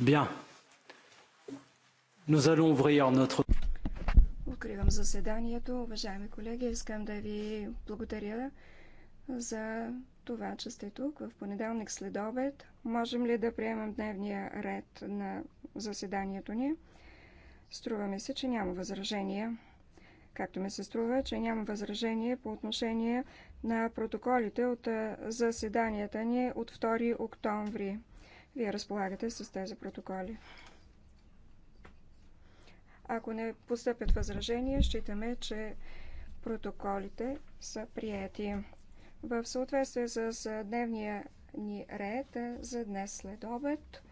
Bien. Nous allons ouvrir notre... Откривам заседанието. Уважаеми колеги, искам да ви благодаря за това, че сте тук в понеделник след обед. Можем ли да приемам дневния ред на заседанието ни? Струва ми се, че няма възражения. Както ми се струва, че няма възражение по отношение на протоколите от заседанията ни от 2 октомври вие разполагате с тези протоколи. Ако не постъпят възражения, считаме, че протоколите са приети. В съответствие с дневния ни ред за днес след обед,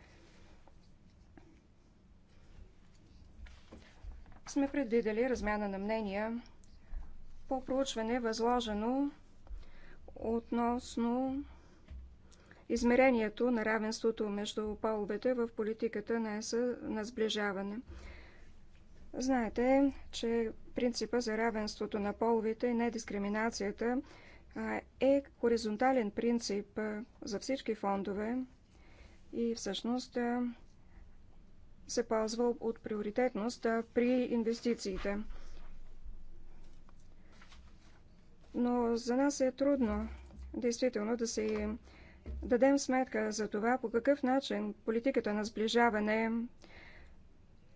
сме предвидели размяна на мнения по проучване, възложено относно измерението на равенството между половете в политиката на ЕС на сближаване. Знаете, че принципа за равенството на половите и недискриминацията е хоризонтален принцип за всички фондове и всъщност се ползва от приоритетност при инвестициите. Но за нас е трудно действително да се дадем сметка за това по какъв начин политиката на сближаване,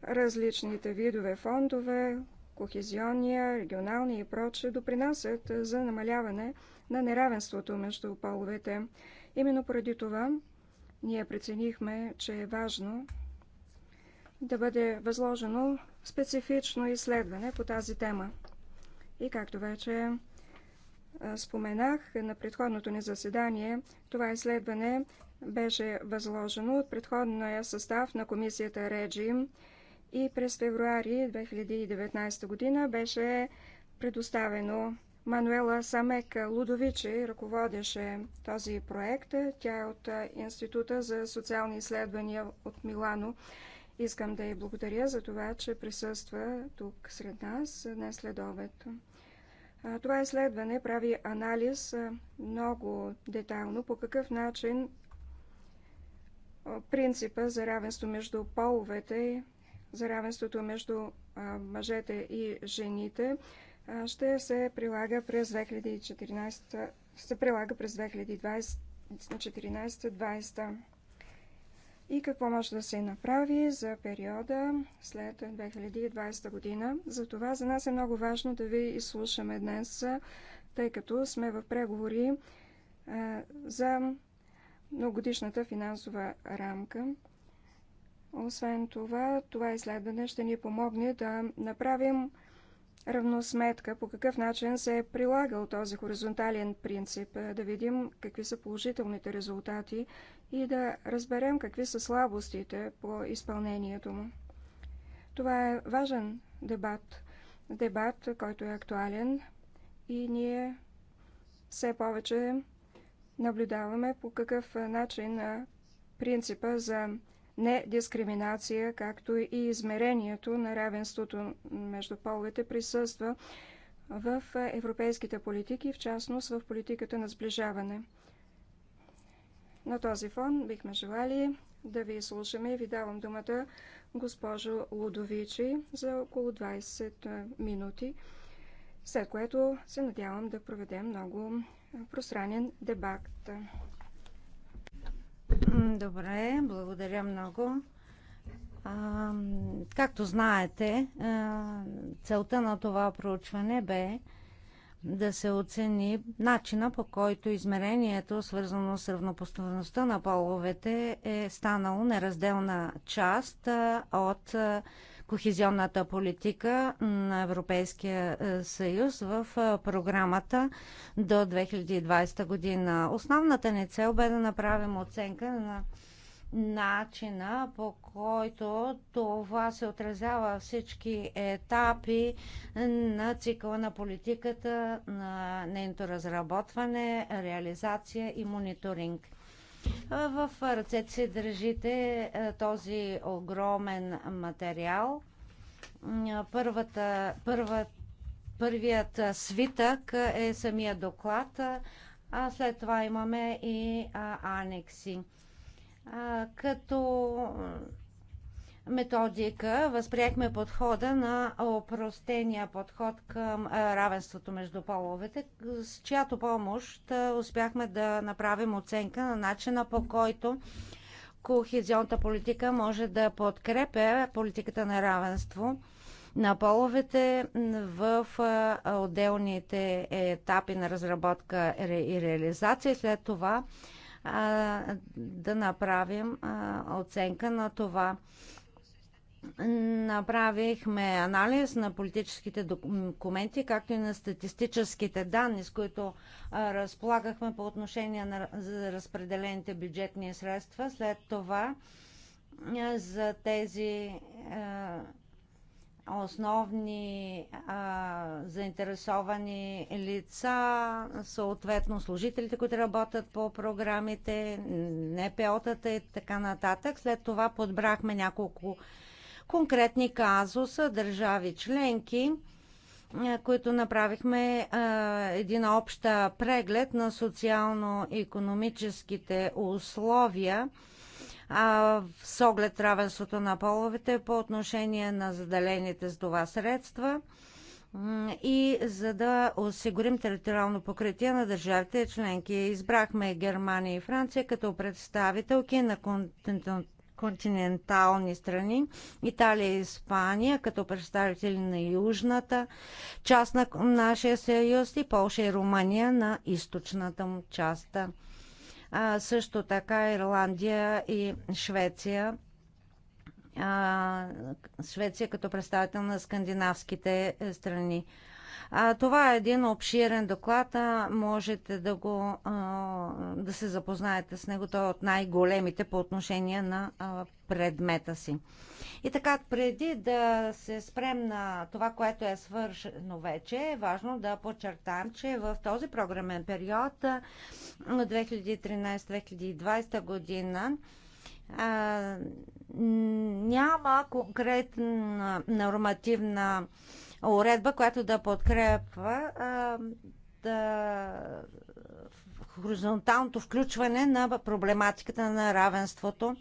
различните видове фондове, кохезионния, регионалния и проче, допринасят за намаляване на неравенството между половете. Именно поради това ние преценихме, че е важно да бъде възложено специфично изследване по тази тема. И както вече споменах на предходното ни заседание, това изследване беше възложено от предходния състав на комисията Реджим и през февруари 2019 година беше предоставено. Мануела Самека Лудовичи ръководеше този проект. Тя е от Института за социални изследвания от Милано. Искам да й благодаря за това, че присъства тук сред нас днес след обед. Това изследване прави анализ много детайлно по какъв начин принципа за равенство между половете, за равенството между мъжете и жените ще се прилага през 2014 се прилага през 2014-2020 и какво може да се направи за периода след 2020 година. Затова за нас е много важно да ви изслушаме днес, тъй като сме в преговори за многогодишната финансова рамка. Освен това, това изследване ще ни помогне да направим равносметка по какъв начин се е прилагал този хоризонтален принцип, е, да видим какви са положителните резултати и да разберем какви са слабостите по изпълнението му. Това е важен дебат, дебат, който е актуален и ние все повече наблюдаваме по какъв начин е, принципа за не дискриминация, както и измерението на равенството между половете присъства в европейските политики, в частност в политиката на сближаване. На този фон бихме желали да ви слушаме и ви давам думата госпожо Лудовичи за около 20 минути, след което се надявам да проведем много пространен дебат. Добре, благодаря много. А, както знаете, целта на това проучване бе да се оцени начина по който измерението, свързано с равнопоставеността на половете, е станало неразделна част от кохезионната политика на Европейския е, съюз в е, програмата до 2020 година. Основната ни цел бе да направим оценка на начина по който това се отразява всички етапи на цикъла на политиката, на нейното разработване, реализация и мониторинг. В ръцете си държите този огромен материал. Първата, първа, първият свитък е самия доклад, а след това имаме и анекси. Като методика възприехме подхода на опростения подход към равенството между половете, с чиято помощ успяхме да направим оценка на начина по който кохезионната политика може да подкрепя политиката на равенство на половете в отделните етапи на разработка и реализация. След това да направим оценка на това направихме анализ на политическите документи, както и на статистическите данни, с които разполагахме по отношение на разпределените бюджетни средства. След това за тези основни а, заинтересовани лица, съответно служителите, които работят по програмите, НПО-тата и така нататък. След това подбрахме няколко конкретни казуса, държави членки, е, които направихме е, един общ преглед на социално-економическите условия е, с оглед равенството на половете по отношение на заделените с това средства и за да осигурим териториално покритие на държавите членки. Избрахме Германия и Франция като представителки на континент континентални страни, Италия и Испания, като представители на южната част на нашия съюз и Полша и Румъния на източната му част. А, също така Ирландия и Швеция Швеция като представител на скандинавските страни. А, това е един обширен доклад, а можете да, го, а, да се запознаете с него. Той е от най-големите по отношение на а, предмета си. И така, преди да се спрем на това, което е свършено вече, е важно да подчертаем, че в този програмен период от 2013-2020 година а, няма конкретна нормативна уредба, която да подкрепва да, хоризонталното включване на проблематиката на равенството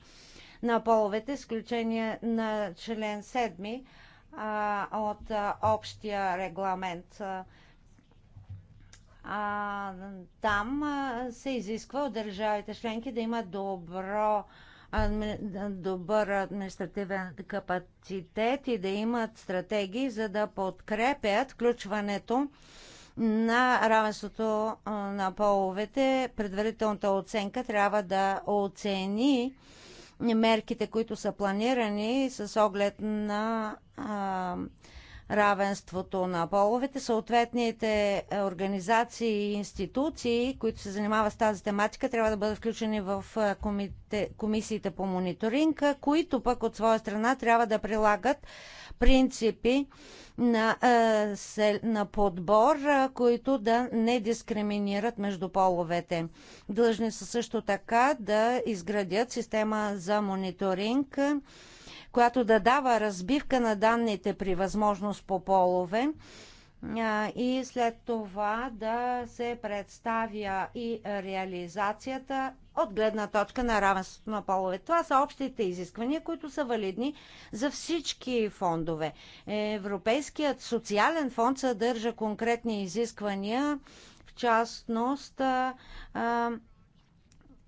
на половете, изключение на член 7 а, от а, общия регламент. А, там а, се изисква от държавите членки да имат добро а, адми... добър административен капацитет и да имат стратегии, за да подкрепят включването на равенството на половете. Предварителната оценка трябва да оцени мерките, които са планирани с оглед на а, равенството на половете. Съответните е, организации и институции, които се занимават с тази тематика, трябва да бъдат включени в е, комите, комисиите по мониторинг, които пък от своя страна трябва да прилагат принципи на, е, на подбор, които да не дискриминират между половете. Длъжни са също така да изградят система за мониторинг, която да дава разбивка на данните при възможност по полове и след това да се представя и реализацията от гледна точка на равенството на полове. Това са общите изисквания, които са валидни за всички фондове. Европейският социален фонд съдържа конкретни изисквания, в частност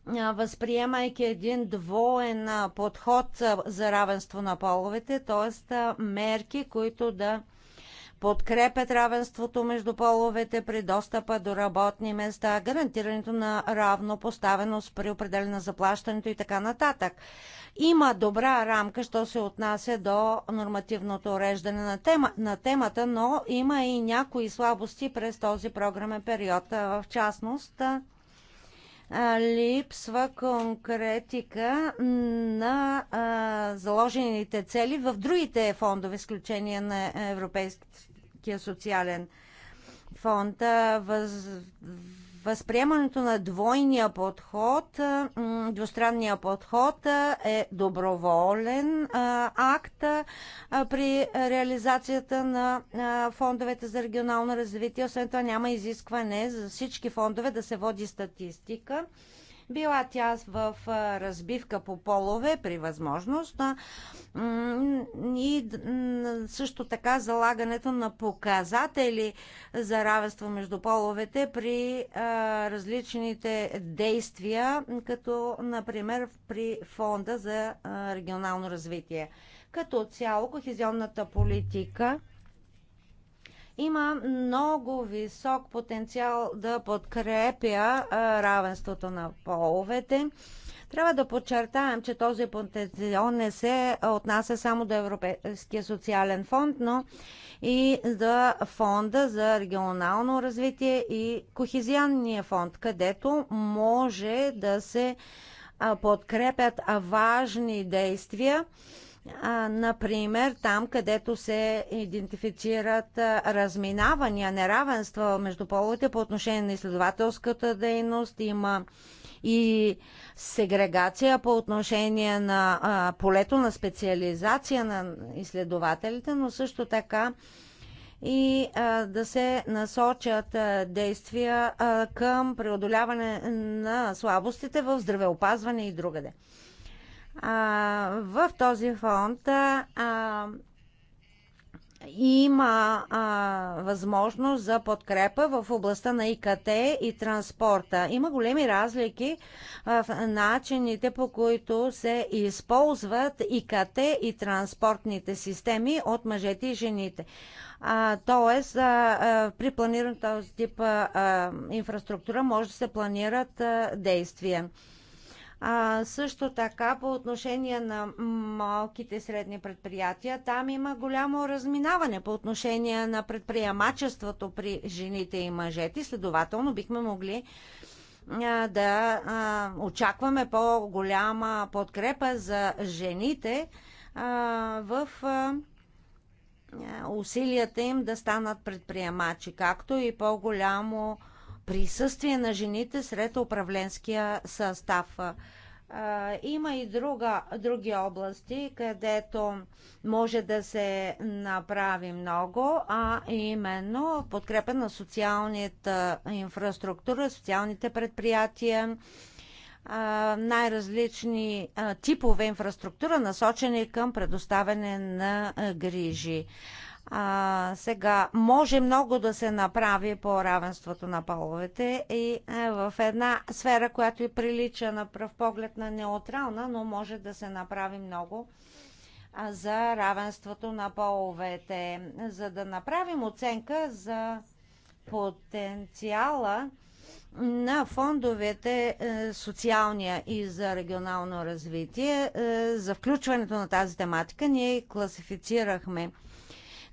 възприемайки един двоен подход за равенство на половете, т.е. мерки, които да подкрепят равенството между половете при достъпа до работни места, гарантирането на равнопоставеност при определено заплащането и така нататък. Има добра рамка, що се отнася до нормативното уреждане на, тема, на темата, но има и някои слабости през този програмен период. В частност, липсва конкретика на заложените цели в другите фондове, изключение на Европейския социален фонд. Въз... Възприемането на двойния подход, двустранния подход е доброволен акт при реализацията на фондовете за регионално развитие. Освен това няма изискване за всички фондове да се води статистика била тя в разбивка по полове при възможност и също така залагането на показатели за равенство между половете при различните действия, като например при Фонда за регионално развитие. Като цяло, кохезионната политика има много висок потенциал да подкрепя равенството на половете. Трябва да подчертаем, че този потенциал не се отнася само до Европейския социален фонд, но и за фонда за регионално развитие и Кохезианния фонд, където може да се подкрепят важни действия а, например, там, където се идентифицират а, разминавания, неравенства между половете по отношение на изследователската дейност, има и сегрегация по отношение на а, полето на специализация на изследователите, но също така и а, да се насочат а, действия а, към преодоляване на слабостите в здравеопазване и другаде в този фонд има а, възможност за подкрепа в областта на ИКТ и транспорта. Има големи разлики в начините по които се използват ИКТ и транспортните системи от мъжете и жените. тоест, при планирането този тип а, инфраструктура може да се планират а, действия. А, също така по отношение на малките и средни предприятия, там има голямо разминаване по отношение на предприемачеството при жените и мъжете. Следователно бихме могли а, да а, очакваме по-голяма подкрепа за жените а, в а, усилията им да станат предприемачи, както и по-голямо а, присъствие на жените сред управленския състав. Има и друга, други области, където може да се направи много, а именно в подкрепа на социалната инфраструктура, социалните предприятия, най-различни типове инфраструктура, насочени към предоставяне на грижи. А, сега, може много да се направи по равенството на половете и е, в една сфера, която и прилича на пръв поглед на неутрална, но може да се направи много а, за равенството на половете. За да направим оценка за потенциала на фондовете е, социалния и за регионално развитие, е, за включването на тази тематика, ние класифицирахме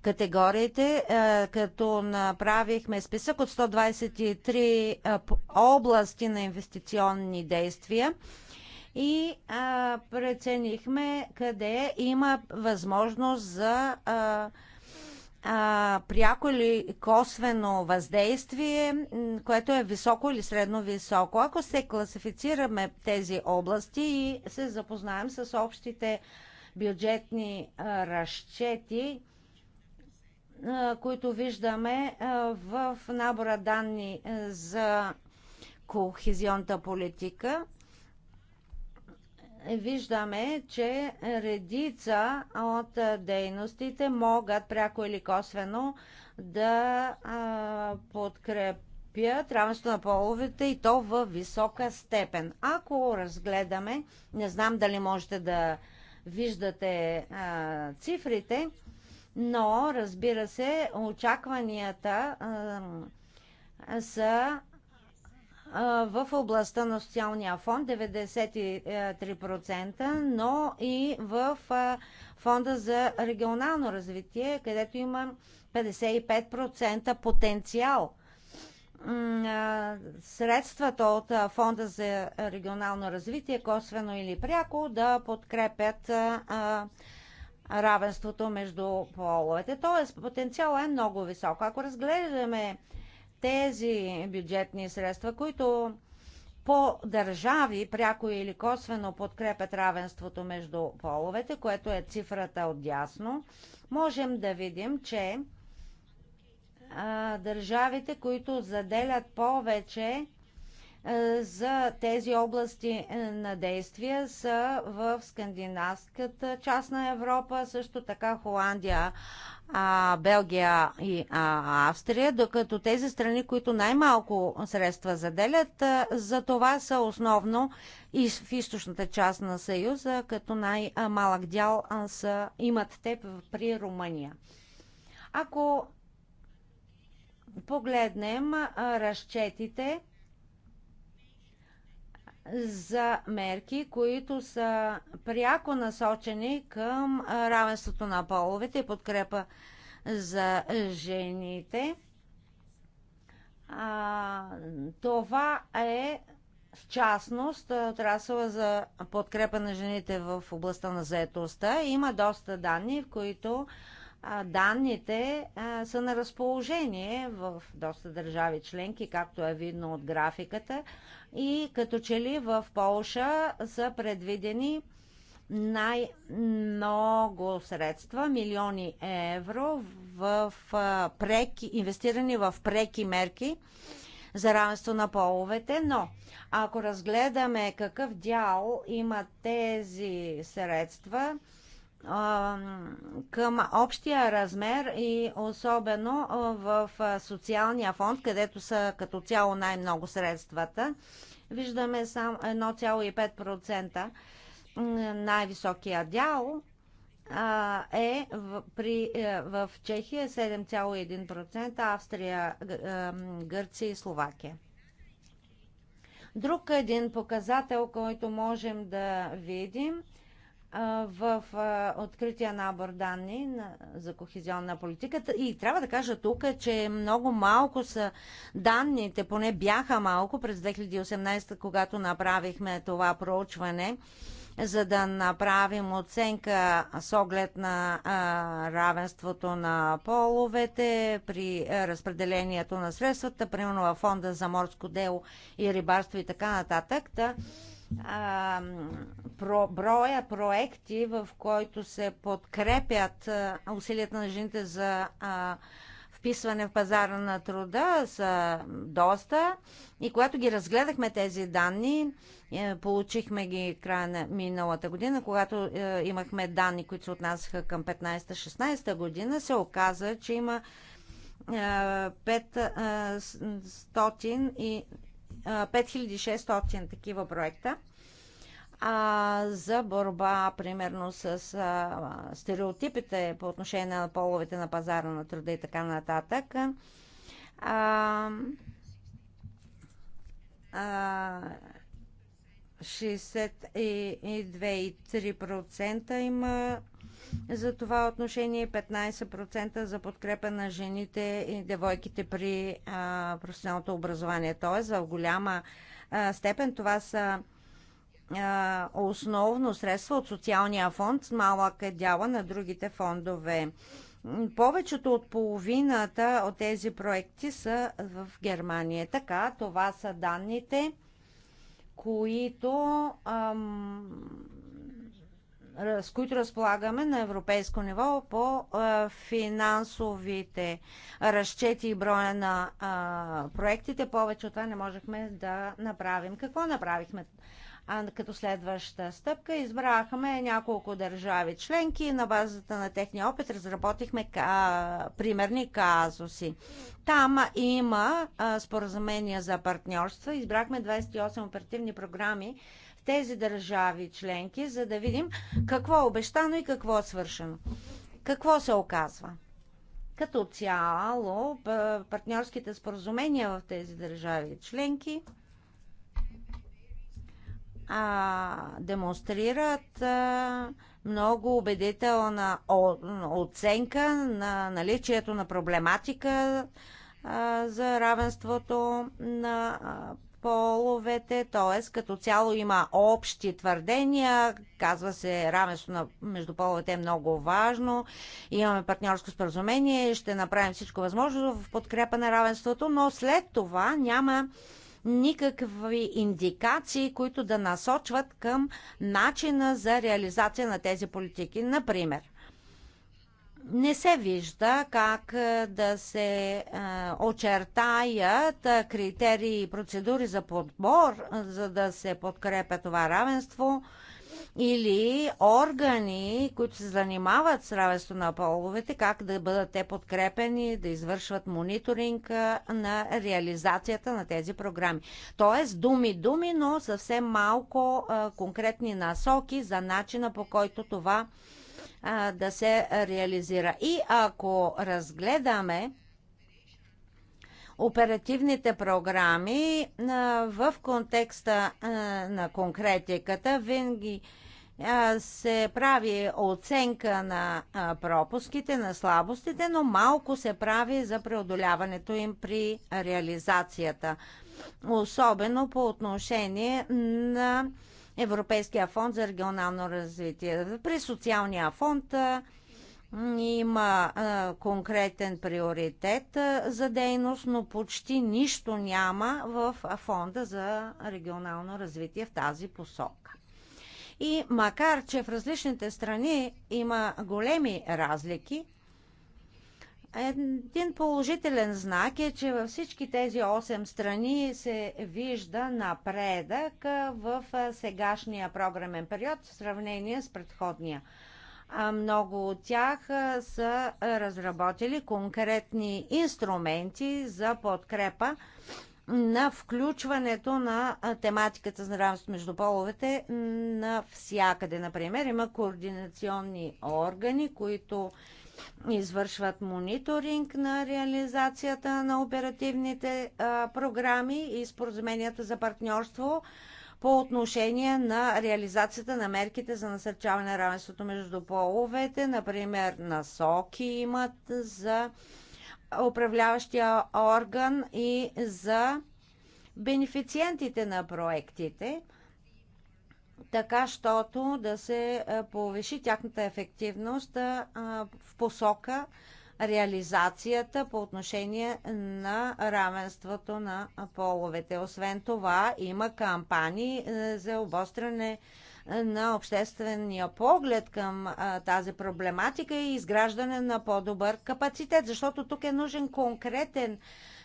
категориите, е, като направихме списък от 123 е, области на инвестиционни действия и е, преценихме къде има възможност за пряко или косвено въздействие, което е високо или средно високо. Ако се класифицираме тези области и се запознаем с общите бюджетни разчети, които виждаме в набора данни за кохезионната политика, виждаме, че редица от дейностите могат пряко или косвено да подкрепят равенство на половете и то в висока степен. Ако разгледаме, не знам дали можете да виждате а, цифрите, но разбира се, очакванията а, са в областта на социалния фонд 93%, но и в фонда за регионално развитие, където има 55% потенциал средствата от Фонда за регионално развитие, косвено или пряко, да подкрепят равенството между половете. Т.е. потенциалът е много висок. Ако разглеждаме тези бюджетни средства, които по държави пряко или косвено подкрепят равенството между половете, което е цифрата от дясно, можем да видим, че а, държавите, които заделят повече е, за тези области е, на действие са в скандинавската част на Европа, също така Холандия, а, Белгия и а, Австрия, докато тези страни, които най-малко средства заделят, а, е, за това са основно и в източната част на Съюза, като най-малък дял а, са, имат те при Румъния. Ако погледнем а, разчетите, за мерки, които са пряко насочени към равенството на половете и подкрепа за жените. А, това е в частност отрасъла за подкрепа на жените в областта на заетостта. Има доста данни, в които данните са на разположение в доста държави членки, както е видно от графиката. И като че ли в Полша са предвидени най-много средства, милиони евро, в, преки, инвестирани в преки мерки за равенство на половете, но ако разгледаме какъв дял имат тези средства, към общия размер и особено в социалния фонд, където са като цяло най-много средствата. Виждаме само 1,5% най-високия дял е в, при, е, в Чехия 7,1%, Австрия, Гърция и Словакия. Друг един показател, който можем да видим – в открития набор данни за кохезионна политика. И трябва да кажа тук, че много малко са данните, поне бяха малко през 2018, когато направихме това проучване, за да направим оценка с оглед на равенството на половете при разпределението на средствата, примерно във фонда за морско дело и рибарство и така нататък а, про, броя проекти, в който се подкрепят а, усилията на жените за а, вписване в пазара на труда са доста. И когато ги разгледахме тези данни, е, получихме ги края на миналата година, когато е, имахме данни, които се отнасяха към 15-16 година, се оказа, че има 500 е, и 5600 такива проекта а, за борба, примерно, с а, стереотипите по отношение на половете на пазара на труда и така нататък. А, а, 62,3% има за това отношение 15% е за подкрепа на жените и девойките при професионалното образование. Тоест, в голяма степен това са основно средства от социалния фонд с малък е дяла на другите фондове. Повечето от половината от тези проекти са в Германия. Така, това са данните, които ам, с които разполагаме на европейско ниво по финансовите разчети и броя на проектите. Повече от това не можехме да направим. Какво направихме? А като следваща стъпка избрахме няколко държави членки и на базата на техния опит разработихме ка... примерни казуси. Там има а, споразумения за партньорства. Избрахме 28 оперативни програми тези държави членки, за да видим какво е обещано и какво е свършено. Какво се оказва? Като цяло, партньорските споразумения в тези държави членки а, демонстрират а, много убедителна оценка на наличието на проблематика а, за равенството на половете, т.е. като цяло има общи твърдения, казва се равенство на, между половете е много важно, имаме партньорско споразумение, ще направим всичко възможно в подкрепа на равенството, но след това няма никакви индикации, които да насочват към начина за реализация на тези политики. Например, не се вижда как да се очертаят критерии и процедури за подбор, за да се подкрепя това равенство или органи, които се занимават с равенство на половете, как да бъдат те подкрепени, да извършват мониторинг на реализацията на тези програми. Тоест, думи, думи, но съвсем малко конкретни насоки за начина по който това а, да се реализира. И ако разгледаме оперативните програми а, в контекста а, на конкретиката, винаги се прави оценка на пропуските, на слабостите, но малко се прави за преодоляването им при реализацията. Особено по отношение на Европейския фонд за регионално развитие. При социалния фонд има а, конкретен приоритет а, за дейност, но почти нищо няма в фонда за регионално развитие в тази посока. И макар, че в различните страни има големи разлики, един положителен знак е, че във всички тези 8 страни се вижда напредък в сегашния програмен период в сравнение с предходния. Много от тях са разработили конкретни инструменти за подкрепа на включването на тематиката за равенство между половете навсякъде. Например, има координационни органи, които извършват мониторинг на реализацията на оперативните а, програми и споразуменията за партньорство по отношение на реализацията на мерките за насърчаване на равенството между половете, например насоки имат за управляващия орган и за бенефициентите на проектите – така, щото да се повиши тяхната ефективност в посока реализацията по отношение на равенството на половете. Освен това, има кампании за обостране на обществения поглед към а, тази проблематика и изграждане на по-добър капацитет, защото тук е нужен конкретен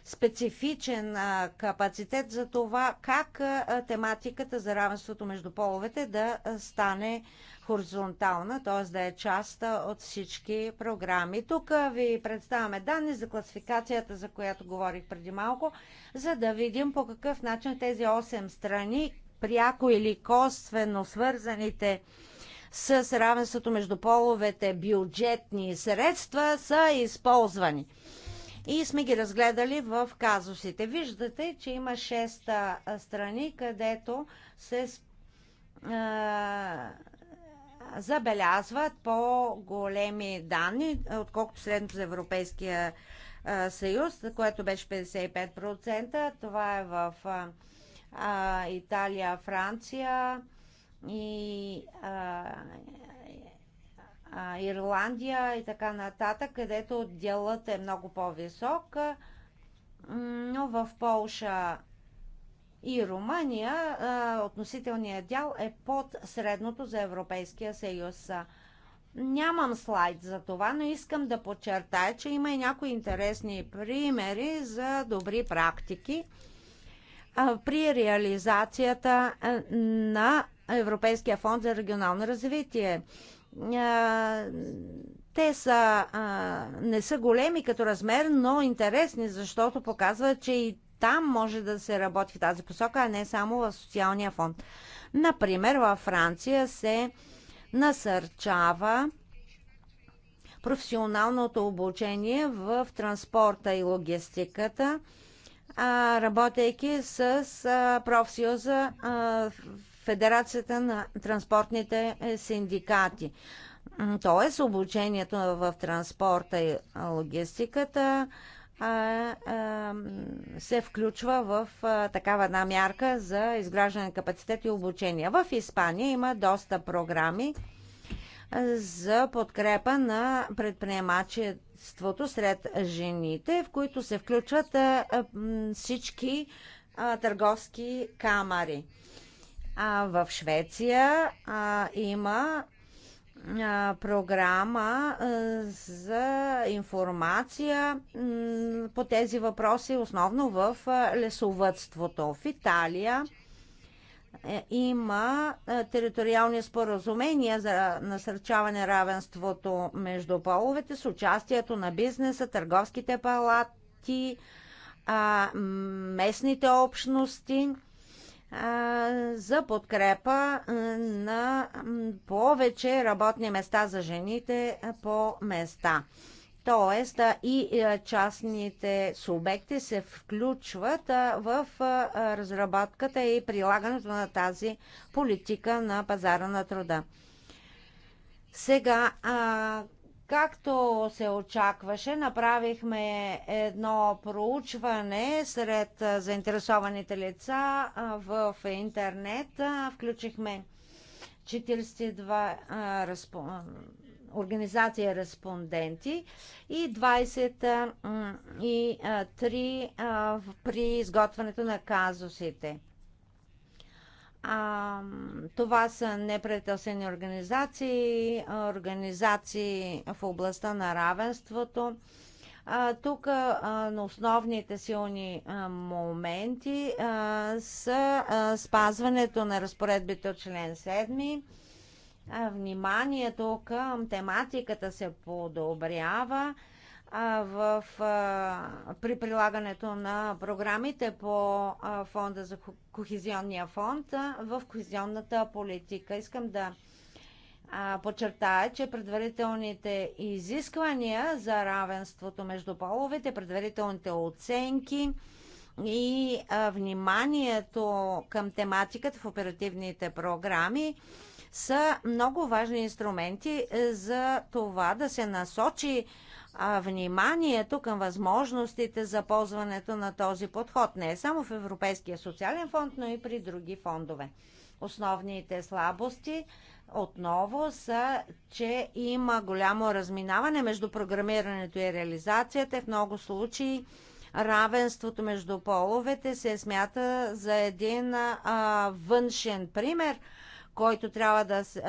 специфичен капацитет за това как тематиката за равенството между половете да стане хоризонтална, т.е. да е част от всички програми. Тук ви представяме данни за класификацията, за която говорих преди малко, за да видим по какъв начин тези 8 страни, пряко или косвено свързаните с равенството между половете бюджетни средства, са използвани и сме ги разгледали в казусите. Виждате, че има 6 страни, където се а, забелязват по-големи данни, отколкото средното за Европейския съюз, което беше 55%. Това е в а, Италия, Франция и а, Ирландия и така нататък, където делът е много по-висок, но в Полша и Румъния относителният дял е под средното за Европейския съюз. Нямам слайд за това, но искам да подчертая, че има и някои интересни примери за добри практики при реализацията на Европейския фонд за регионално развитие те са, а, не са големи като размер, но интересни, защото показват, че и там може да се работи в тази посока, а не само в социалния фонд. Например, във Франция се насърчава професионалното обучение в транспорта и логистиката, а, работейки с а, профсъюза а, Федерацията на транспортните синдикати. Тоест, обучението в транспорта и логистиката а, а, се включва в а, такава една мярка за изграждане на капацитет и обучение. В Испания има доста програми за подкрепа на предприемачеството сред жените, в които се включват а, а, всички а, търговски камари. А, в Швеция а, има програма за информация по тези въпроси, основно в лесовътството. В Италия е, има териториални споразумения за насърчаване равенството между половете с участието на бизнеса, търговските палати, местните общности за подкрепа на повече работни места за жените по места. Тоест и частните субекти се включват в разработката и прилагането на тази политика на пазара на труда. Сега, Както се очакваше, направихме едно проучване сред заинтересованите лица в интернет. Включихме 42 разпо... организации респонденти и 23 при изготвянето на казусите. А, това са неправителствени организации, организации в областта на равенството. А, тук а, на основните силни а, моменти а, са а, спазването на разпоредбите от член 7. А, вниманието към тематиката се подобрява. А, в, при прилагането на програмите по фонда за Кохезионния фонд в кохезионната политика. Искам да подчертая, че предварителните изисквания за равенството между половете, предварителните оценки и вниманието към тематиката в оперативните програми са много важни инструменти е, за това да се насочи вниманието към възможностите за ползването на този подход. Не е само в Европейския социален фонд, но и при други фондове. Основните слабости отново са, че има голямо разминаване между програмирането и реализацията. В много случаи равенството между половете се смята за един а, външен пример – който трябва да се,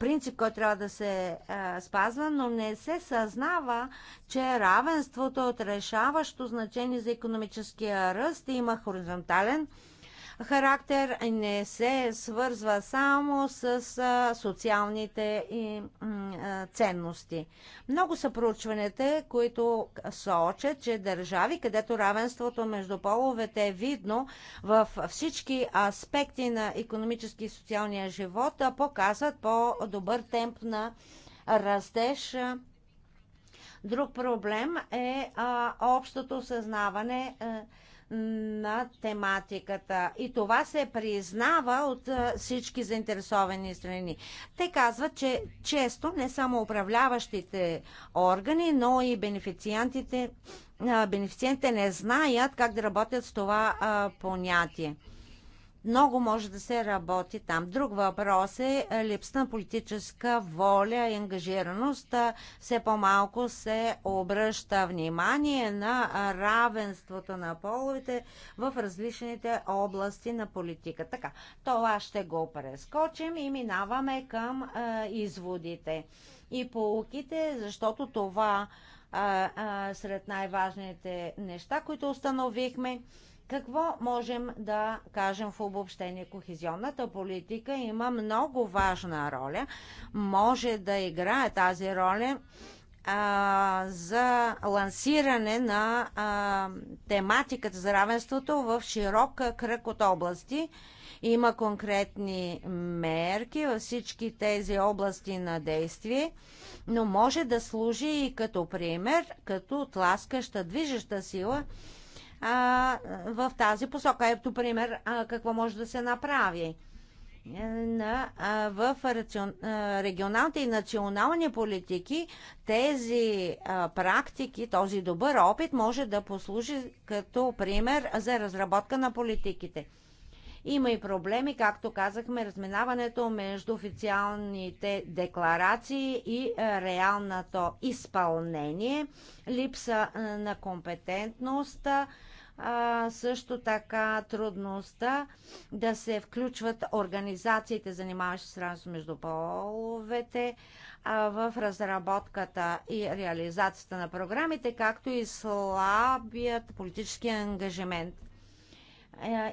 принцип, който трябва да се спазва, но не се съзнава, че равенството е от решаващо значение за економическия ръст има хоризонтален характер не се свързва само с социалните и ценности. Много са проучванията, които сочат, че държави, където равенството между половете е видно в всички аспекти на економически и социалния живот, показват по-добър темп на растеж Друг проблем е а, общото съзнаване. а, на тематиката. И това се признава от всички заинтересовани страни. Те казват, че често не само управляващите органи, но и бенефициентите, бенефициентите не знаят как да работят с това понятие много може да се работи там. Друг въпрос е липса на политическа воля и ангажираност. Все по-малко се обръща внимание на равенството на половите в различните области на политика. Така, това ще го прескочим и минаваме към а, изводите и полуките, защото това а, а, сред най-важните неща, които установихме. Какво можем да кажем в обобщение? Кохезионната политика има много важна роля, може да играе тази роля а, за лансиране на а, тематиката за равенството в широк кръг от области. Има конкретни мерки във всички тези области на действие, но може да служи и като пример, като тласкаща, движеща сила – а, в тази посока. Ето, пример, а, какво може да се направи е, на, а, в рацион, а, регионалните и национални политики тези а, практики, този добър опит може да послужи като пример за разработка на политиките. Има и проблеми, както казахме, разминаването между официалните декларации и реалното изпълнение, липса на компетентност, а, също така трудността да се включват организациите, занимаващи се с между половете а, в разработката и реализацията на програмите, както и слабият политически ангажимент.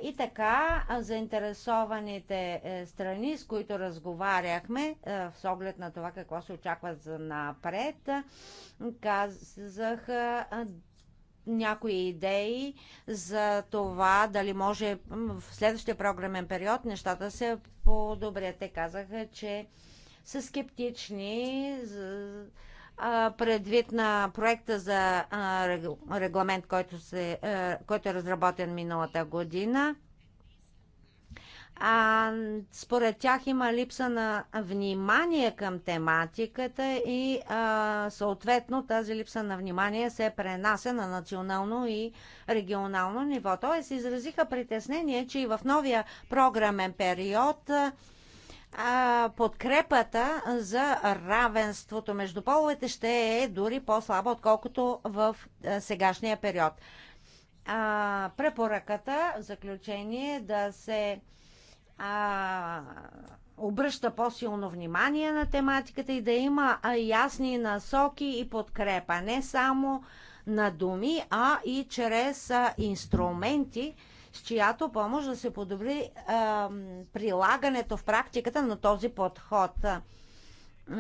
И така, заинтересованите е, страни, с които разговаряхме, е, с оглед на това какво се очаква за напред, казаха някои идеи за това дали може в следващия програмен период нещата се подобрят. Те казаха, че са скептични предвид на проекта за регламент, който, се, който е разработен миналата година а, според тях има липса на внимание към тематиката и а, съответно тази липса на внимание се пренася на национално и регионално ниво. Тоест изразиха притеснение, че и в новия програмен период а, подкрепата за равенството между половете ще е дори по-слаба, отколкото в а, сегашния период. А, препоръката в заключение е да се а, обръща по-силно внимание на тематиката и да има ясни насоки и подкрепа. Не само на думи, а и чрез а, инструменти, с чиято помощ да се подобри а, прилагането в практиката на този подход.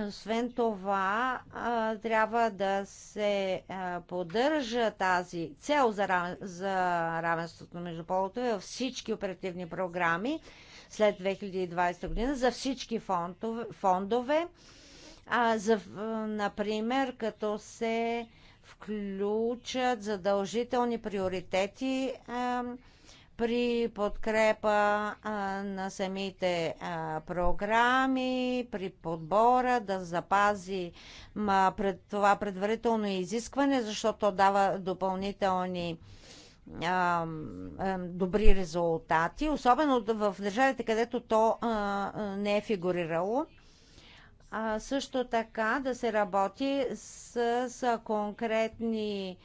Освен това, а, трябва да се а, поддържа тази цел за, за равенството между полото във всички оперативни програми след 2020 година за всички фондове, фондове а, за, например, като се включат задължителни приоритети а, при подкрепа а, на самите а, програми, при подбора, да запази а, пред това предварително изискване, защото дава допълнителни а, а, добри резултати, особено в държавите, където то а, не е фигурирало. А, също така да се работи с, с конкретни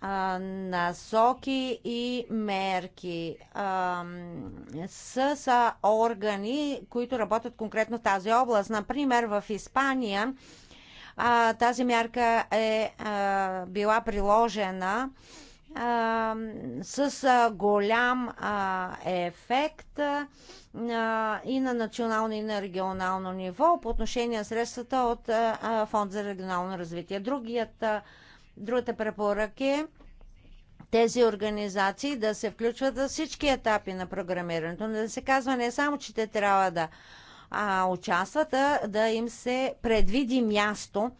а, насоки и мерки а, с, с органи, които работят конкретно в тази област. Например, в Испания а, тази мярка е а, била приложена а, а, с а, голям а, ефект а, и на национално и на регионално ниво по отношение на средствата от а, Фонд за регионално развитие. Другият, а, другата препоръка е тези организации да се включват за всички етапи на програмирането. Да се казва не само, че те трябва да а, участват, а да им се предвиди място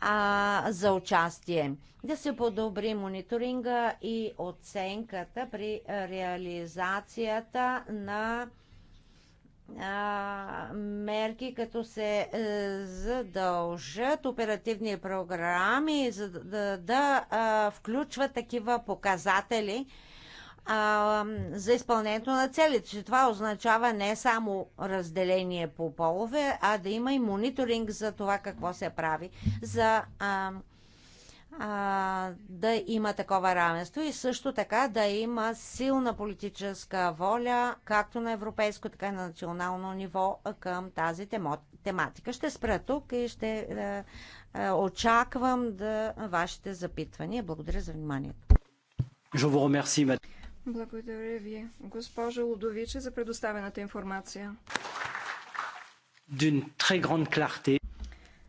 а, за участие да се подобри мониторинга и оценката при реализацията на а, мерки, като се е, задължат оперативни програми за да, да а, включват такива показатели а, за изпълнението на целите. Че това означава не само разделение по полове, а да има и мониторинг за това какво се прави за а, а, да има такова равенство и също така да има силна политическа воля, както на европейско, така и на национално ниво към тази темо, тематика. Ще спра тук и ще а, е, а, е, очаквам да вашите запитвания. Благодаря за вниманието. Благодаря ви, госпожо Лудовиче, за предоставената информация.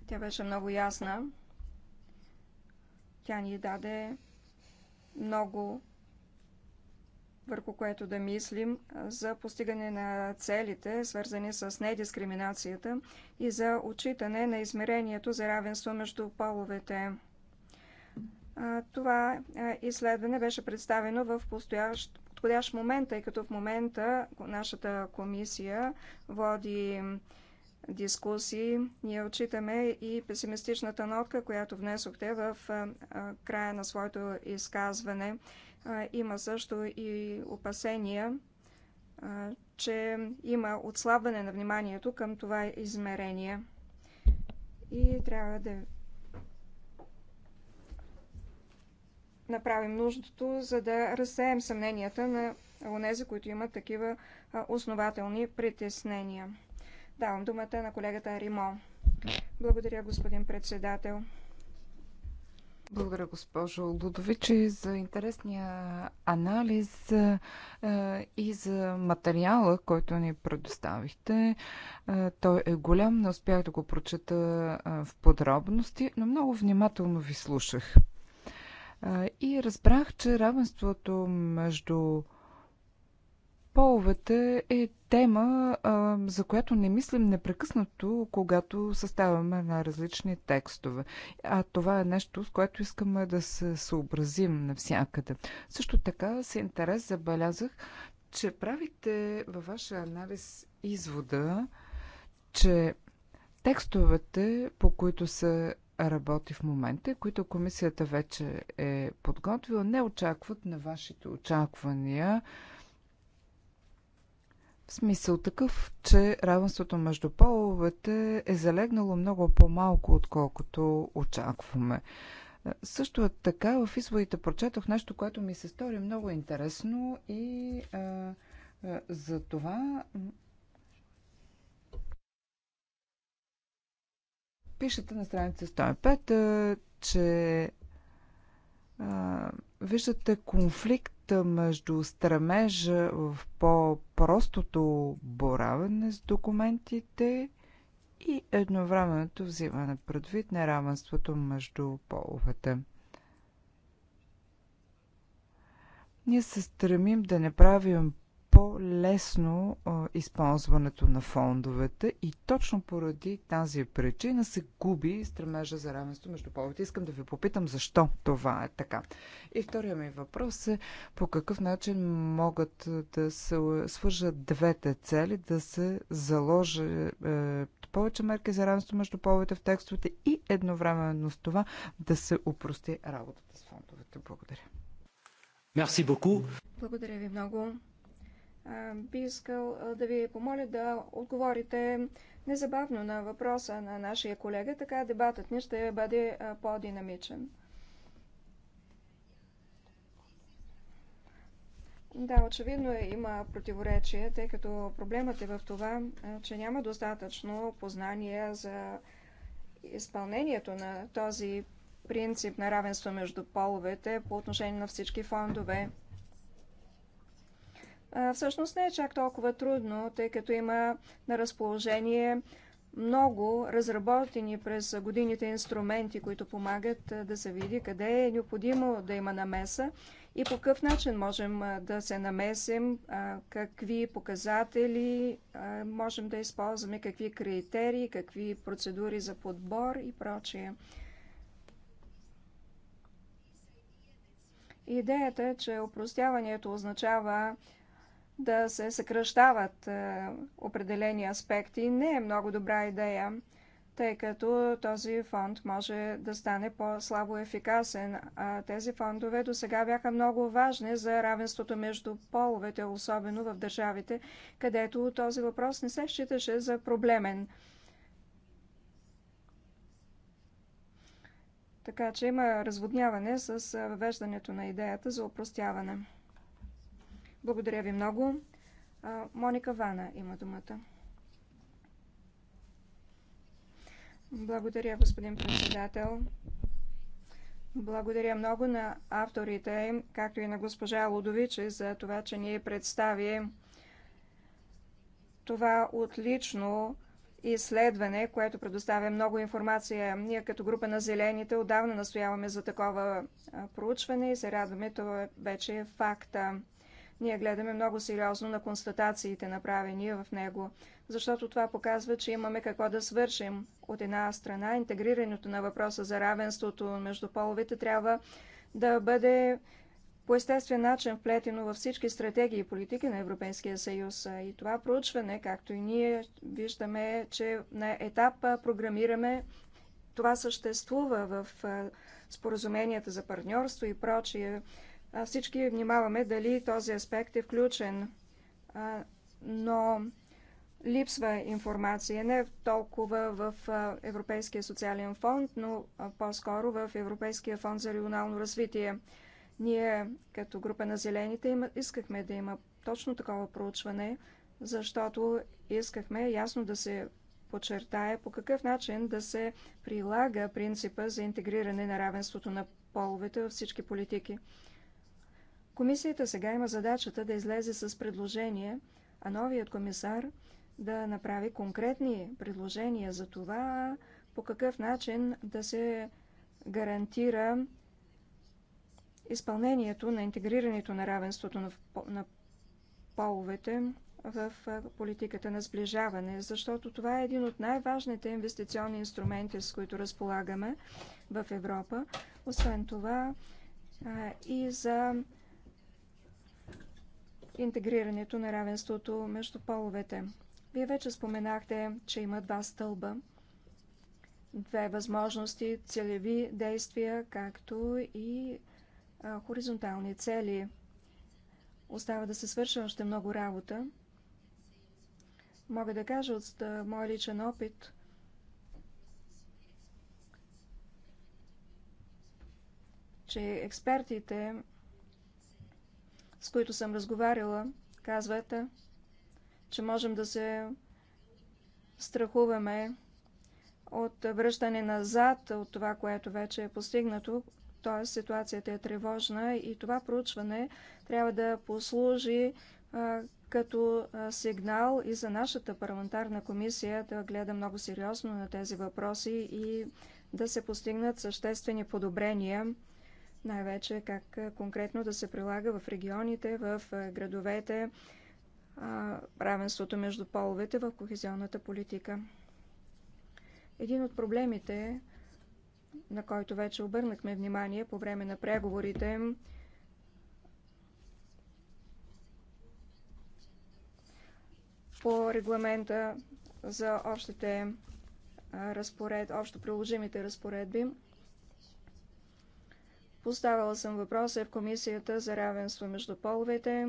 Тя беше много ясна. Тя ни даде много върху което да мислим за постигане на целите, свързани с недискриминацията и за отчитане на измерението за равенство между половете. Това изследване беше представено в постоящ подходящ момент, тъй като в момента нашата комисия води дискусии. Ние отчитаме и песимистичната нотка, която внесохте в края на своето изказване. Има също и опасения, че има отслабване на вниманието към това измерение. И трябва да направим нуждото, за да разсеем съмненията на онези, които имат такива основателни притеснения. Давам думата на колегата Римо. Благодаря, господин председател. Благодаря, госпожо Лудовичи, за интересния анализ е, и за материала, който ни предоставихте. Е, той е голям, не успях да го прочета е, в подробности, но много внимателно ви слушах. и разбрах, че равенството между половете е тема, за която не мислим непрекъснато, когато съставяме на различни текстове. А това е нещо, с което искаме да се съобразим навсякъде. Също така с интерес забелязах, че правите във вашия анализ извода, че текстовете, по които се работи в момента, които комисията вече е подготвила, не очакват на вашите очаквания – в смисъл такъв, че равенството между половете е залегнало много по-малко, отколкото очакваме. Е, също е така в изводите прочетох нещо, което ми се стори много интересно и а, е, а, е, за това пишете на страница 105, че а, виждате конфликт между стремежа в по-простото боравене с документите и едновременното взимане предвид неравенството между половете. Ние се стремим да не правим по-лесно използването на фондовете и точно поради тази причина се губи стремежа за равенство между повече. Искам да ви попитам защо това е така. И втория ми въпрос е по какъв начин могат да се свържат двете цели, да се заложи е, повече мерки за равенство между половете в текстовете и едновременно с това да се упрости работата с фондовете. Благодаря. Merci beaucoup. Благодаря ви много би искал да ви помоля да отговорите незабавно на въпроса на нашия колега, така дебатът ни ще бъде по-динамичен. Да, очевидно е, има противоречие, тъй като проблемът е в това, че няма достатъчно познание за изпълнението на този принцип на равенство между половете по отношение на всички фондове всъщност не е чак толкова трудно, тъй като има на разположение много разработени през годините инструменти, които помагат да се види къде е необходимо да има намеса и по какъв начин можем да се намесим, какви показатели можем да използваме, какви критерии, какви процедури за подбор и прочие. Идеята, е, че опростяването означава да се съкръщават е, определени аспекти не е много добра идея, тъй като този фонд може да стане по-слабо ефикасен. А тези фондове до сега бяха много важни за равенството между половете, особено в държавите, където този въпрос не се считаше за проблемен. Така че има разводняване с е, въвеждането на идеята за упростяване. Благодаря ви много. Моника Вана има думата. Благодаря, господин председател. Благодаря много на авторите, както и на госпожа Лудовиче, за това, че ни представи това отлично изследване, което предоставя много информация. Ние като група на зелените отдавна настояваме за такова проучване и се радваме, това вече е факта. Ние гледаме много сериозно на констатациите, направени в него, защото това показва, че имаме какво да свършим. От една страна, интегрирането на въпроса за равенството между половете трябва да бъде по естествен начин вплетено във всички стратегии и политики на Европейския съюз. И това проучване, както и ние виждаме, че на етап програмираме това съществува в споразуменията за партньорство и прочие всички внимаваме дали този аспект е включен, но липсва информация не толкова в Европейския социален фонд, но по-скоро в Европейския фонд за регионално развитие. Ние като група на зелените искахме да има точно такова проучване, защото искахме ясно да се подчертая по какъв начин да се прилага принципа за интегриране на равенството на половете във всички политики. Комисията сега има задачата да излезе с предложение, а новият комисар да направи конкретни предложения за това, по какъв начин да се гарантира изпълнението на интегрирането на равенството на половете в политиката на сближаване, защото това е един от най-важните инвестиционни инструменти, с които разполагаме в Европа. Освен това и за интегрирането на равенството между половете. Вие вече споменахте, че има два стълба, две възможности, целеви действия, както и а, хоризонтални цели. Остава да се свърши още много работа. Мога да кажа от моя личен опит, че експертите с които съм разговаряла, казват, че можем да се страхуваме от връщане назад от това, което вече е постигнато, т.е. ситуацията е тревожна и това проучване трябва да послужи а, като сигнал и за нашата парламентарна комисия да гледа много сериозно на тези въпроси и да се постигнат съществени подобрения най-вече как конкретно да се прилага в регионите, в градовете, равенството между половете в кохезионната политика. Един от проблемите, на който вече обърнахме внимание по време на преговорите, по регламента за общите разпоред, общо приложимите разпоредби – Поставила съм въпроса в Комисията за равенство между половете,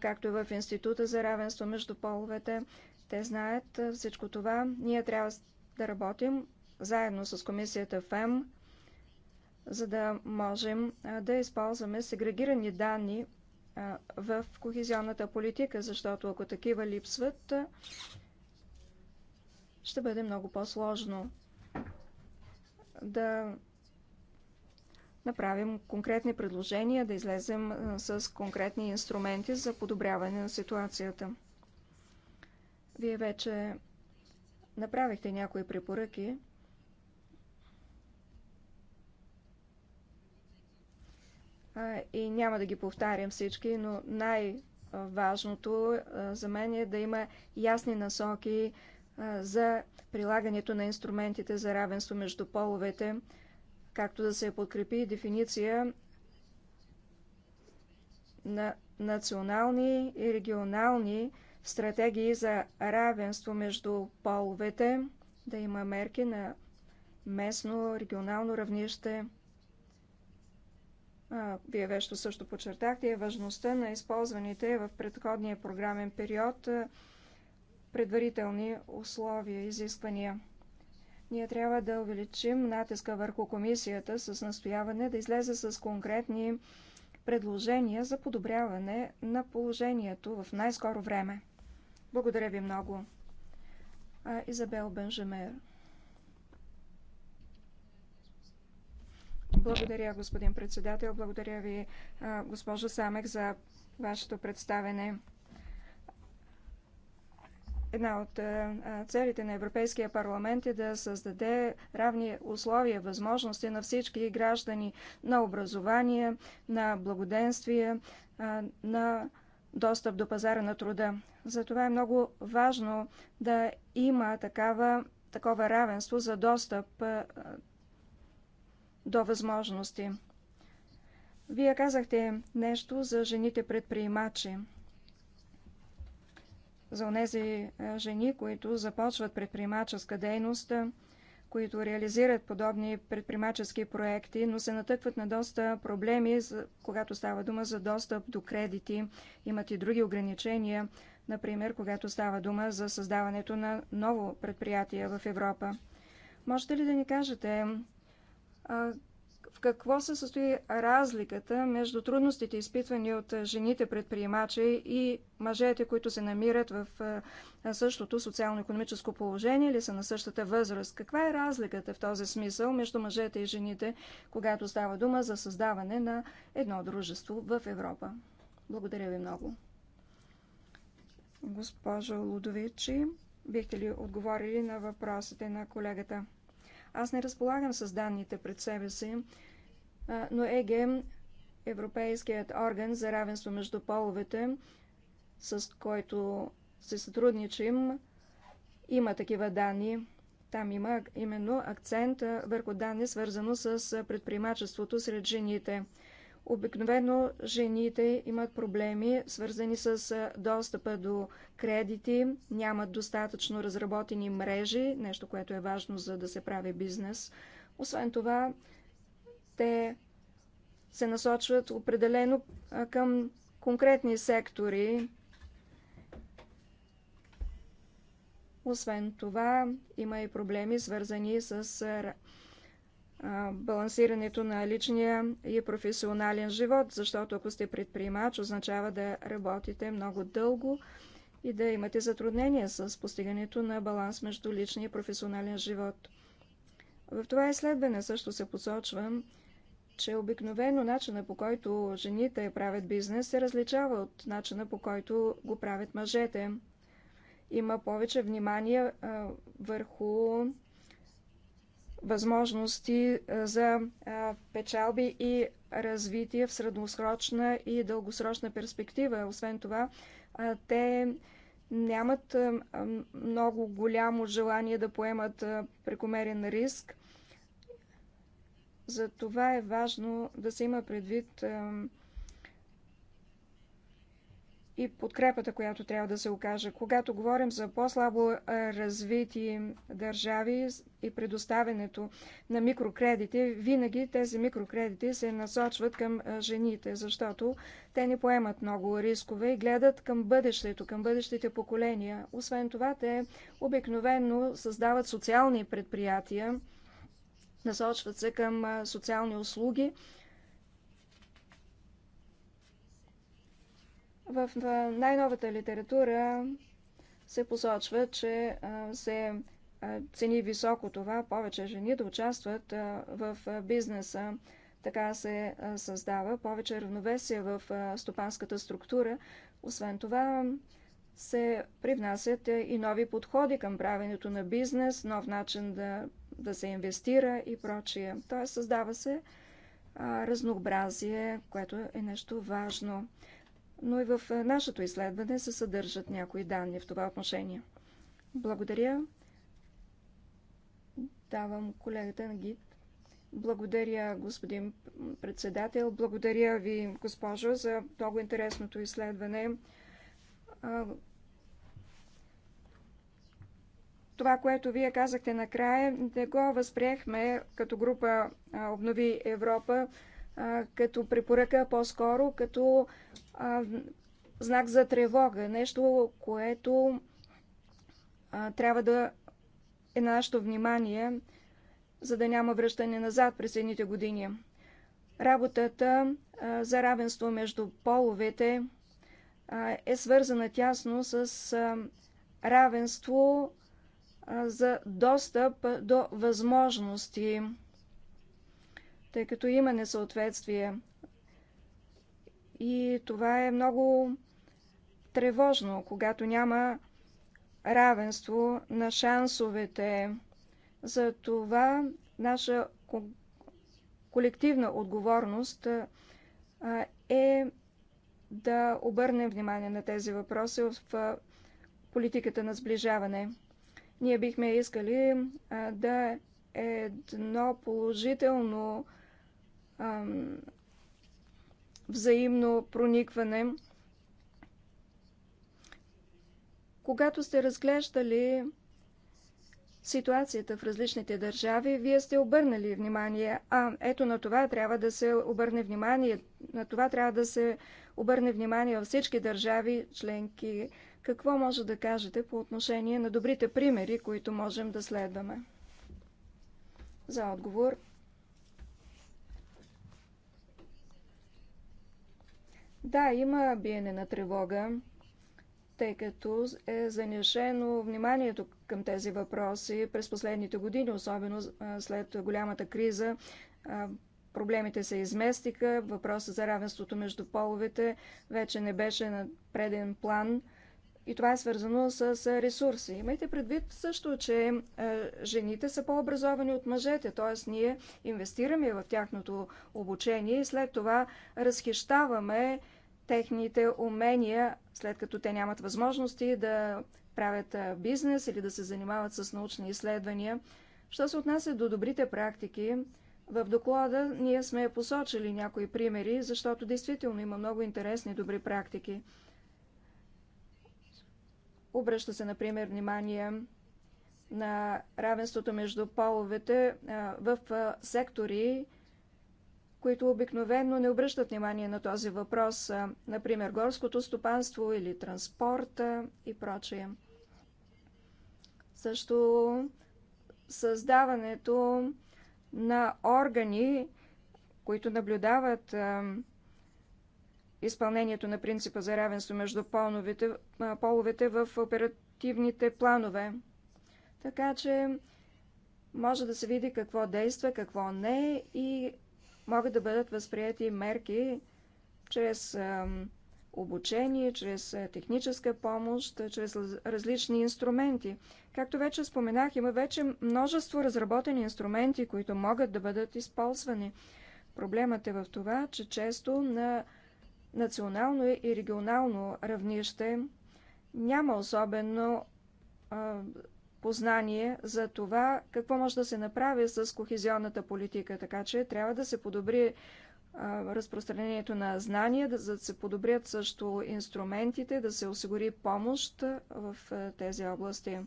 както и в Института за равенство между половете. Те знаят всичко това. Ние трябва да работим заедно с Комисията ФЕМ, за да можем да използваме сегрегирани данни в кохезионната политика, защото ако такива липсват, ще бъде много по-сложно да направим конкретни предложения, да излезем с конкретни инструменти за подобряване на ситуацията. Вие вече направихте някои препоръки. И няма да ги повтарям всички, но най-важното за мен е да има ясни насоки за прилагането на инструментите за равенство между половете, както да се подкрепи дефиниция на национални и регионални стратегии за равенство между половете, да има мерки на местно, регионално равнище. Вие вещо също подчертахте е важността на използваните в предходния програмен период предварителни условия, изисквания. Ние трябва да увеличим натиска върху комисията с настояване да излезе с конкретни предложения за подобряване на положението в най-скоро време. Благодаря ви много. А, Изабел Бенжемер. Благодаря, господин председател. Благодаря ви, госпожо Самек, за вашето представене. Една от е, е, целите на Европейския парламент е да създаде равни условия, възможности на всички граждани на образование, на благоденствие, е, на достъп до пазара на труда. Затова е много важно да има такава, такова равенство за достъп до възможности. Вие казахте нещо за жените предприемачи за онези е, жени, които започват предприемаческа дейност, е, които реализират подобни предприемачески проекти, но се натъкват на доста проблеми, когато става дума за достъп до кредити. Имат и други ограничения, например, когато става дума за създаването на ново предприятие в Европа. Можете ли да ни кажете в какво се състои разликата между трудностите, изпитвани от жените предприемачи и мъжете, които се намират в същото социално-економическо положение или са на същата възраст? Каква е разликата в този смисъл между мъжете и жените, когато става дума за създаване на едно дружество в Европа? Благодаря ви много. Госпожо Лудовичи, бихте ли отговорили на въпросите на колегата? Аз не разполагам с данните пред себе си, но ЕГЕМ, Европейският орган за равенство между половете, с който се сътрудничим, има такива данни. Там има именно акцент върху данни, свързано с предприемачеството сред жените. Обикновено жените имат проблеми, свързани с достъпа до кредити, нямат достатъчно разработени мрежи, нещо, което е важно за да се прави бизнес. Освен това, те се насочват определено към конкретни сектори. Освен това, има и проблеми, свързани с балансирането на личния и професионален живот, защото ако сте предприемач, означава да работите много дълго и да имате затруднения с постигането на баланс между личния и професионален живот. В това изследване също се посочвам, че обикновено начина по който жените правят бизнес се различава от начина по който го правят мъжете. Има повече внимание а, върху възможности за печалби и развитие в средносрочна и дългосрочна перспектива. Освен това, те нямат много голямо желание да поемат прекомерен риск. За това е важно да се има предвид и подкрепата, която трябва да се окаже. Когато говорим за по-слабо развити държави и предоставянето на микрокредити, винаги тези микрокредити се насочват към жените, защото те не поемат много рискове и гледат към бъдещето, към бъдещите поколения. Освен това, те обикновенно създават социални предприятия, насочват се към социални услуги, В най-новата литература се посочва, че се цени високо това повече жени да участват в бизнеса. Така се създава повече равновесие в стопанската структура. Освен това, се привнасят и нови подходи към правенето на бизнес, нов начин да, да се инвестира и прочие. Тоест създава се а, разнообразие, което е нещо важно но и в е, нашето изследване се съдържат някои данни в това отношение. Благодаря. Давам колегата на ГИД. Благодаря, господин председател. Благодаря ви, госпожо, за много интересното изследване. Това, което вие казахте накрая, не го възприехме като група Обнови Европа, като препоръка, по-скоро като а, знак за тревога. Нещо, което а, трябва да е на нашето внимание, за да няма връщане назад през едните години. Работата а, за равенство между половете а, е свързана тясно с а, равенство а, за достъп до възможности тъй като има несъответствие. И това е много тревожно, когато няма равенство на шансовете. За това наша колективна отговорност е да обърнем внимание на тези въпроси в политиката на сближаване. Ние бихме искали да е едно положително взаимно проникване. Когато сте разглеждали ситуацията в различните държави, вие сте обърнали внимание, а ето на това трябва да се обърне внимание, на това трябва да се обърне внимание във всички държави членки. Какво може да кажете по отношение на добрите примери, които можем да следваме? За отговор Да, има биене на тревога, тъй като е занишено вниманието към тези въпроси през последните години, особено след голямата криза. Проблемите се изместиха, въпросът за равенството между половете вече не беше на преден план – и това е свързано с ресурси. Имайте предвид също, че е, жените са по-образовани от мъжете, т.е. ние инвестираме в тяхното обучение и след това разхищаваме техните умения, след като те нямат възможности да правят е, бизнес или да се занимават с научни изследвания. Що се отнася до добрите практики, в доклада ние сме посочили някои примери, защото действително има много интересни добри практики. Обръща се, например, внимание на равенството между половете в сектори, които обикновено не обръщат внимание на този въпрос, например горското стопанство или транспорта и прочее. Също създаването на органи, които наблюдават изпълнението на принципа за равенство между половете, половете в оперативните планове. Така че може да се види какво действа, какво не и могат да бъдат възприяти мерки чрез обучение, чрез техническа помощ, чрез различни инструменти. Както вече споменах, има вече множество разработени инструменти, които могат да бъдат използвани. Проблемът е в това, че често на национално и регионално равнище няма особено а, познание за това какво може да се направи с кохезионната политика, така че трябва да се подобри а, разпространението на знания, да, да се подобрят също инструментите, да се осигури помощ в а, тези области.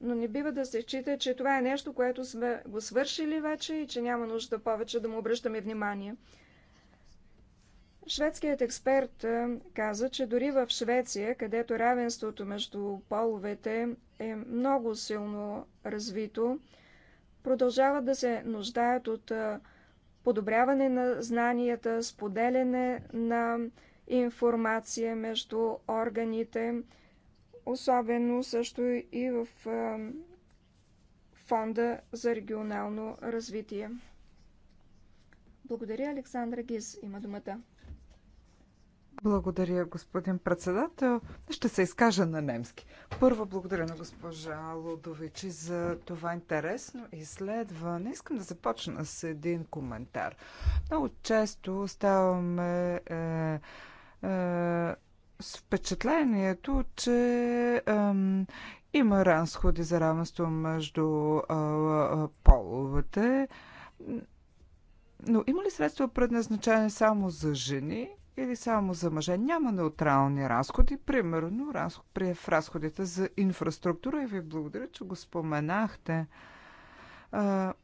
но не бива да се счита, че това е нещо, което сме го свършили вече и че няма нужда повече да му обръщаме внимание. Шведският експерт каза, че дори в Швеция, където равенството между половете е много силно развито, продължават да се нуждаят от подобряване на знанията, споделяне на информация между органите, особено също и в Фонда за регионално развитие. Благодаря, Александра Гиз. Има думата. Благодаря, господин председател. Ще се изкажа на немски. Първо, благодаря на госпожа Лудовичи за това интересно изследване. Искам да започна с един коментар. Много често ставаме е, е, с впечатлението, че ам, има разходи за равенство между а, а, половете. Но има ли средства предназначени само за жени или само за мъже? Няма неутрални разходи, примерно разход, при, в разходите за инфраструктура. И ви благодаря, че го споменахте. А,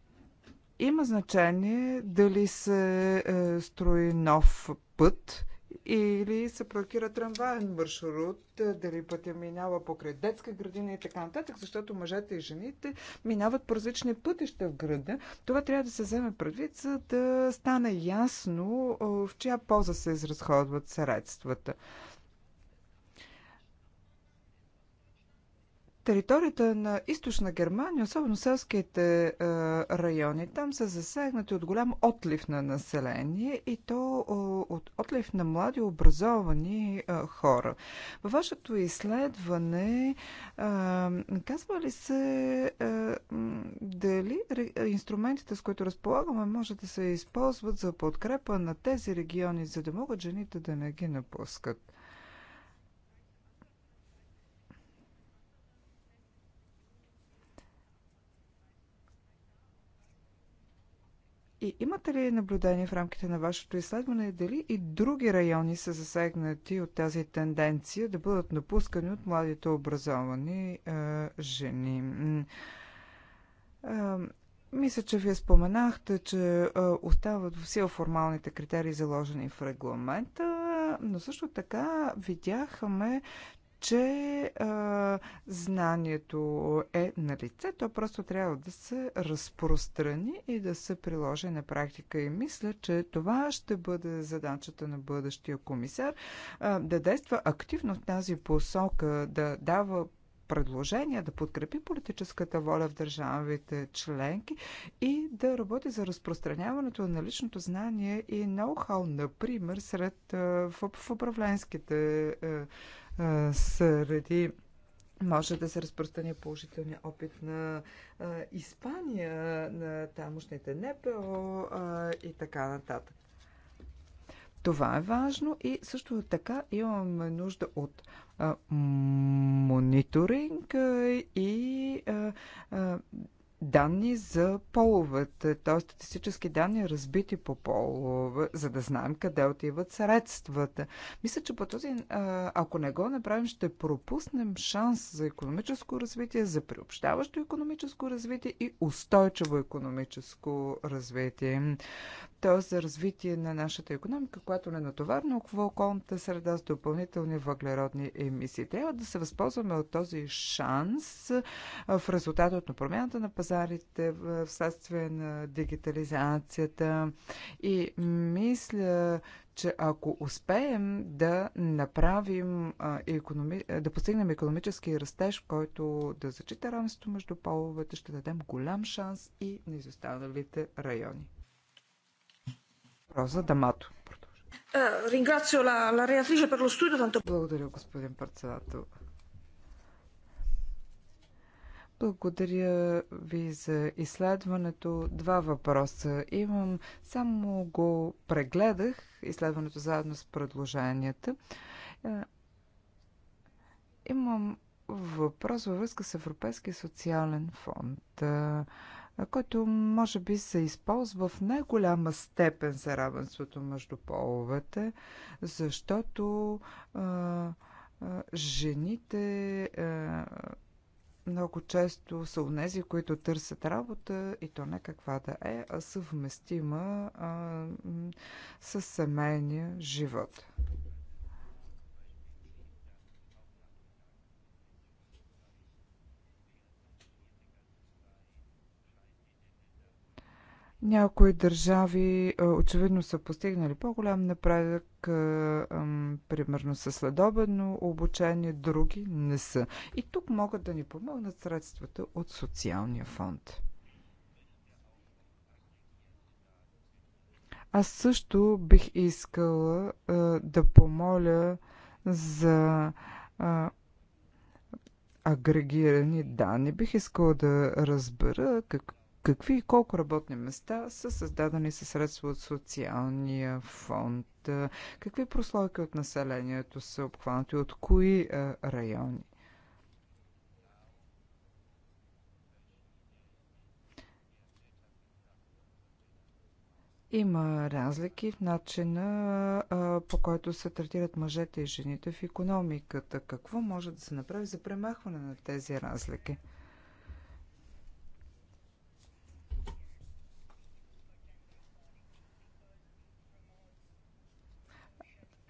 има значение дали се е, строи нов път или се проектира трамваен маршрут, дали пътя минава покрай детска градина и така нататък, защото мъжете и жените минават по различни пътища в града. Това трябва да се вземе предвид, за да стане ясно в чия полза се изразходват средствата. Територията на източна Германия, особено селските е, райони, там са засегнати от голям отлив на население и то е, от отлив на млади образовани е, хора. Във вашето изследване е, казва ли се е, дали инструментите, с които разполагаме, може да се използват за подкрепа на тези региони, за да могат жените да не ги напускат? И имате ли наблюдение в рамките на вашето изследване дали и други райони са засегнати от тази тенденция да бъдат напускани от младите образовани е, жени? Е, мисля, че вие споменахте, че е, остават в сила формалните критерии, заложени в регламента, но също така видяхме, че а, знанието е на лице, то просто трябва да се разпространи и да се приложи на практика. И мисля, че това ще бъде задачата на бъдещия комисар а, да действа активно в тази посока, да дава предложения, да подкрепи политическата воля в държавите членки и да работи за разпространяването на личното знание и ноу-хау, например, сред, в, в управленските среди може да се разпространи положителния опит на а, Испания, на тамошните НПО а, и така нататък. Това е важно и също така имаме нужда от а, мониторинг а, и а, а, данни за половата, т.е. статистически данни разбити по полове, за да знаем къде отиват средствата. Мисля, че по този, ако не го направим, ще пропуснем шанс за економическо развитие, за приобщаващо економическо развитие и устойчиво економическо развитие. Т.е. за развитие на нашата економика, която не натоварна около околната среда с допълнителни въглеродни емисии. Трябва да се възползваме от този шанс в резултат от промяната на пазара пазарите в следствие на дигитализацията. И мисля, че ако успеем да направим да постигнем економически растеж, който да зачита равенството между половете, ще дадем голям шанс и на изостаналите райони. Роза Дамато. Е, Благодаря, господин председател. Благодаря ви за изследването. Два въпроса имам. Само го прегледах, изследването заедно с предложенията. Е, имам въпрос във връзка с Европейския социален фонд, е, който може би се използва в най-голяма степен за равенството между половете, защото а, е, а, жените а, много често са унези, които търсят работа и то не каква да е, а съвместима а, с семейния живот. Някои държави очевидно са постигнали по-голям напредък, примерно със следобедно обучение, други не са. И тук могат да ни помогнат средствата от социалния фонд. Аз също бих искала да помоля за агрегирани данни. Бих искала да разбера какво какви и колко работни места са създадени със средства от социалния фонд, какви прослойки от населението са обхванати, от кои райони. Има разлики в начина по който се третират мъжете и жените в економиката. Какво може да се направи за премахване на тези разлики?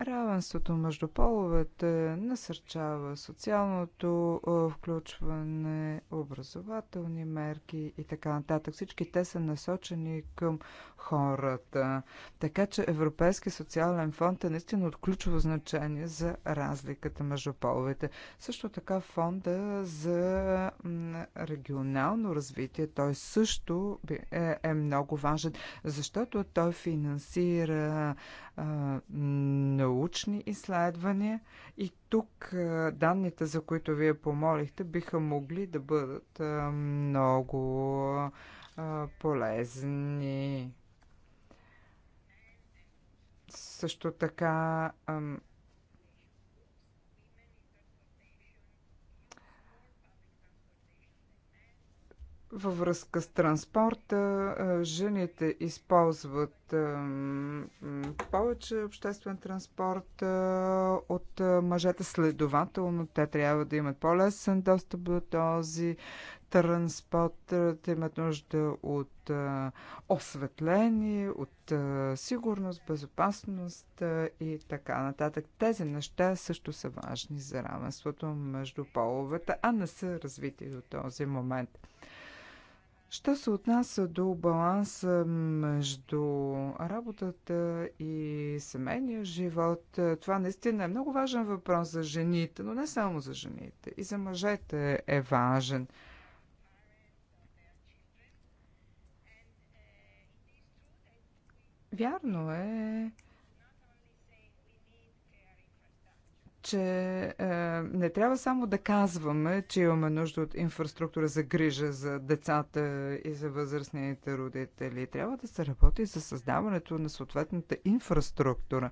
Равенството между половете насърчава социалното включване, образователни мерки и така нататък. Всички те са насочени към хората. Така че Европейски социален фонд е наистина от ключово значение за разликата между половете. Също така фонда за регионално развитие, той също е, е много важен, защото той финансира а, научни изследвания и тук а, данните, за които вие помолихте, биха могли да бъдат а, много а, полезни. Също така. А, Във връзка с транспорта, жените използват повече обществен транспорт от мъжете, следователно те трябва да имат по-лесен достъп до този транспорт, имат нужда от осветление, от сигурност, безопасност и така нататък. Тези неща също са важни за равенството между половете, а не са развити до този момент. Що се отнася до баланса между работата и семейния живот, това наистина е много важен въпрос за жените, но не само за жените. И за мъжете е важен. Вярно е, че е, не трябва само да казваме, че имаме нужда от инфраструктура за грижа за децата и за възрастните родители. Трябва да се работи за създаването на съответната инфраструктура.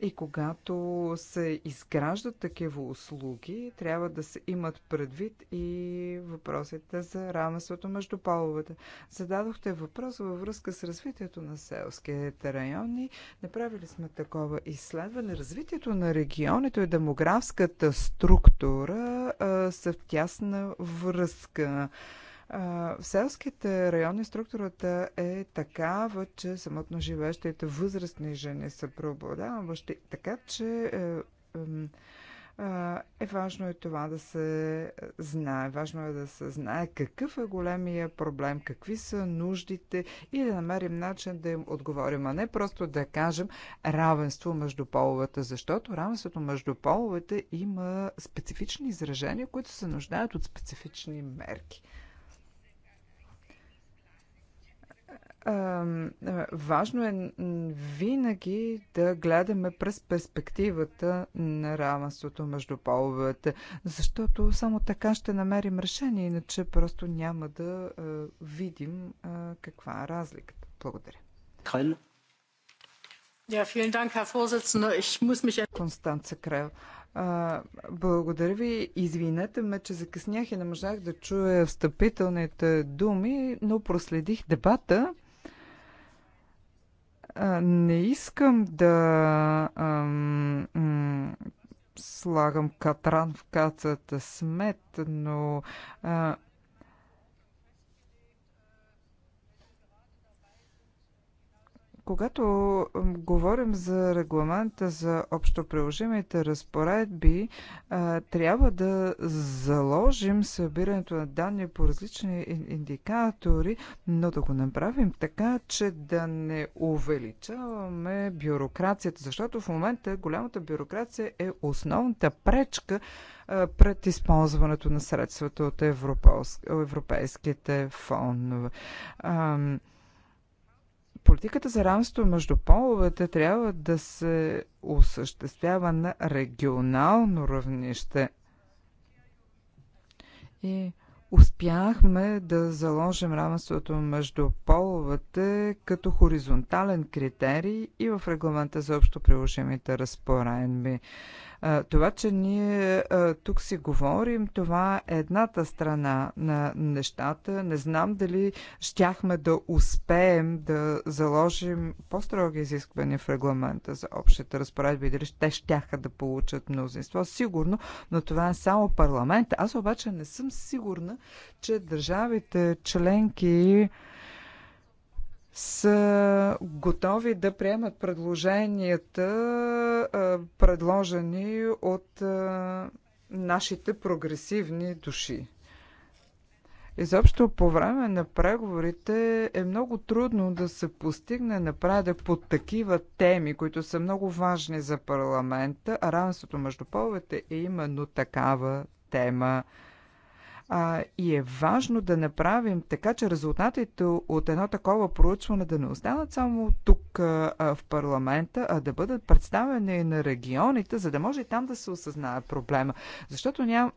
И когато се изграждат такива услуги, трябва да се имат предвид и въпросите за равенството между половете. Зададохте въпрос във връзка с развитието на селските райони. Направили сме такова изследване. Развитието на регионите и демографската структура а, са в тясна връзка. В селските райони структурата е такава, че самотно живеещите възрастни жени са преобладаващи, така че е, е важно и това да се знае. Важно е да се знае какъв е големия проблем, какви са нуждите и да намерим начин да им отговорим, а не просто да кажем равенство между половете, защото равенството между половете има специфични изражения, които се нуждаят от специфични мерки. важно е винаги да гледаме през перспективата на равенството между половете, защото само така ще намерим решение, иначе просто няма да видим каква е разликата. Благодаря. Констанца Крел. Благодаря ви. Извинете ме, че закъснях и не можах да чуя встъпителните думи, но проследих дебата не искам да слагам катран в кацата смет, но а, Когато говорим за регламента за общоприложимите разпоредби, трябва да заложим събирането на данни по различни индикатори, но да го направим така, че да не увеличаваме бюрокрацията, защото в момента голямата бюрокрация е основната пречка пред използването на средствата от европейските фондове. Политиката за равенство между половете трябва да се осъществява на регионално равнище. И успяхме да заложим равенството между половете като хоризонтален критерий и в регламента за общо приложимите разпоредби. Това, че ние тук си говорим, това е едната страна на нещата. Не знам дали щяхме да успеем да заложим по-строги изисквания в регламента за общите разпоредби, дали те щяха да получат мнозинство. Сигурно, но това е само парламент. Аз обаче не съм сигурна, че държавите членки са готови да приемат предложенията, предложени от нашите прогресивни души. Изобщо по време на преговорите е много трудно да се постигне напредък по такива теми, които са много важни за парламента, а равенството между половете е именно такава тема. А, и е важно да направим така, че резултатите от едно такова проучване да не останат само тук в парламента, а да бъдат представени на регионите, за да може и там да се осъзнае проблема. Защото ням,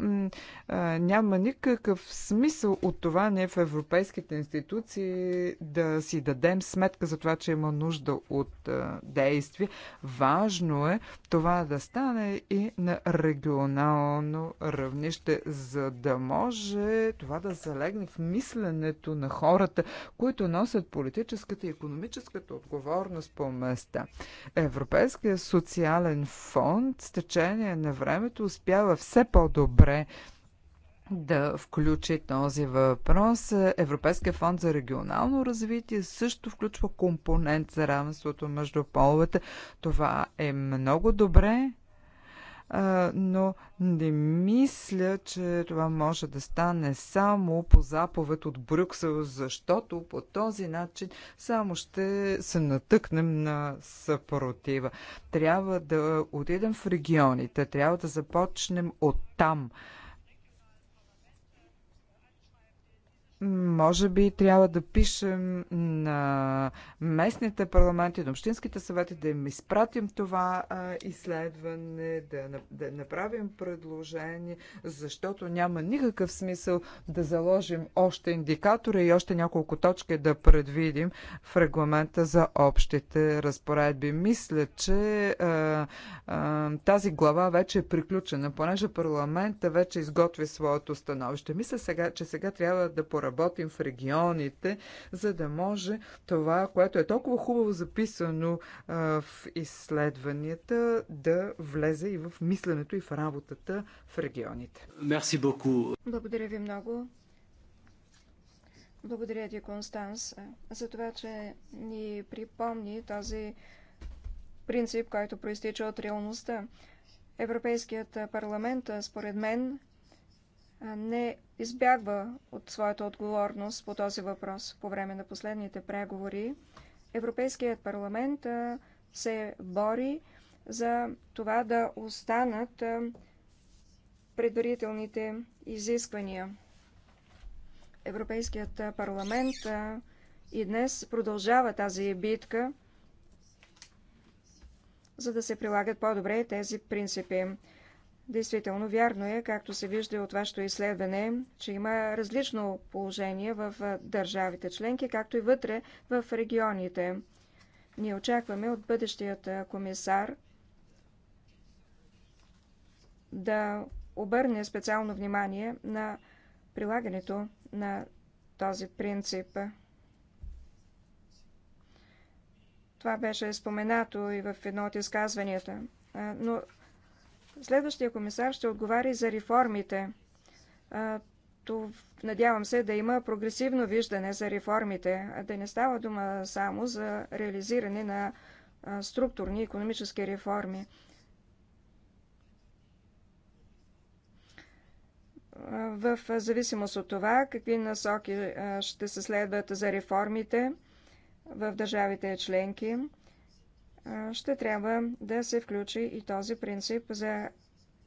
няма никакъв смисъл от това ние в европейските институции да си дадем сметка за това, че има нужда от действие. Важно е това да стане и на регионално равнище, за да може това да залегне в мисленето на хората, които носят политическата и економическата отговорност отговорност по места. Европейския социален фонд с течение на времето успява все по-добре да включи този въпрос. Европейския фонд за регионално развитие също включва компонент за равенството между половете. Това е много добре но не мисля, че това може да стане само по заповед от Брюксел, защото по този начин само ще се натъкнем на съпротива. Трябва да отидем в регионите, трябва да започнем от там Може би трябва да пишем на местните парламенти, на общинските съвети, да им изпратим това а, изследване, да, да направим предложение, защото няма никакъв смисъл да заложим още индикатора и още няколко точки да предвидим в регламента за общите разпоредби. Мисля, че а, а, тази глава вече е приключена, понеже парламента вече изготви своето становище. Мисля, сега, че сега трябва да поработим работим в регионите, за да може това, което е толкова хубаво записано в изследванията, да влезе и в мисленето и в работата в регионите. Мерси Благодаря ви много. Благодаря ти, Констанс, за това, че ни припомни този принцип, който проистича от реалността. Европейският парламент, според мен, не избягва от своята отговорност по този въпрос. По време на последните преговори Европейският парламент се бори за това да останат предварителните изисквания. Европейският парламент и днес продължава тази битка, за да се прилагат по-добре тези принципи. Действително вярно е, както се вижда от вашето изследване, че има различно положение в държавите членки, както и вътре в регионите. Ние очакваме от бъдещият комисар да обърне специално внимание на прилагането на този принцип. Това беше споменато и в едно от изказванията. Но Следващия комисар ще отговаря и за реформите. Надявам се да има прогресивно виждане за реформите, а да не става дума само за реализиране на структурни економически реформи. В зависимост от това, какви насоки ще се следват за реформите в държавите членки, ще трябва да се включи и този принцип за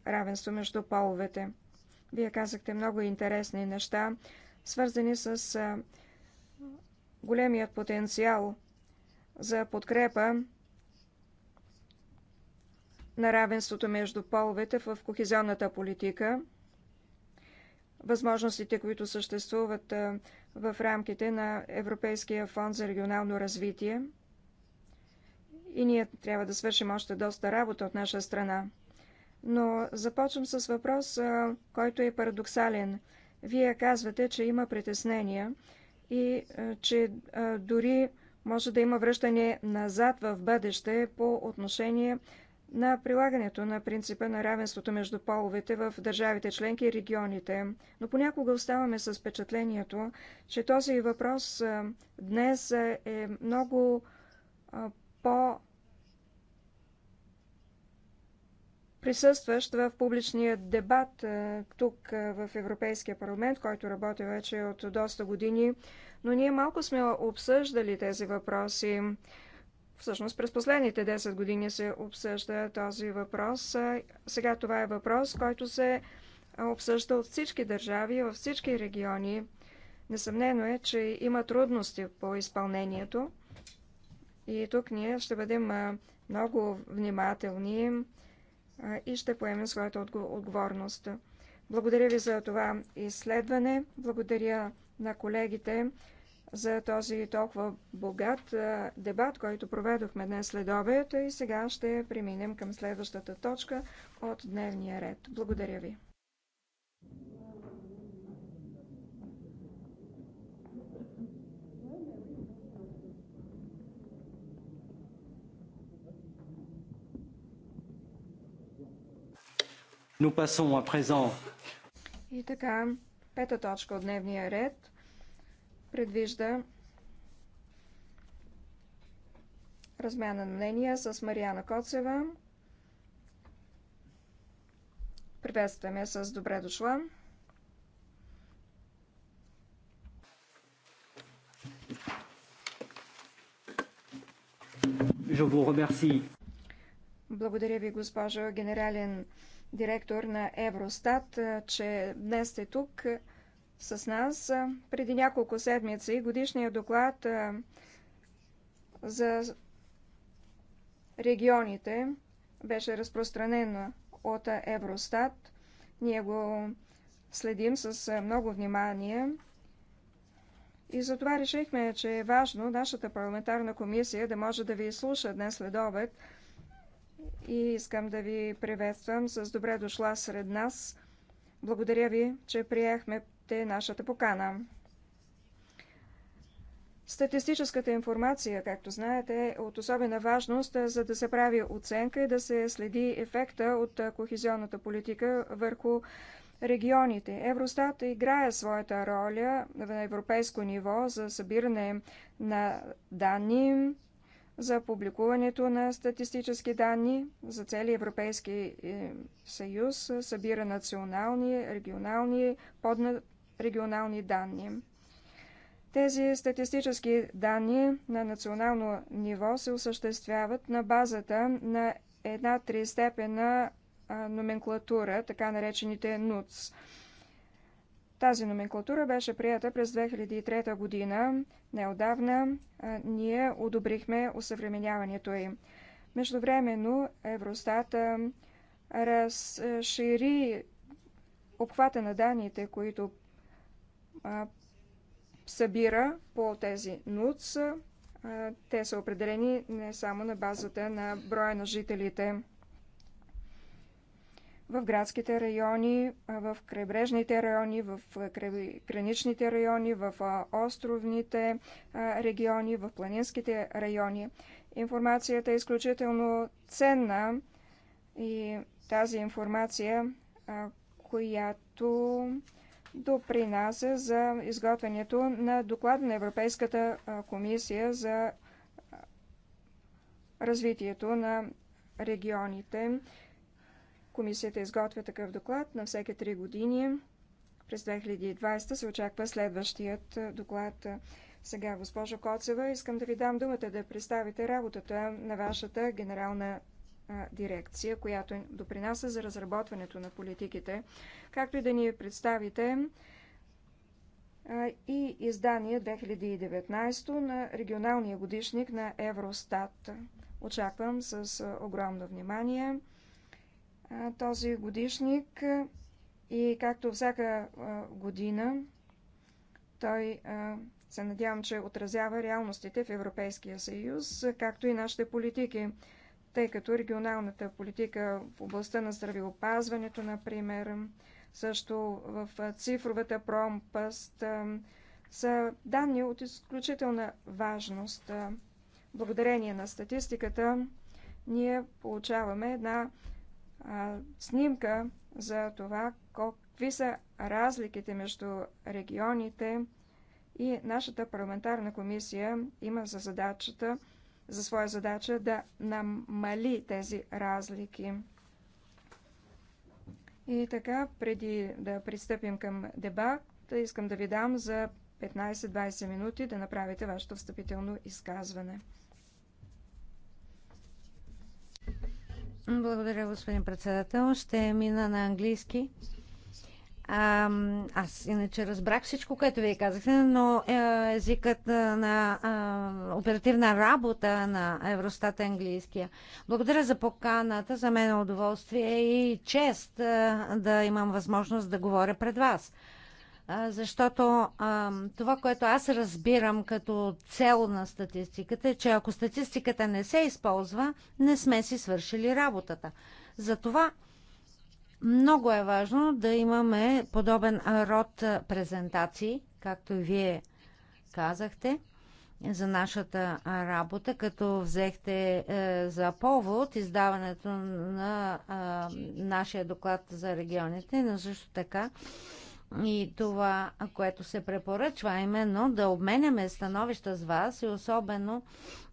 равенство между половете. Вие казахте много интересни неща, свързани с големият потенциал за подкрепа на равенството между половете в кохезионната политика, възможностите, които съществуват в рамките на Европейския фонд за регионално развитие – и ние трябва да свършим още доста работа от наша страна. Но започвам с въпрос, който е парадоксален. Вие казвате, че има притеснения и че дори може да има връщане назад в бъдеще по отношение на прилагането на принципа на равенството между половете в държавите членки и регионите. Но понякога оставаме с впечатлението, че този въпрос днес е много по- присъстващ в публичния дебат е, тук е, в Европейския парламент, който работи вече от доста години, но ние малко сме обсъждали тези въпроси. Всъщност през последните 10 години се обсъжда този въпрос. Е, сега това е въпрос, който се обсъжда от всички държави, във всички региони. Несъмнено е, че има трудности по изпълнението. И тук ние ще бъдем много внимателни и ще поемем своята отговорност. Благодаря ви за това изследване. Благодаря на колегите за този толкова богат дебат, който проведохме днес след обед. И сега ще преминем към следващата точка от дневния ред. Благодаря ви. Nous passons à présent. И така, пета точка от дневния ред предвижда размяна на мнения с Марияна Коцева. Приветстваме с добре дошла. Je vous remercie. Благодаря ви, госпожо генерален директор на Евростат, че днес сте тук с нас. Преди няколко седмици годишният доклад за регионите беше разпространен от Евростат. Ние го следим с много внимание. И затова решихме, че е важно нашата парламентарна комисия да може да ви слуша днес след обед, и искам да ви приветствам с добре дошла сред нас. Благодаря ви, че приехме те нашата покана. Статистическата информация, както знаете, е от особена важност, за да се прави оценка и да се следи ефекта от кохезионната политика върху регионите. Евростат играе своята роля на европейско ниво за събиране на данни, за публикуването на статистически данни за целия Европейски е, съюз, събира национални, регионални, поднарегионални данни. Тези статистически данни на национално ниво се осъществяват на базата на една тристепена номенклатура, така наречените НУЦ. Тази номенклатура беше прията през 2003 година. Неодавна ние одобрихме усъвременяването й. Междувременно Евростат разшири обхвата на данните, които а, събира по тези НУЦ. А, те са определени не само на базата на броя на жителите в градските райони, в крайбрежните райони, в граничните райони, в островните региони, в планинските райони. Информацията е изключително ценна и тази информация, която допринася за изготвянето на доклад на Европейската комисия за развитието на регионите Комисията изготвя такъв доклад на всеки три години. През 2020 се очаква следващият доклад. Сега, госпожо Коцева, искам да ви дам думата да представите работата на вашата генерална дирекция, която допринася за разработването на политиките, както и да ни представите и издание 2019 на регионалния годишник на Евростат. Очаквам с огромно внимание този годишник и както всяка година, той се надявам, че отразява реалностите в Европейския съюз, както и нашите политики, тъй като регионалната политика в областта на здравеопазването, например, също в цифровата промпаст, са данни от изключителна важност. Благодарение на статистиката ние получаваме една снимка за това какви са разликите между регионите и нашата парламентарна комисия има за задачата, за своя задача да намали тези разлики. И така, преди да пристъпим към дебат, искам да ви дам за 15-20 минути да направите вашето встъпително изказване. Благодаря, господин председател. Ще мина на английски. А, аз иначе разбрах всичко, което вие казахте, но е, езикът е, на е, оперативна работа на Евростат е английския. Благодаря за поканата. За мен е удоволствие и чест да имам възможност да говоря пред вас защото а, това, което аз разбирам като цел на статистиката е, че ако статистиката не се използва, не сме си свършили работата. Затова много е важно да имаме подобен род презентации, както и вие казахте, за нашата работа, като взехте е, за повод издаването на е, нашия доклад за регионите, но също така и това, което се препоръчва, е именно да обменяме становища с вас и особено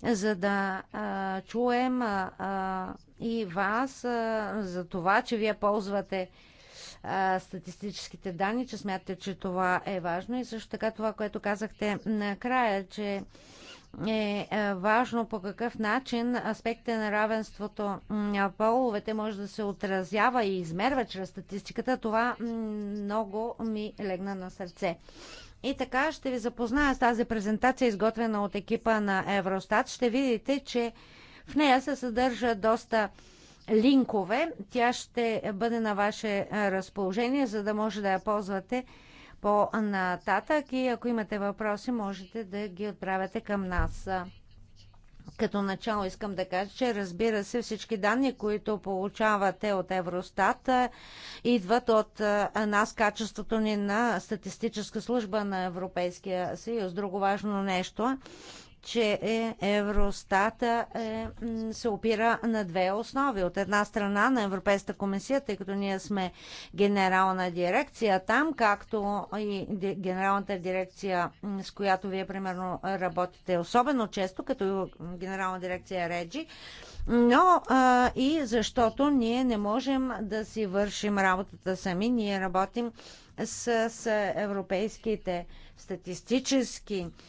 за да а, чуем а, и вас а, за това, че вие ползвате а, статистическите данни, че смятате, че това е важно и също така това, което казахте накрая, че е, е важно по какъв начин аспектите на равенството на половете може да се отразява и измерва чрез статистиката. Това много ми легна на сърце. И така ще ви запозная с тази презентация, изготвена от екипа на Евростат. Ще видите, че в нея се съдържа доста линкове. Тя ще бъде на ваше разположение, за да може да я ползвате по-нататък и ако имате въпроси, можете да ги отправяте към нас. Като начало искам да кажа, че разбира се всички данни, които получавате от Евростат, идват от нас качеството ни на статистическа служба на Европейския съюз. Друго важно нещо че е, Евростата е, се опира на две основи. От една страна на Европейската комисия, тъй като ние сме генерална дирекция там, както и генералната дирекция, с която вие примерно работите особено често, като генерална дирекция е Реджи, но а, и защото ние не можем да си вършим работата сами, ние работим с, с европейските статистически а,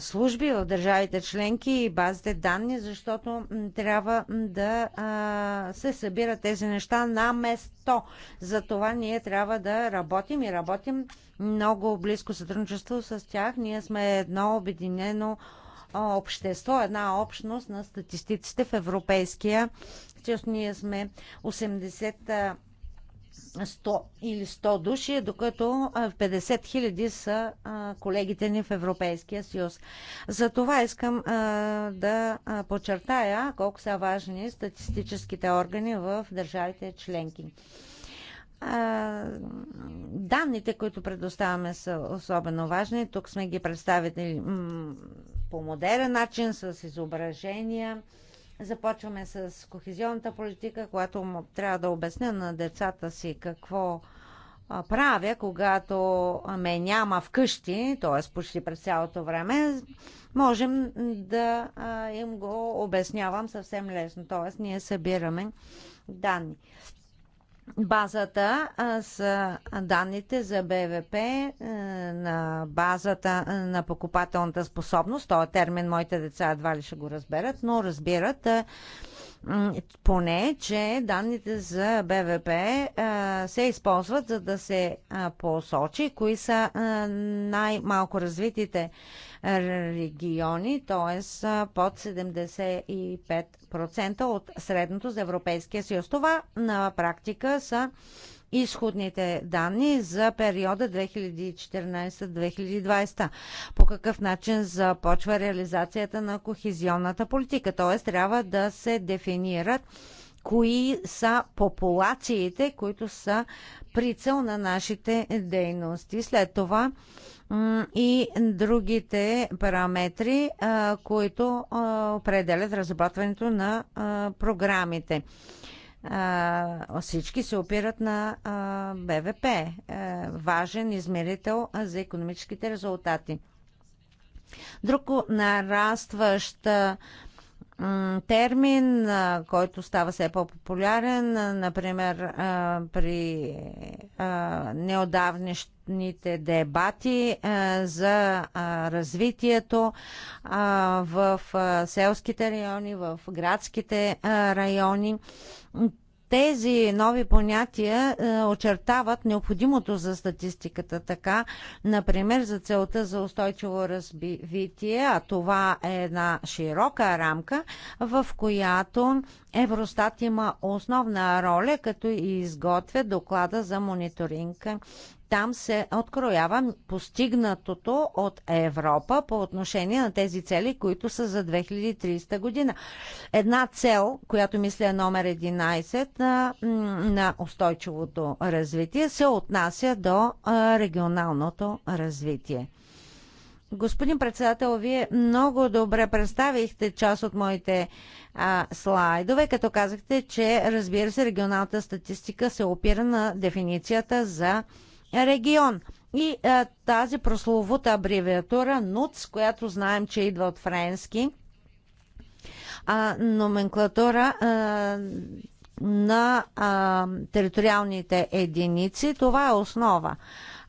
служби в държавите членки и базите данни, защото трябва да се събират тези неща на место. За това ние трябва да работим и работим много близко сътрудничество с тях. Ние сме едно обединено общество, една общност на статистиците в Европейския Ние сме 80 100 или 100 души, докато 50 хиляди са колегите ни в Европейския съюз. За това искам да подчертая колко са важни статистическите органи в държавите членки. Данните, които предоставяме, са особено важни. Тук сме ги представили по модерен начин, с изображения Започваме с кохезионната политика, която трябва да обясня на децата си какво правя, когато ме няма вкъщи, т.е. почти през цялото време, можем да им го обяснявам съвсем лесно. Т.е. ние събираме данни базата с данните за БВП е, на базата е, на покупателната способност. Този е термин моите деца едва ли ще го разберат, но разбират поне, че данните за БВП се използват за да се посочи кои са най-малко развитите региони, т.е. под 75% от средното за Европейския съюз. Това на практика са изходните данни за периода 2014-2020. По какъв начин започва реализацията на кохезионната политика? Т.е. трябва да се дефинират кои са популациите, които са прицел на нашите дейности. След това и другите параметри, които определят разработването на програмите. Всички се опират на БВП, е, важен измерител за економическите резултати. Друг нарастващ термин, който става все по-популярен, например при неодавнешните дебати за развитието в селските райони, в градските райони. Тези нови понятия е, очертават необходимото за статистиката. Така, например, за целта за устойчиво развитие, а това е една широка рамка, в която Евростат има основна роля, като и изготвя доклада за мониторинг там се откроява постигнатото от Европа по отношение на тези цели, които са за 2030 година. Една цел, която мисля е номер 11 на, на устойчивото развитие, се отнася до регионалното развитие. Господин председател, вие много добре представихте част от моите а, слайдове, като казахте, че разбира се, регионалната статистика се опира на дефиницията за регион. И а, е, тази прословута абревиатура НУЦ, която знаем, че идва от френски, а, номенклатура а, е, на а, териториалните единици, това е основа.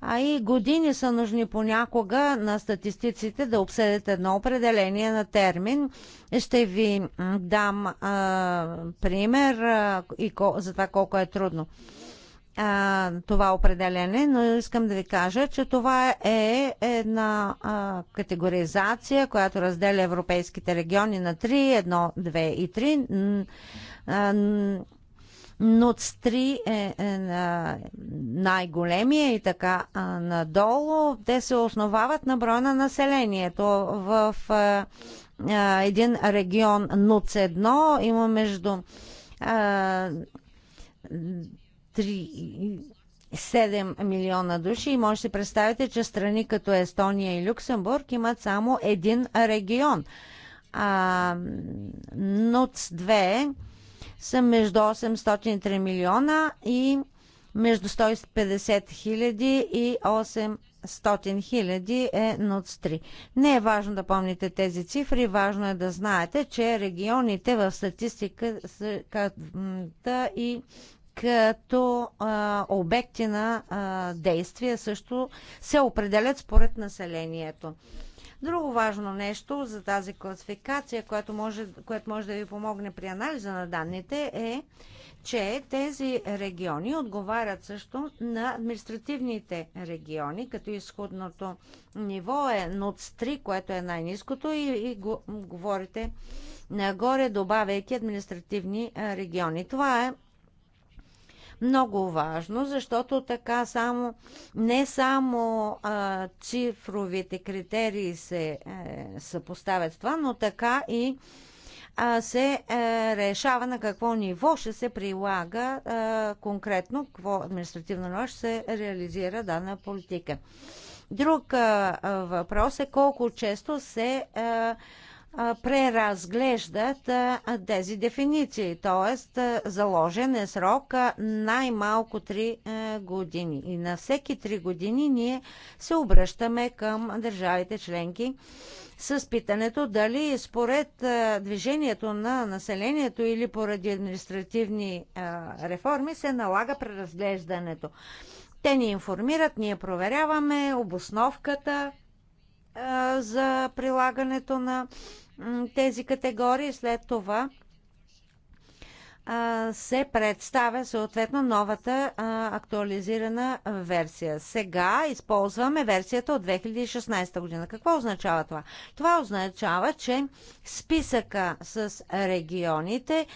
А и години са нужни понякога на статистиците да обсъдят едно определение на термин. Ще ви дам а, пример а, и за това колко е трудно а, това определене, но искам да ви кажа, че това е една а, категоризация, която разделя европейските региони на 3, 1, 2 и 3. НОЦ-3 е, е най-големия и така а, надолу. Те се основават на броя на населението. В а, а, един регион НОЦ-1 има между а, 7 милиона души и може да си представите, че страни като Естония и Люксембург имат само един регион. А, НУЦ-2 са между 803 милиона и между 150 хиляди и 800 хиляди е НОЦ-3. Не е важно да помните тези цифри, важно е да знаете, че регионите в статистиката и като а, обекти на а, действие също се определят според населението. Друго важно нещо за тази класификация, което може, което може да ви помогне при анализа на данните е, че тези региони отговарят също на административните региони, като изходното ниво е НОЦ-3, което е най-низкото и, и го, говорите нагоре, добавяйки административни региони. Това е много важно, защото така само, не само а, цифровите критерии се а, е, съпоставят с това, но така и а, се а, е, решава на какво ниво ще се прилага а, е, конкретно, какво административно ниво ще се реализира дана политика. Друг а, въпрос е колко често се а, преразглеждат тези дефиниции, т.е. заложен е срок най-малко 3 е, години. И на всеки 3 години ние се обръщаме към държавите членки с питането дали според е, движението на населението или поради административни е, реформи се налага преразглеждането. Те ни информират, ние проверяваме обосновката, за прилагането на тези категории. След това се представя съответно новата актуализирана версия. Сега използваме версията от 2016 година. Какво означава това? Това означава, че списъка с регионите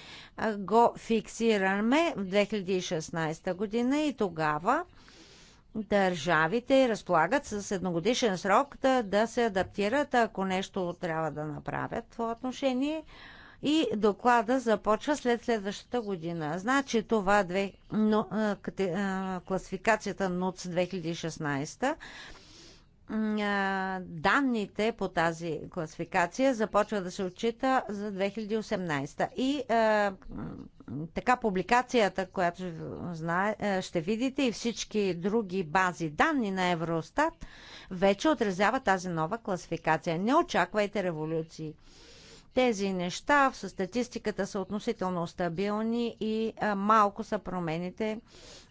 го фиксираме в 2016 година и тогава държавите разполагат с едногодишен срок да, да се адаптират, ако нещо трябва да направят в това отношение. И доклада започва след следващата година. Значи това две, но, класификацията НУЦ 2016 данните по тази класификация започва да се отчита за 2018. И а, така публикацията, която знае, ще видите и всички други бази данни на Евростат, вече отразява тази нова класификация. Не очаквайте революции. Тези неща в статистиката са относително стабилни и малко са промените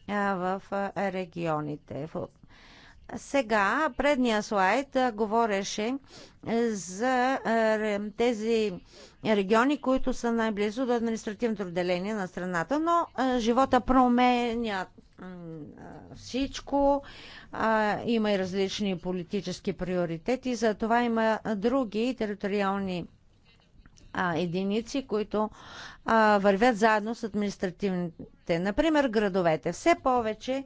в регионите. Сега предния слайд говореше за тези региони, които са най-близо до административното отделение на страната, но живота променя всичко. Има и различни политически приоритети, за това има други териториални единици, които вървят заедно с административните. Например, градовете. Все повече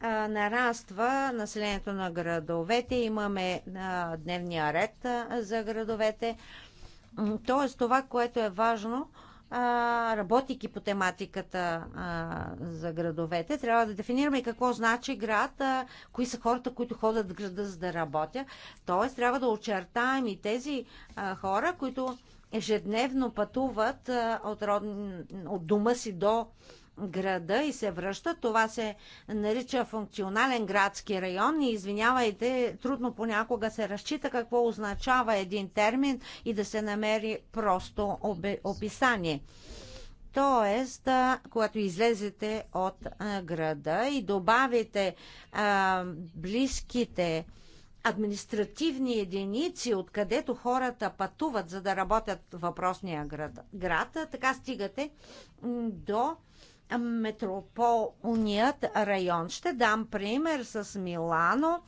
а, нараства населението на градовете. Имаме а, дневния ред а, за градовете. Тоест това, което е важно, а, работейки по тематиката а, за градовете, трябва да дефинираме какво значи град, а, кои са хората, които ходят в града за да работят. Тоест трябва да очертаем и тези а, хора, които ежедневно пътуват а, от, род... от дома си до а, града и се връща. Това се нарича функционален градски район и извинявайте, трудно понякога се разчита какво означава един термин и да се намери просто описание. Тоест, когато излезете от града и добавите а, близките административни единици, откъдето хората пътуват, за да работят въпросния град, град така стигате до метрополният район. Ще дам пример с Милано.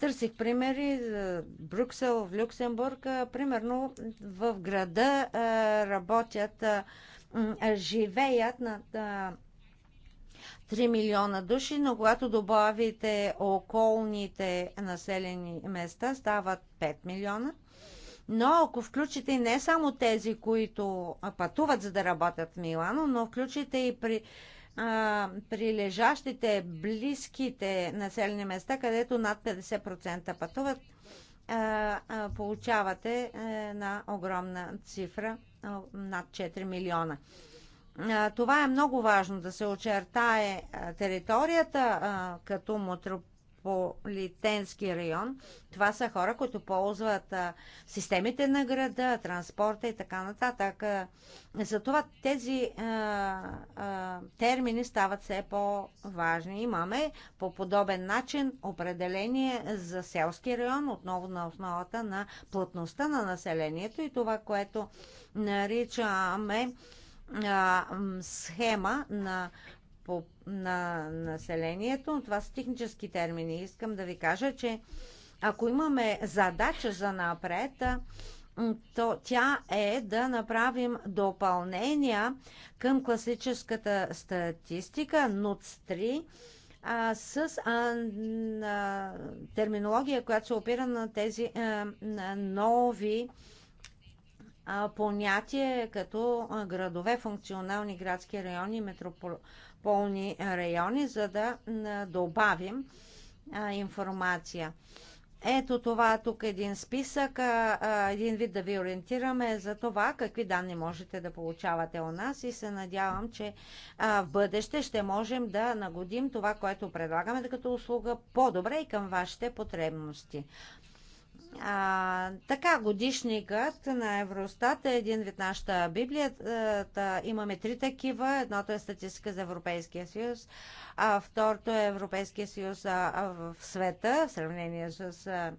Търсих примери е, Брюксел, в Люксембург. Примерно в града е, работят, е, живеят над 3 милиона души, но когато добавите околните населени места, стават 5 милиона – но ако включите не само тези, които пътуват за да работят в Милано, но включите и при а, прилежащите, близките населени места, където над 50% пътуват, а, а, получавате е, една огромна цифра, а, над 4 милиона. Това е много важно да се очертае територията като метрополитенски район. Това са хора, които ползват а, системите на града, транспорта и така нататък. Затова тези а, а, термини стават все по-важни. Имаме по подобен начин определение за селски район, отново на основата на плътността на населението и това, което наричаме схема на по, на населението, но това са технически термини. Искам да ви кажа, че ако имаме задача за напред, то тя е да направим допълнения към класическата статистика НУЦ-3 а, с а, а, терминология, която се опира на тези а, на нови а, понятия като градове, функционални градски райони, метрополитен пълни райони, за да добавим информация. Ето това е тук е един списък, един вид да ви ориентираме за това какви данни можете да получавате у нас и се надявам, че в бъдеще ще можем да нагодим това, което предлагаме като услуга по-добре и към вашите потребности. А, така, годишникът на Евростат е един вид нашата Библия. Е, та, имаме три такива. Едното е статистика за Европейския съюз, а второто е Европейския съюз а, а в света, в сравнение с а,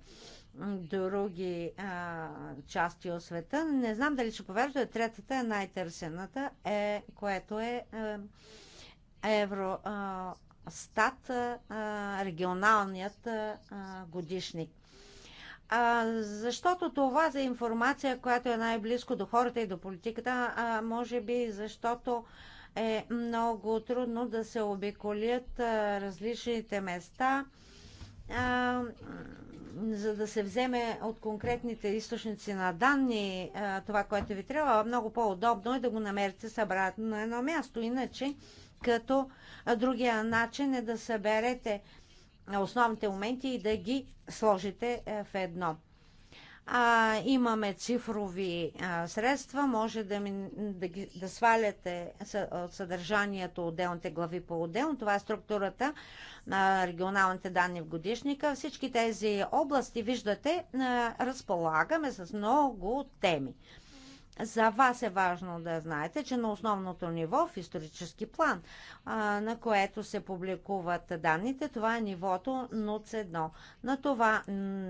други а, части от света. Не знам дали ще повярвате, третата е най-търсената, е, което е, е Евростат, регионалният а, годишник а, защото това за информация, която е най-близко до хората и до политиката, а може би защото е много трудно да се обиколят а, различните места, а, за да се вземе от конкретните източници на данни а, това, което ви трябва. Много по-удобно е да го намерите събрано на едно място. Иначе, като другия начин е да съберете основните моменти и да ги сложите е, в едно. А, имаме цифрови а, средства, може да, ми, да, ги, да сваляте съдържанието отделните глави по-отделно. Това е структурата на регионалните данни в годишника. Всички тези области, виждате, а, разполагаме с много теми. За вас е важно да знаете, че на основното ниво в исторически план, на което се публикуват данните, това е нивото нуц 1 На това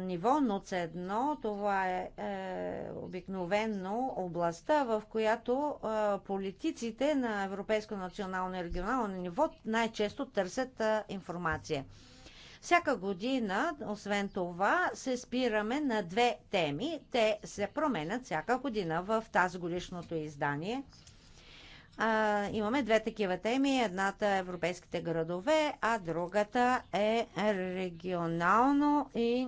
ниво нуц 1 това е, е обикновенно областта, в която е, политиците на европейско, национално и регионално ниво най-често търсят е, информация. Всяка година, освен това, се спираме на две теми. Те се променят всяка година в тази годишното издание. А, имаме две такива теми. Едната е европейските градове, а другата е регионално и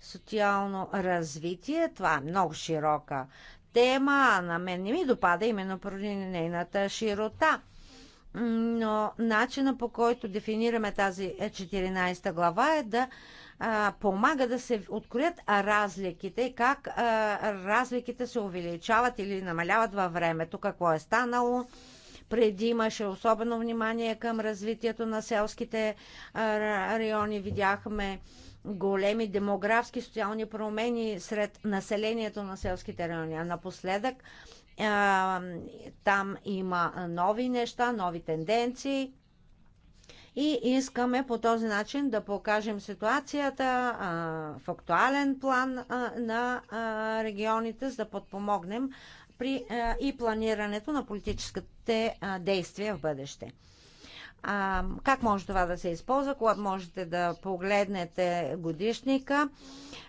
социално развитие. Това е много широка тема. На мен не ми допада именно поради нейната широта но начина по който дефинираме тази 14 глава е да а, помага да се откроят разликите и как а, разликите се увеличават или намаляват във времето, какво е станало. Преди имаше особено внимание към развитието на селските райони. Видяхме големи демографски социални промени сред населението на селските райони. А напоследък а, там има нови неща, нови тенденции. И искаме по този начин да покажем ситуацията в актуален план на регионите, за да подпомогнем при, и планирането на политическите действия в бъдеще. А, как може това да се използва, когато можете да погледнете годишника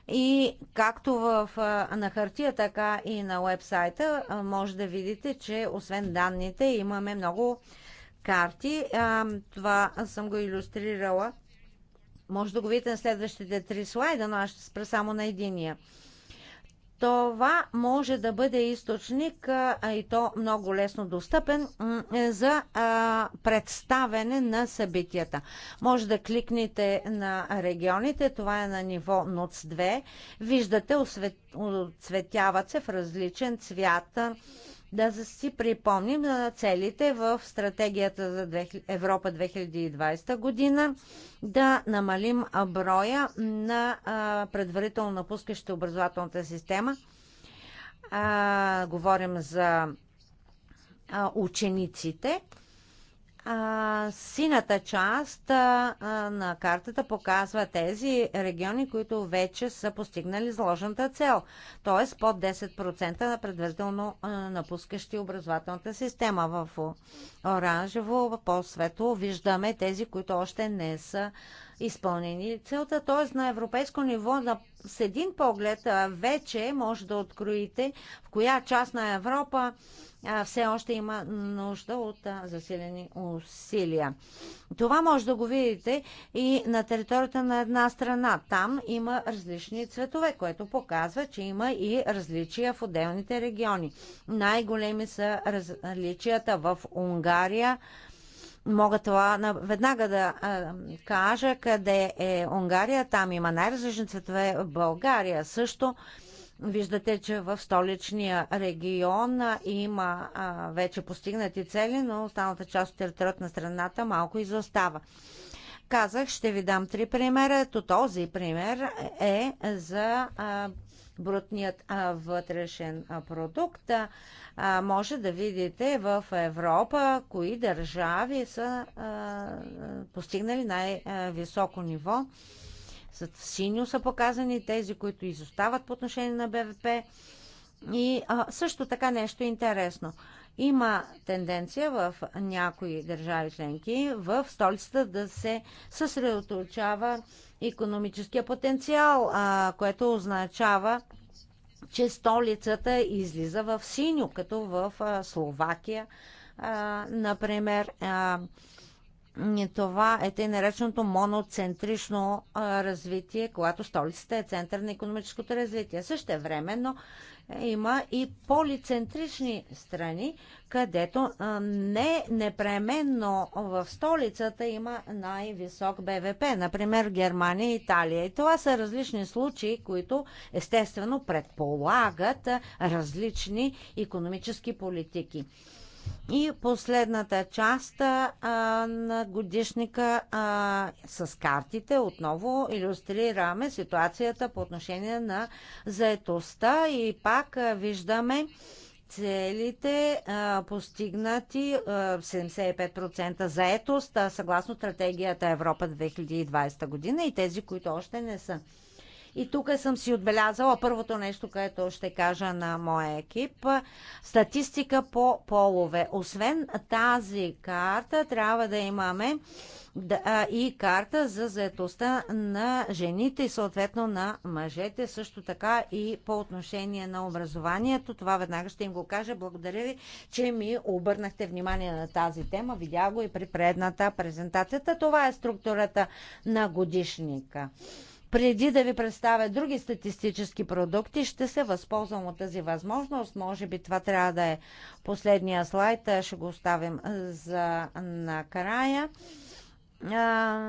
и както в, на хартия, така и на вебсайта може да видите, че освен данните имаме много карти. А, това съм го иллюстрирала. Може да го видите на следващите три слайда, но аз ще спра само на единия това може да бъде източник, а и то много лесно достъпен, е, за представене на събитията. Може да кликнете на регионите, това е на ниво НОЦ-2. Виждате, оцветяват се в различен цвят да си припомним на целите в стратегията за Европа 2020 година, да намалим броя на предварително напускащите образователната система. говорим за учениците а, сината част а, на картата показва тези региони, които вече са постигнали заложената цел, т.е. под 10% на предварително напускащи образователната система. В оранжево, по-светло виждаме тези, които още не са изпълнени. Целта, т.е. на европейско ниво, на, с един поглед вече може да откроите в коя част на Европа все още има нужда от засилени усилия. Това може да го видите и на територията на една страна. Там има различни цветове, което показва, че има и различия в отделните региони. Най-големи са различията в Унгария, Мога това веднага да кажа къде е Унгария. Там има най-различни цветове. България също. Виждате, че в столичния регион има а, вече постигнати цели, но останалата част от територията на страната малко изостава. Казах, ще ви дам три примера. Ето този пример е за а, брутният вътрешен продукт. Може да видите в Европа кои държави са постигнали най-високо ниво. синьо са показани тези, които изостават по отношение на БВП. И също така нещо интересно. Има тенденция в някои държави членки в столицата да се съсредоточава економическия потенциал, а, което означава, че столицата излиза в синьо, като в а, Словакия, а, например. А, това е тъй нареченото моноцентрично развитие, когато столицата е център на економическото развитие. Също време, но е, има и полицентрични страни, където не непременно в столицата има най-висок БВП, например Германия и Италия. И това са различни случаи, които естествено предполагат различни економически политики. И последната част а, на годишника а, с картите отново иллюстрираме ситуацията по отношение на заетостта и пак а, виждаме целите а, постигнати а, 75% заетост а, съгласно стратегията Европа 2020 година и тези, които още не са. И тук съм си отбелязала първото нещо, което ще кажа на моя екип. Статистика по полове. Освен тази карта, трябва да имаме и карта за заедостта на жените и съответно на мъжете, също така и по отношение на образованието. Това веднага ще им го кажа. Благодаря ви, че ми обърнахте внимание на тази тема. Видях го и при предната презентацията. Това е структурата на годишника. Преди да ви представя други статистически продукти, ще се възползвам от тази възможност. Може би това трябва да е последния слайд, ще го оставим за накрая. А,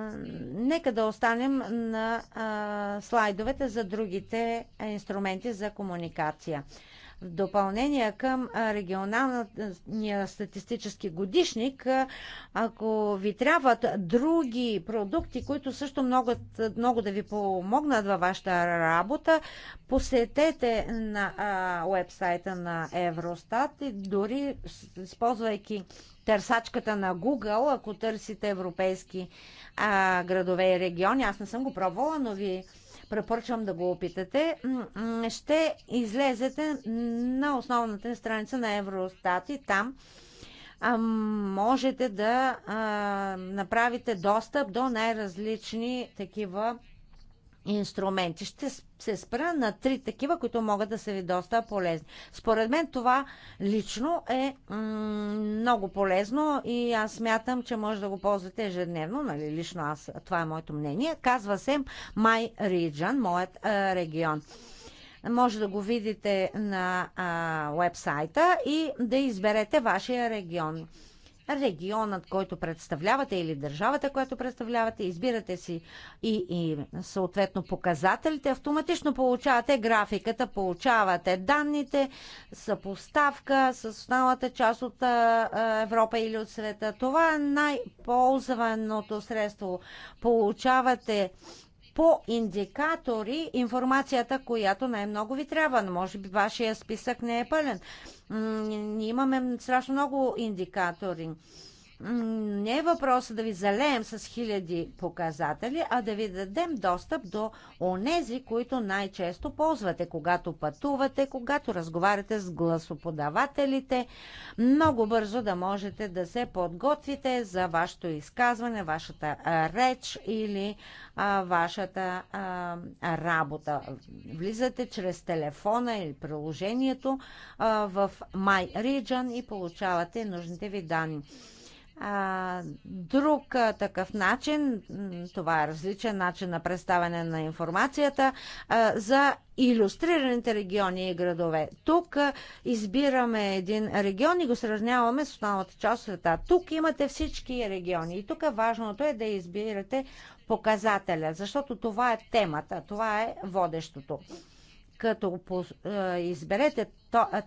нека да останем на а, слайдовете за другите инструменти за комуникация. В допълнение към регионалния статистически годишник, ако ви трябват други продукти, които също много, много да ви помогнат във вашата работа, посетете на уебсайта на Евростат и дори използвайки търсачката на Google, ако търсите европейски а, градове и региони, аз не съм го пробвала, но ви препоръчвам да го опитате, ще излезете на основната страница на Евростат и там а, можете да а, направите достъп до най-различни такива инструменти. Ще се спра на три такива, които могат да са ви доста полезни. Според мен това лично е много полезно и аз смятам, че може да го ползвате ежедневно, нали, лично аз, това е моето мнение. Казва се My Region, моят а, регион. Може да го видите на а, вебсайта и да изберете вашия регион регионът, който представлявате или държавата, която представлявате, избирате си и, и съответно показателите, автоматично получавате графиката, получавате данните, съпоставка с останалата част от Европа или от света. Това е най-ползваното средство. Получавате по индикатори информацията, която най-много ви трябва. Но може би вашия списък не е пълен. Ние Имаме страшно много индикатори не е въпросът да ви залеем с хиляди показатели, а да ви дадем достъп до онези, които най-често ползвате, когато пътувате, когато разговаряте с гласоподавателите, много бързо да можете да се подготвите за вашето изказване, вашата реч или а, вашата а, работа. Влизате чрез телефона или приложението а, в My Region и получавате нужните ви данни а, друг а, такъв начин, това е различен начин на представяне на информацията, а, за иллюстрираните региони и градове. Тук а, избираме един регион и го сравняваме с останалата част от света. Тук имате всички региони и тук важното е да избирате показателя, защото това е темата, това е водещото като е, изберете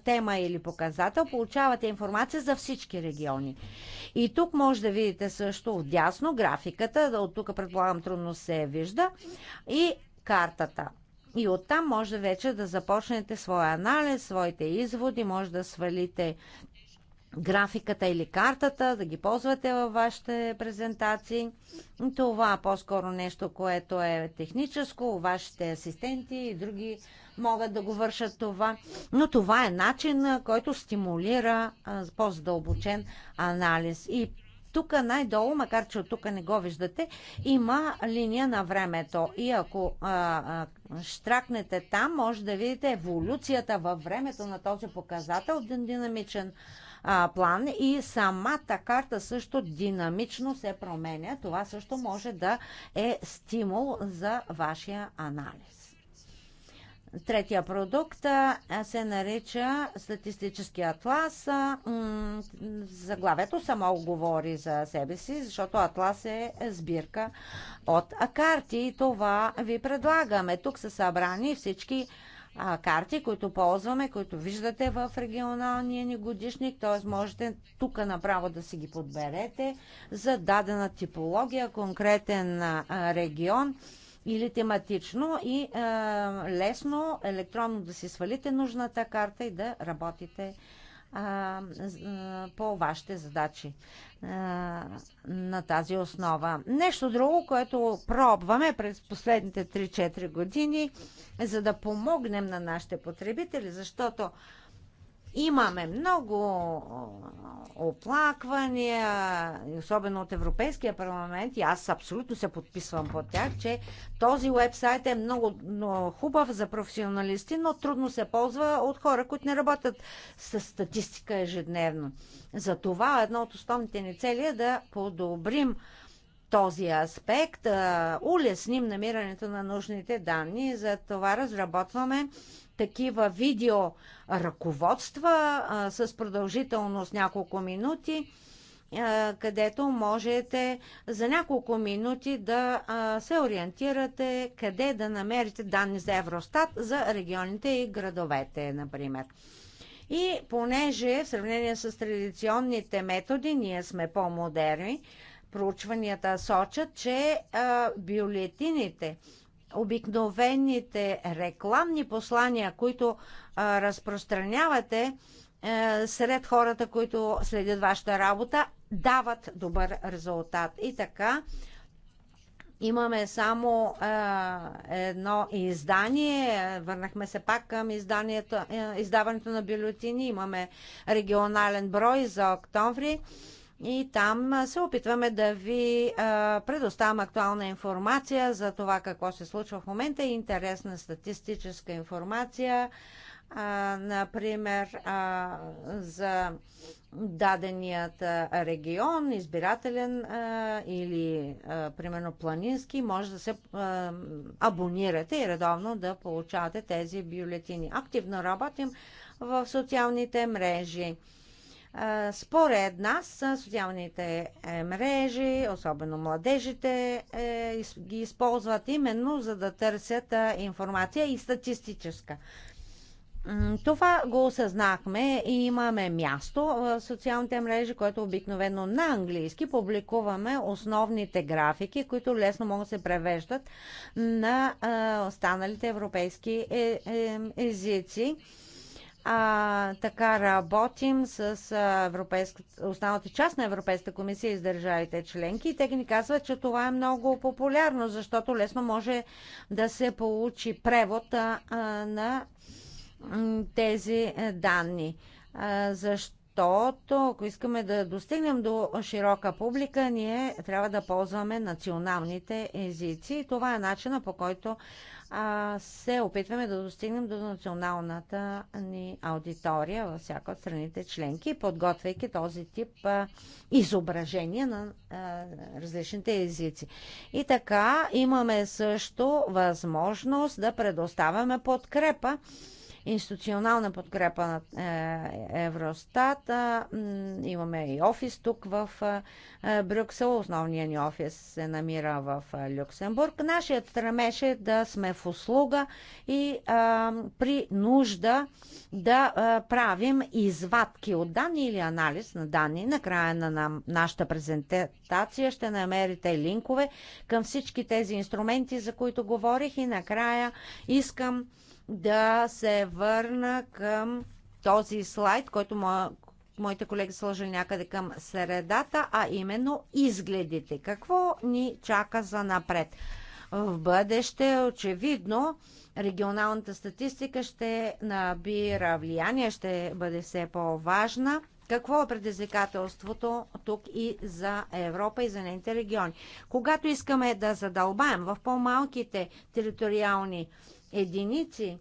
тема или показател, получавате информация за всички региони. И тук може да видите също отдясно графиката, от тук предполагам трудно се вижда, и картата. И оттам може вече да започнете своя анализ, своите изводи, може да свалите графиката или картата, да ги ползвате във вашите презентации. Това по-скоро нещо, което е техническо, вашите асистенти и други могат да го вършат това. Но това е начин, който стимулира по-задълбочен анализ. И тук най-долу, макар че от тук не го виждате, има линия на времето. И ако а, а, штракнете там, може да видите еволюцията във времето на този показател, динамичен а, план и самата карта също динамично се променя. Това също може да е стимул за вашия анализ. Третия продукт се нарича Статистически атлас. Заглавието само говори за себе си, защото атлас е сбирка от карти и това ви предлагаме. Тук са събрани всички карти, които ползваме, които виждате в регионалния ни годишник, т.е. можете тук направо да си ги подберете за дадена типология, конкретен регион или тематично и а, лесно електронно да си свалите нужната карта и да работите а, по вашите задачи а, на тази основа. Нещо друго, което пробваме през последните 3-4 години, за да помогнем на нашите потребители, защото Имаме много оплаквания, особено от Европейския парламент, и аз абсолютно се подписвам по тях, че този вебсайт е много хубав за професионалисти, но трудно се ползва от хора, които не работят с статистика ежедневно. Затова едно от основните ни цели е да подобрим този аспект, улесним намирането на нужните данни. За това разработваме такива видео ръководства а, с продължителност няколко минути, а, където можете за няколко минути да а, се ориентирате къде да намерите данни за Евростат за регионите и градовете, например. И понеже в сравнение с традиционните методи ние сме по-модерни, проучванията сочат, че а, бюлетините, обикновените рекламни послания, които а, разпространявате а, сред хората, които следят вашата работа, дават добър резултат. И така, имаме само а, едно издание. Върнахме се пак към изданието, издаването на бюлетини. Имаме регионален брой за октомври. И там се опитваме да ви предоставям актуална информация за това какво се случва в момента и интересна статистическа информация, например, за даденият регион, избирателен или примерно планински, може да се абонирате и редовно да получавате тези бюлетини. Активно работим в социалните мрежи. Според нас социалните е, мрежи, особено младежите, е, ги използват именно за да търсят информация и статистическа. Това го осъзнахме и имаме място в социалните мрежи, което обикновено на английски публикуваме основните графики, които лесно могат да се превеждат на останалите европейски е, езици. А, така работим с европейската, останалата част на Европейската комисия и с държавите членки. И те ни казват, че това е много популярно, защото лесно може да се получи превод а, на тези данни. А, защо? защото ако искаме да достигнем до широка публика, ние трябва да ползваме националните езици. Това е начина по който а, се опитваме да достигнем до националната ни аудитория във всяка от страните членки, подготвяйки този тип а, изображения на а, различните езици. И така имаме също възможност да предоставяме подкрепа институционална подкрепа на е, Евростат. Имаме и офис тук в е, е, Брюксел. Основният ни офис се намира в Люксембург. Нашият стремеж е да сме в услуга и а, при нужда да а, правим извадки от данни или анализ на данни. Накрая на, на нашата презентация ще намерите линкове към всички тези инструменти, за които говорих и накрая искам да се върна към този слайд, който мо... моите колеги сложили някъде към средата, а именно изгледите. Какво ни чака за напред? В бъдеще, очевидно, регионалната статистика ще набира влияние, ще бъде все по-важна. Какво е предизвикателството тук и за Европа и за нейните региони? Когато искаме да задълбаем в по-малките териториални единици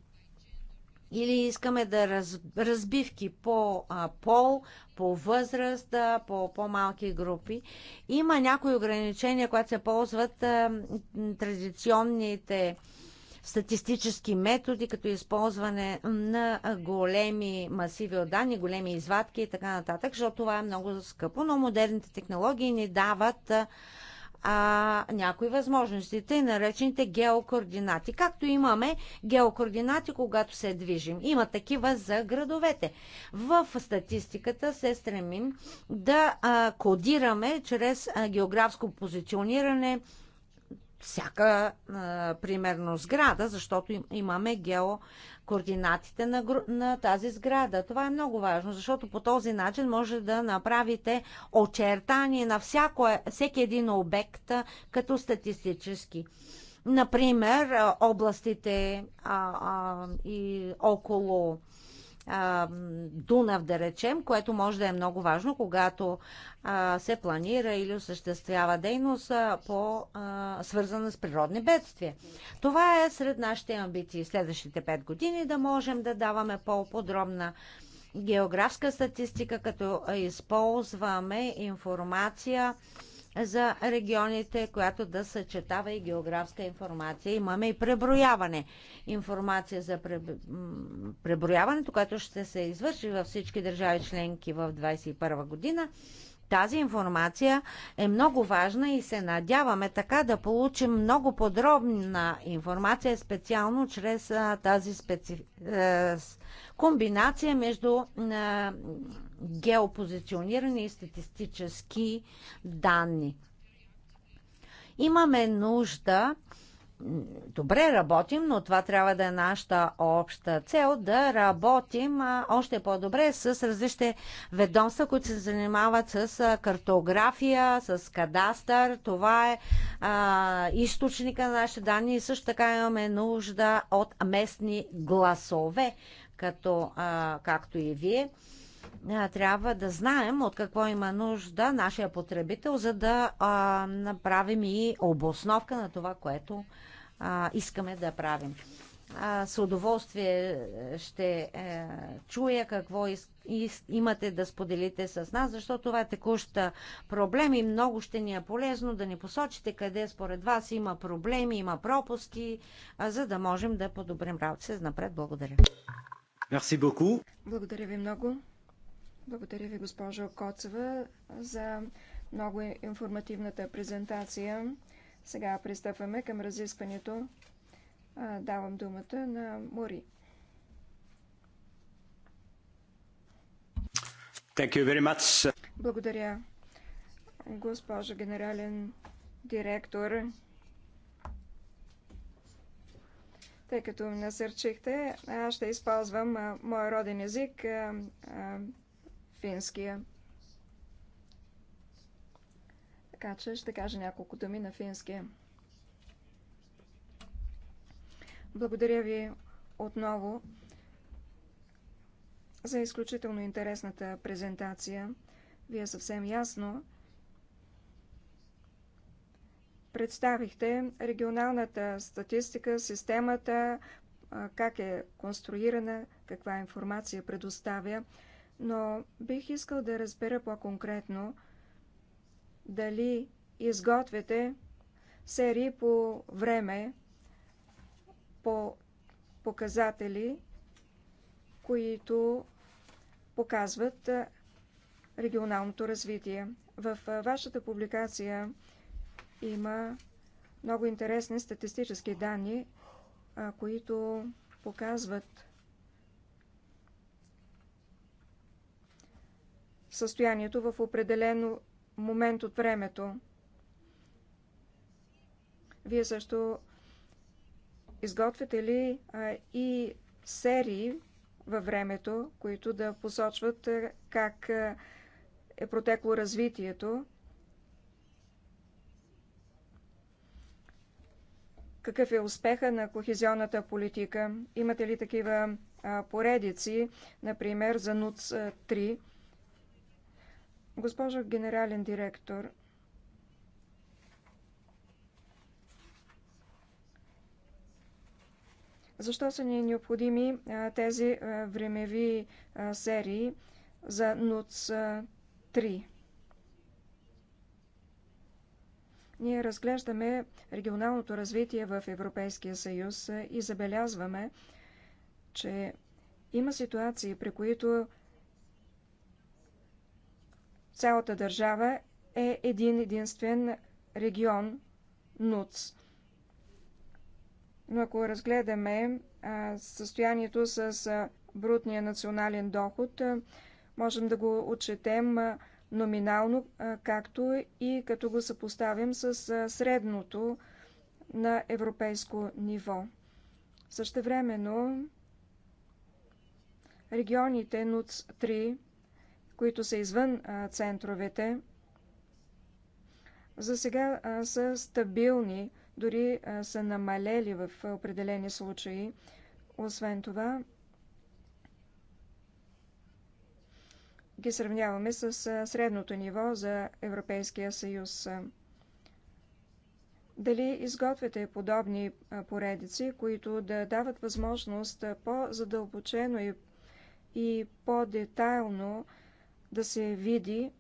или искаме да раз, разбивки по а, пол, по възраст, по по-малки групи. Има някои ограничения, които се ползват а, традиционните статистически методи, като използване на големи масиви от данни, големи извадки и така нататък, защото това е много скъпо, но модерните технологии ни дават а, някои възможностите, наречените геокоординати. Както имаме геокоординати, когато се движим. Има такива за градовете. В статистиката се стремим да а, кодираме чрез а, географско позициониране всяка, а, примерно, сграда, защото имаме гео координатите на, на тази сграда. Това е много важно, защото по този начин може да направите очертание на всяко, е- всеки един обект като статистически. Например, областите а, а, и около а, Дунав, да речем, което може да е много важно, когато а, се планира или осъществява дейност а, по, а, свързана с природни бедствия. Това е сред нашите амбиции следващите 5 години да можем да даваме по-подробна географска статистика, като използваме информация за регионите, която да съчетава и географска информация. Имаме и преброяване. Информация за преброяването, което ще се извърши във всички държави членки в 2021 година. Тази информация е много важна и се надяваме така да получим много подробна информация, специално чрез тази специ... Е, комбинация между е, геопозиционирани и статистически данни. Имаме нужда добре работим, но това трябва да е нашата обща цел да работим още по-добре с различни ведомства, които се занимават с картография, с кадастър. Това е а, източника на нашите данни и също така имаме нужда от местни гласове, като, а, както и вие трябва да знаем от какво има нужда нашия потребител, за да а, направим и обосновка на това, което а, искаме да правим. А, с удоволствие е, ще е, чуя какво из, из, имате да споделите с нас, защото това е текуща проблем и много ще ни е полезно да ни посочите къде според вас има проблеми, има пропуски, а, за да можем да подобрим работа. Напред, благодаря. Merci beaucoup. Благодаря ви много. Благодаря ви, госпожо Коцева, за много информативната презентация. Сега пристъпваме към разискването. Давам думата на Мори. Thank you very much. Благодаря, госпожо генерален директор. Тъй като насърчихте, аз ще използвам моя роден език, финския. Така че ще кажа няколко думи на финския. Благодаря ви отново за изключително интересната презентация. Вие съвсем ясно представихте регионалната статистика, системата, как е конструирана, каква информация предоставя но бих искал да разбера по-конкретно дали изготвяте серии по време, по показатели, които показват регионалното развитие. В вашата публикация има много интересни статистически данни, които показват състоянието в определено момент от времето. Вие също изготвяте ли и серии във времето, които да посочват как е протекло развитието, какъв е успеха на кохезионната политика? Имате ли такива поредици, например за НУЦ 3? Госпожо генерален директор, защо са ни необходими тези времеви серии за НУЦ-3? Ние разглеждаме регионалното развитие в Европейския съюз и забелязваме, че има ситуации, при които Цялата държава е един единствен регион НУЦ. Но ако разгледаме състоянието с брутния национален доход, можем да го отчетем номинално, както и като го съпоставим с средното на европейско ниво. Същевременно регионите НУЦ-3 които са извън центровете, за сега са стабилни, дори са намалели в определени случаи. Освен това, ги сравняваме с средното ниво за Европейския съюз. Дали изготвяте подобни поредици, които да дават възможност по-задълбочено и, и по-детайлно да се види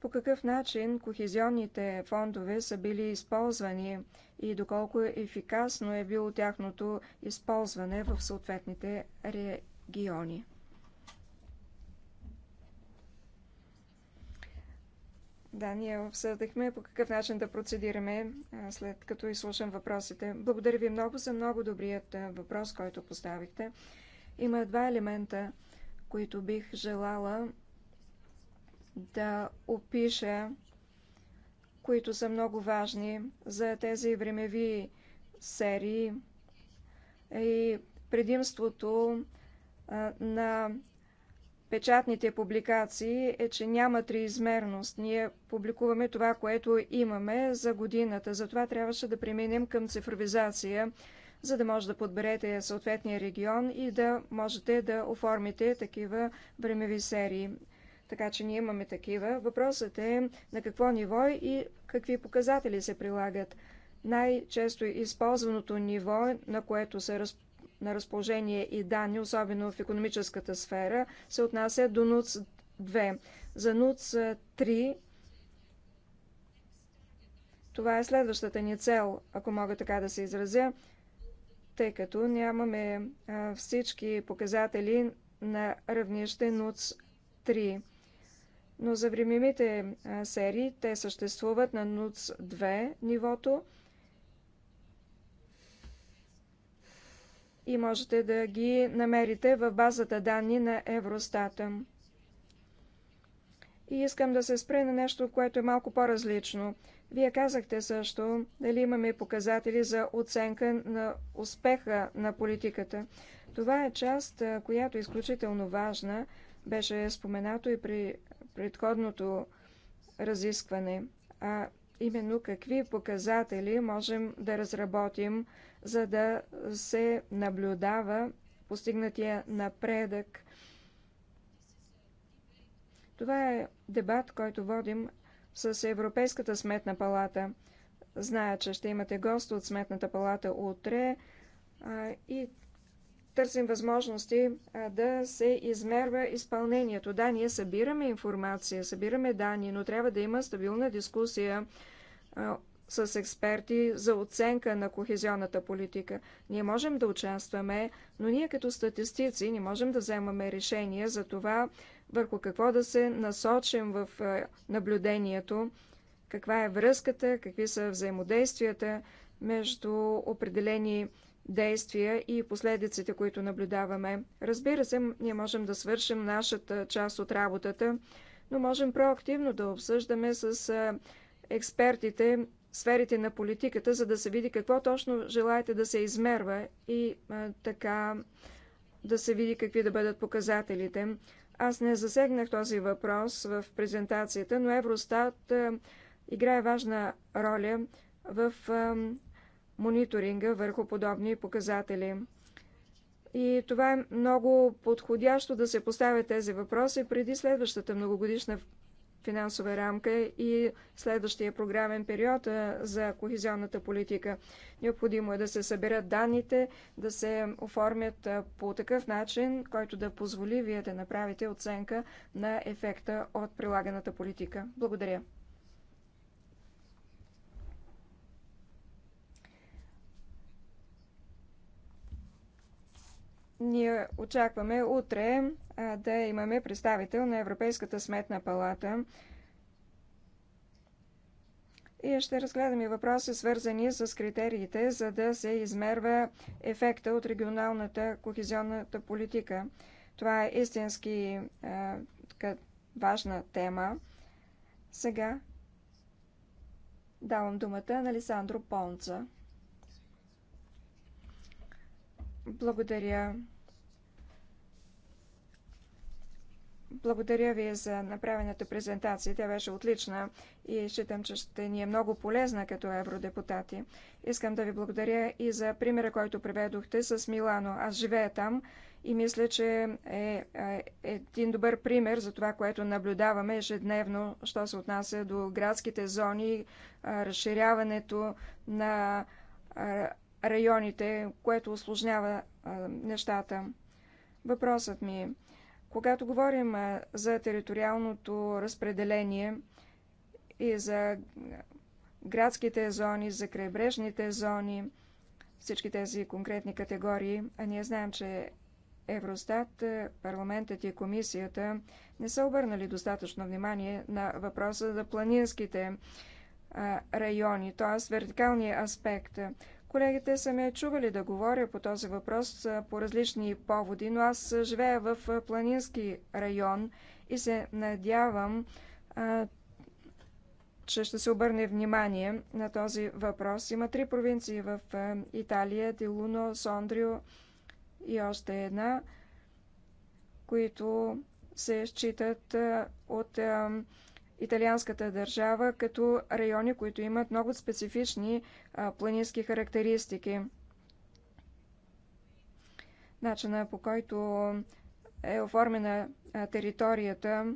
по какъв начин кохезионните фондове са били използвани и доколко ефикасно е било тяхното използване в съответните региони. Да, ние обсъдихме по какъв начин да процедираме след като изслушам въпросите. Благодаря ви много за много добрият въпрос, който поставихте. Има два елемента – които бих желала да опиша, които са много важни за тези времеви серии и предимството на печатните публикации е, че няма триизмерност. Ние публикуваме това, което имаме за годината. Затова трябваше да преминем към цифровизация за да може да подберете съответния регион и да можете да оформите такива времеви серии. Така че ние имаме такива. Въпросът е на какво ниво и какви показатели се прилагат. Най-често използваното ниво, на което са на разположение и данни, особено в економическата сфера, се отнася до НУЦ 2. За НУЦ 3 това е следващата ни цел, ако мога така да се изразя тъй като нямаме всички показатели на равнище НУЦ-3. Но за времевите серии те съществуват на НУЦ-2 нивото и можете да ги намерите в базата данни на Евростата. И искам да се спре на нещо, което е малко по-различно. Вие казахте също дали имаме показатели за оценка на успеха на политиката. Това е част, която е изключително важна, беше споменато и при предходното разискване, а именно какви показатели можем да разработим, за да се наблюдава постигнатия напредък. Това е дебат, който водим с Европейската сметна палата. Знаят, че ще имате гост от сметната палата утре и търсим възможности да се измерва изпълнението. Да, ние събираме информация, събираме данни, но трябва да има стабилна дискусия с експерти за оценка на кохезионната политика. Ние можем да участваме, но ние като статистици не можем да вземаме решение за това върху какво да се насочим в е, наблюдението, каква е връзката, какви са взаимодействията между определени действия и последиците, които наблюдаваме. Разбира се, ние можем да свършим нашата част от работата, но можем проактивно да обсъждаме с е, експертите сферите на политиката, за да се види какво точно желаете да се измерва и а, е, така да се види какви да бъдат показателите. Аз не засегнах този въпрос в презентацията, но Евростат е, играе важна роля в е, мониторинга върху подобни показатели. И това е много подходящо да се поставят тези въпроси преди следващата многогодишна финансова рамка и следващия програмен период за кохезионната политика. Необходимо е да се съберат данните, да се оформят по такъв начин, който да позволи вие да направите оценка на ефекта от прилаганата политика. Благодаря. Ние очакваме утре да имаме представител на Европейската сметна палата и ще разгледаме въпроси, свързани с критериите, за да се измерва ефекта от регионалната кохезионната политика. Това е истински а, така, важна тема. Сега давам думата на Алесандро Понца. Благодаря, Благодаря ви за направената презентация. Тя беше отлична и считам, че ще ни е много полезна като евродепутати. Искам да ви благодаря и за примера, който приведохте с Милано. Аз живея там и мисля, че е, е един добър пример за това, което наблюдаваме ежедневно, що се отнася до градските зони, разширяването на районите, което осложнява нещата. Въпросът ми е когато говорим за териториалното разпределение и за градските зони, за крайбрежните зони, всички тези конкретни категории, а ние знаем, че Евростат, парламентът и комисията не са обърнали достатъчно внимание на въпроса за планинските райони, т.е. вертикалния аспект. Колегите са ме чували да говоря по този въпрос по различни поводи, но аз живея в планински район и се надявам, че ще се обърне внимание на този въпрос. Има три провинции в Италия – Тилуно, Сондрио и още една, които се считат от италианската държава като райони, които имат много специфични планински характеристики. Начина по който е оформена територията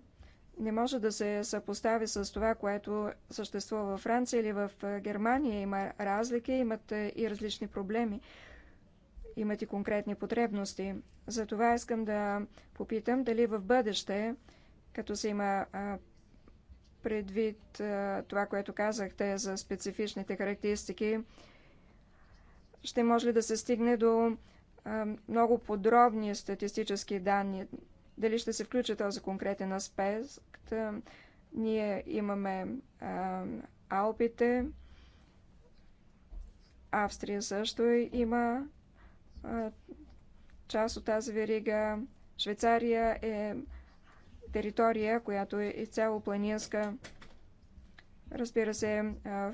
не може да се съпостави с това, което съществува във Франция или в Германия. Има разлики, имат и различни проблеми, имат и конкретни потребности. Затова искам да попитам дали в бъдеще, като се има предвид това, което казахте за специфичните характеристики, ще може ли да се стигне до много подробни статистически данни? Дали ще се включи този конкретен аспект? Ние имаме Алпите, Австрия също има част от тази верига. Швейцария е територия, която е изцяло планинска. Разбира се,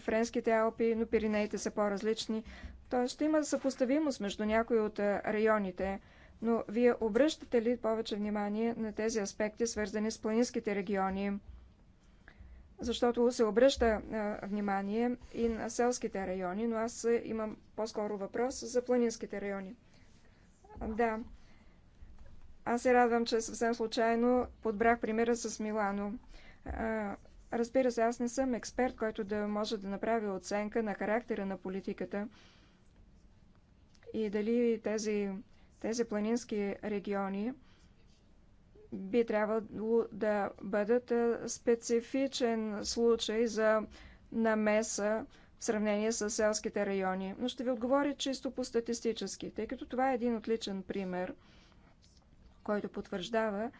френските Алпи, но Пиринеите са по-различни. Тоест ще има съпоставимост между някои от районите, но вие обръщате ли повече внимание на тези аспекти, свързани с планинските региони? Защото се обръща внимание и на селските райони, но аз имам по-скоро въпрос за планинските райони. Да, аз се радвам, че съвсем случайно подбрах примера с Милано. Разбира се, аз не съм експерт, който да може да направи оценка на характера на политиката и дали тези, тези планински региони би трябвало да бъдат специфичен случай за намеса в сравнение с селските райони. Но ще ви отговоря чисто по статистически, тъй като това е един отличен пример – който потвърждава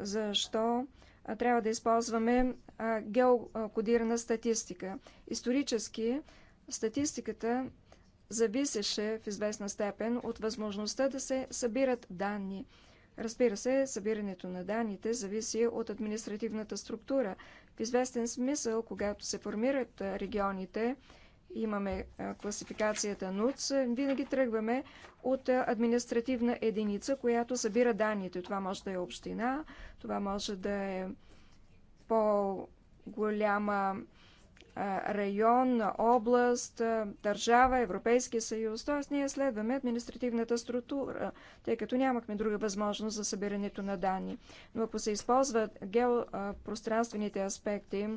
защо трябва да използваме геокодирана статистика. Исторически статистиката зависеше в известна степен от възможността да се събират данни. Разбира се, събирането на данните зависи от административната структура. В известен смисъл, когато се формират регионите, имаме класификацията НУЦ, винаги тръгваме от административна единица, която събира данните. Това може да е община, това може да е по-голяма район, област, държава, Европейския съюз. Т.е. ние следваме административната структура, тъй като нямахме друга възможност за събирането на данни. Но ако се използват геопространствените аспекти,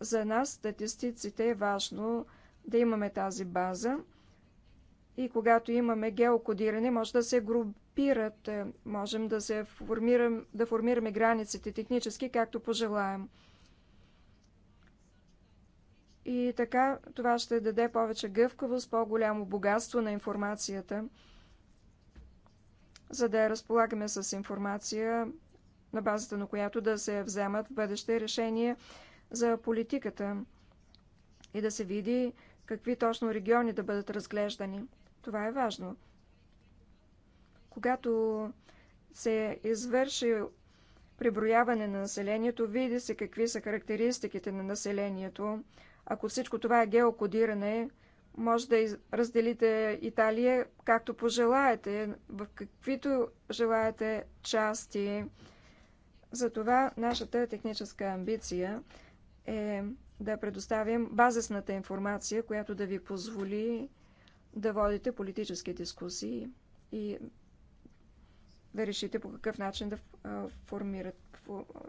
за нас статистиците е важно да имаме тази база и когато имаме геокодиране, може да се групират, е, можем да, се формирам, да формираме границите технически, както пожелаем. И така това ще даде повече гъвкавост, по-голямо богатство на информацията, за да разполагаме с информация, на базата на която да се вземат в бъдеще решения за политиката и да се види какви точно региони да бъдат разглеждани. Това е важно. Когато се извърши преброяване на населението, види се какви са характеристиките на населението. Ако всичко това е геокодиране, може да разделите Италия както пожелаете, в каквито желаете части. Затова нашата техническа амбиция е да предоставим базисната информация, която да ви позволи да водите политически дискусии и да решите по какъв начин да формират,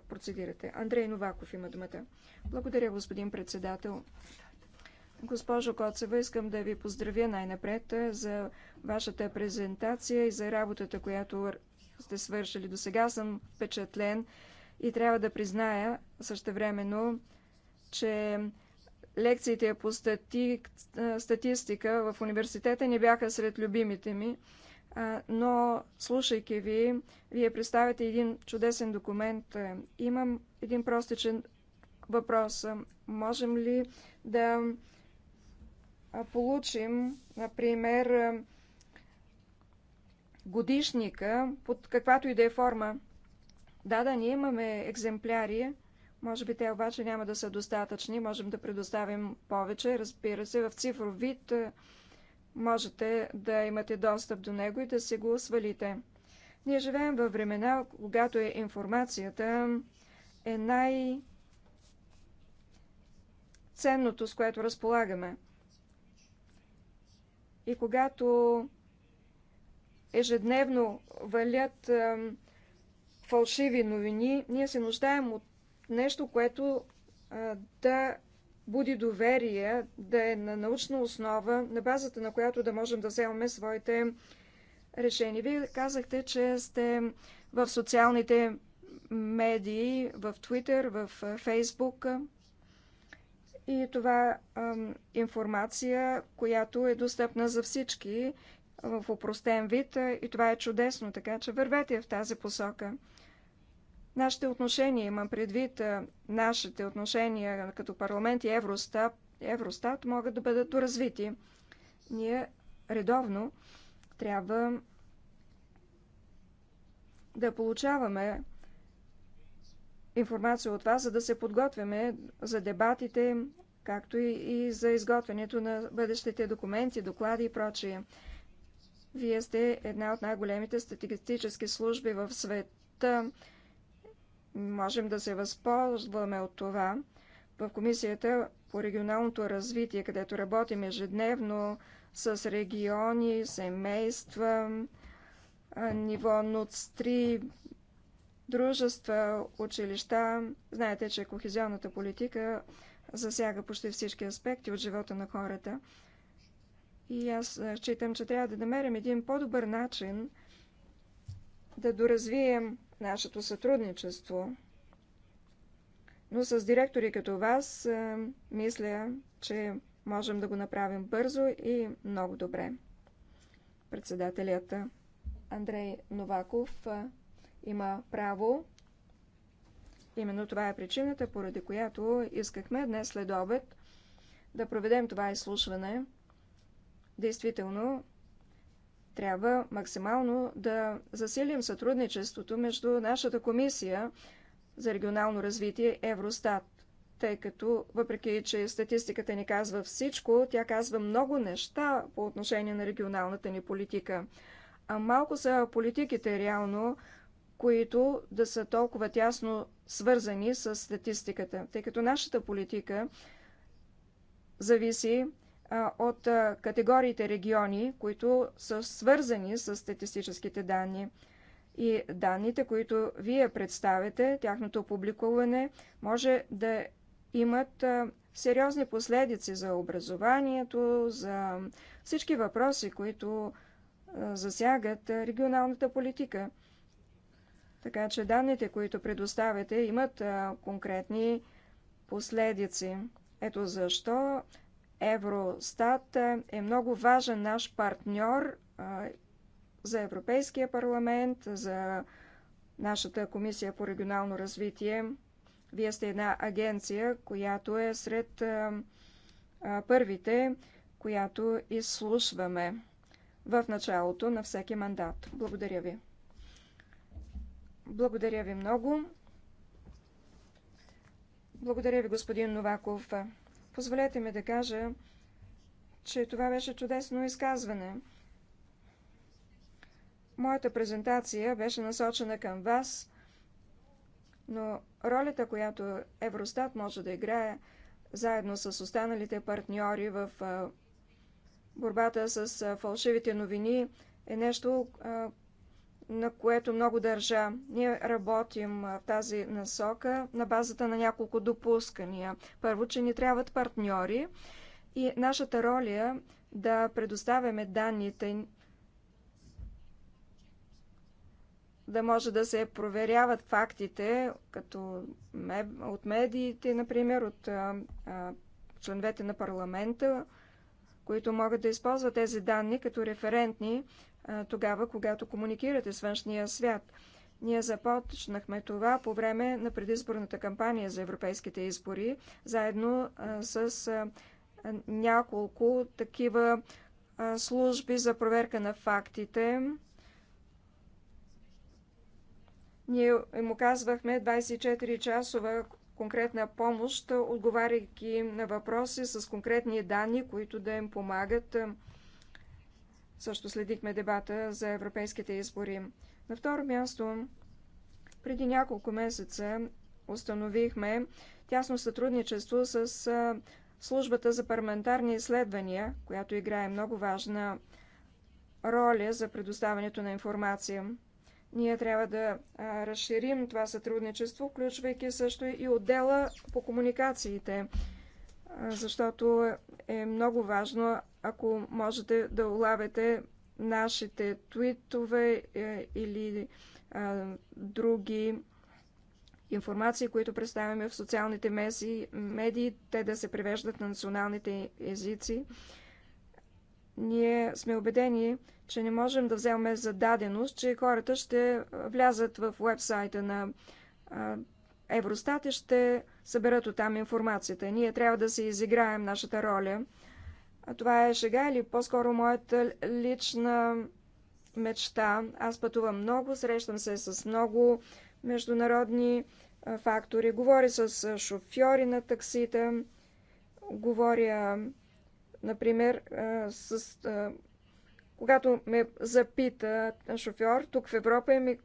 процедирате. Андрей Новаков има думата. Благодаря, господин председател. Госпожо Коцева, искам да ви поздравя най-напред за вашата презентация и за работата, която сте свършили. До сега съм впечатлен и трябва да призная същевременно, че лекциите по стати... статистика в университета не бяха сред любимите ми, но слушайки ви, вие представяте един чудесен документ. Е, имам един простичен въпрос. Можем ли да получим, например, годишника под каквато и да е форма? Да, да, ние имаме екземпляри, може би те обаче няма да са достатъчни. Можем да предоставим повече. Разбира се, в цифров вид е, можете да имате достъп до него и да се го свалите. Ние живеем във времена, когато е информацията е най- ценното, с което разполагаме. И когато ежедневно валят е, фалшиви новини, ние се нуждаем от нещо, което да буди доверие, да е на научна основа, на базата на която да можем да вземаме своите решения. Вие казахте, че сте в социалните медии, в Twitter, в Facebook. И това а, информация, която е достъпна за всички в упростен вид. И това е чудесно, така че вървете в тази посока. Нашите отношения, имам предвид нашите отношения като парламент и Евростат, Евростат могат да бъдат доразвити. Ние редовно трябва да получаваме информация от вас, за да се подготвяме за дебатите, както и за изготвянето на бъдещите документи, доклади и прочие. Вие сте една от най-големите статистически служби в света можем да се възползваме от това. В Комисията по регионалното развитие, където работим ежедневно с региони, семейства, ниво НУЦ-3, дружества, училища. Знаете, че кохезионната политика засяга почти всички аспекти от живота на хората. И аз считам, че трябва да намерим един по-добър начин да доразвием нашето сътрудничество. Но с директори като вас, е, мисля, че можем да го направим бързо и много добре. Председателят Андрей Новаков е, има право. Именно това е причината, поради която искахме днес след обед да проведем това изслушване. Действително, трябва максимално да засилим сътрудничеството между нашата комисия за регионално развитие Евростат, тъй като, въпреки че статистиката ни казва всичко, тя казва много неща по отношение на регионалната ни политика. А малко са политиките реално, които да са толкова тясно свързани с статистиката, тъй като нашата политика зависи от категориите региони, които са свързани с статистическите данни. И данните, които вие представите, тяхното публикуване може да имат сериозни последици за образованието, за всички въпроси, които засягат регионалната политика. Така че данните, които предоставяте, имат конкретни последици. Ето защо Евростат е, е много важен наш партньор е, за Европейския парламент, за нашата комисия по регионално развитие. Вие сте една агенция, която е сред е, първите, която изслушваме в началото на всеки мандат. Благодаря ви. Благодаря ви много. Благодаря ви, господин Новаков. Позволете ми да кажа, че това беше чудесно изказване. Моята презентация беше насочена към вас, но ролята, която Евростат може да играе заедно с останалите партньори в борбата с фалшивите новини, е нещо, на което много държа. Ние работим в тази насока на базата на няколко допускания. Първо, че ни трябват партньори и нашата роля е да предоставяме данните, да може да се проверяват фактите, като от медиите, например, от членовете на парламента, които могат да използват тези данни като референтни тогава, когато комуникирате с външния свят. Ние започнахме това по време на предизборната кампания за европейските избори, заедно с няколко такива служби за проверка на фактите. Ние му казвахме 24-часова конкретна помощ, отговаряйки на въпроси с конкретни данни, които да им помагат също следихме дебата за европейските избори. На второ място, преди няколко месеца установихме тясно сътрудничество с службата за парламентарни изследвания, която играе много важна роля за предоставянето на информация. Ние трябва да разширим това сътрудничество, включвайки също и отдела по комуникациите, защото е много важно ако можете да улавяте нашите твитове е, или а, други информации, които представяме в социалните меси, медии, те да се превеждат на националните езици. Ние сме убедени, че не можем да вземем за даденост, че хората ще влязат в вебсайта на Евростат и ще съберат оттам информацията. Ние трябва да се изиграем нашата роля – това е шега или по-скоро моята лична мечта. Аз пътувам много, срещам се с много международни фактори. Говоря с шофьори на таксита, говоря, например, с... Когато ме запита шофьор тук в Европа и ми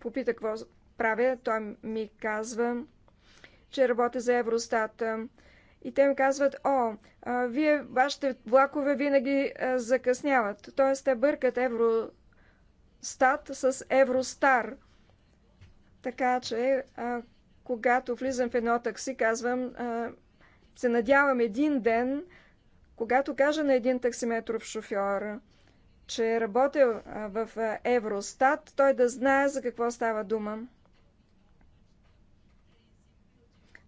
попита какво правя, той ми казва, че работя за Евростата. И те им казват, о, а, вие, вашите влакове винаги а, закъсняват. Тоест, те бъркат Евростат с Евростар. Така че, а, когато влизам в едно такси, казвам, а, се надявам един ден, когато кажа на един таксиметров шофьор, че е работя в Евростат, той да знае за какво става дума.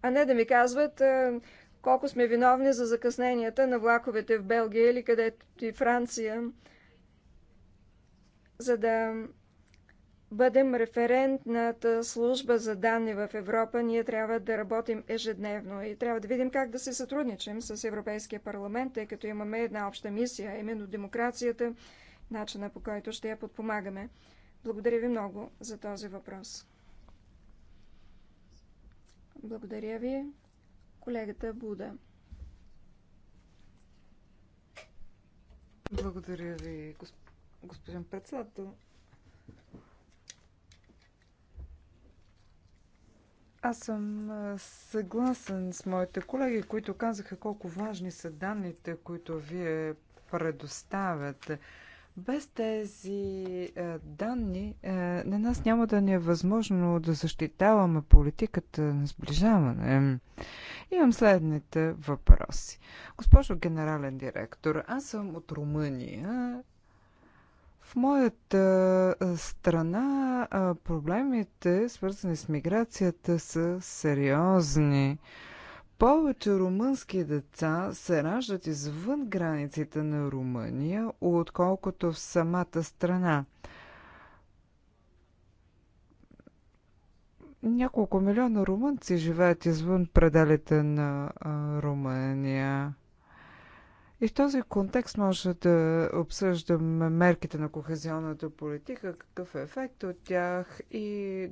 А не да ми казват колко сме виновни за закъсненията на влаковете в Белгия или където и Франция, за да бъдем референтната служба за данни в Европа, ние трябва да работим ежедневно и трябва да видим как да се сътрудничим с Европейския парламент, тъй като имаме една обща мисия, именно демокрацията, начина по който ще я подпомагаме. Благодаря ви много за този въпрос. Благодаря ви колегата Буда. Благодаря ви, господин председател. Аз съм съгласен с моите колеги, които казаха колко важни са данните, които вие предоставяте. Без тези е, данни е, на нас няма да ни е възможно да защитаваме политиката на сближаване. Имам следните въпроси. Госпожо генерален директор, аз съм от Румъния в моята страна проблемите, свързани с миграцията, са сериозни. Повече румънски деца се раждат извън границите на Румъния, отколкото в самата страна. Няколко милиона румънци живеят извън пределите на Румъния. И в този контекст може да обсъждаме мерките на кохезионната политика, какъв е ефект от тях и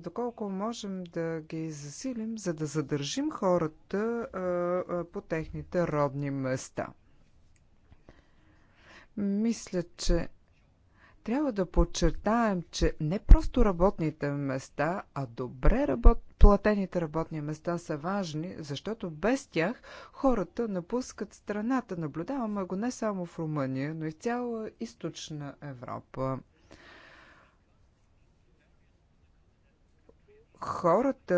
доколко можем да ги засилим, за да задържим хората по техните родни места. Мисля, че трябва да подчертаем, че не просто работните места, а добре работ... платените работни места са важни, защото без тях хората напускат страната. Наблюдаваме го не само в Румъния, но и в цяла източна Европа. хората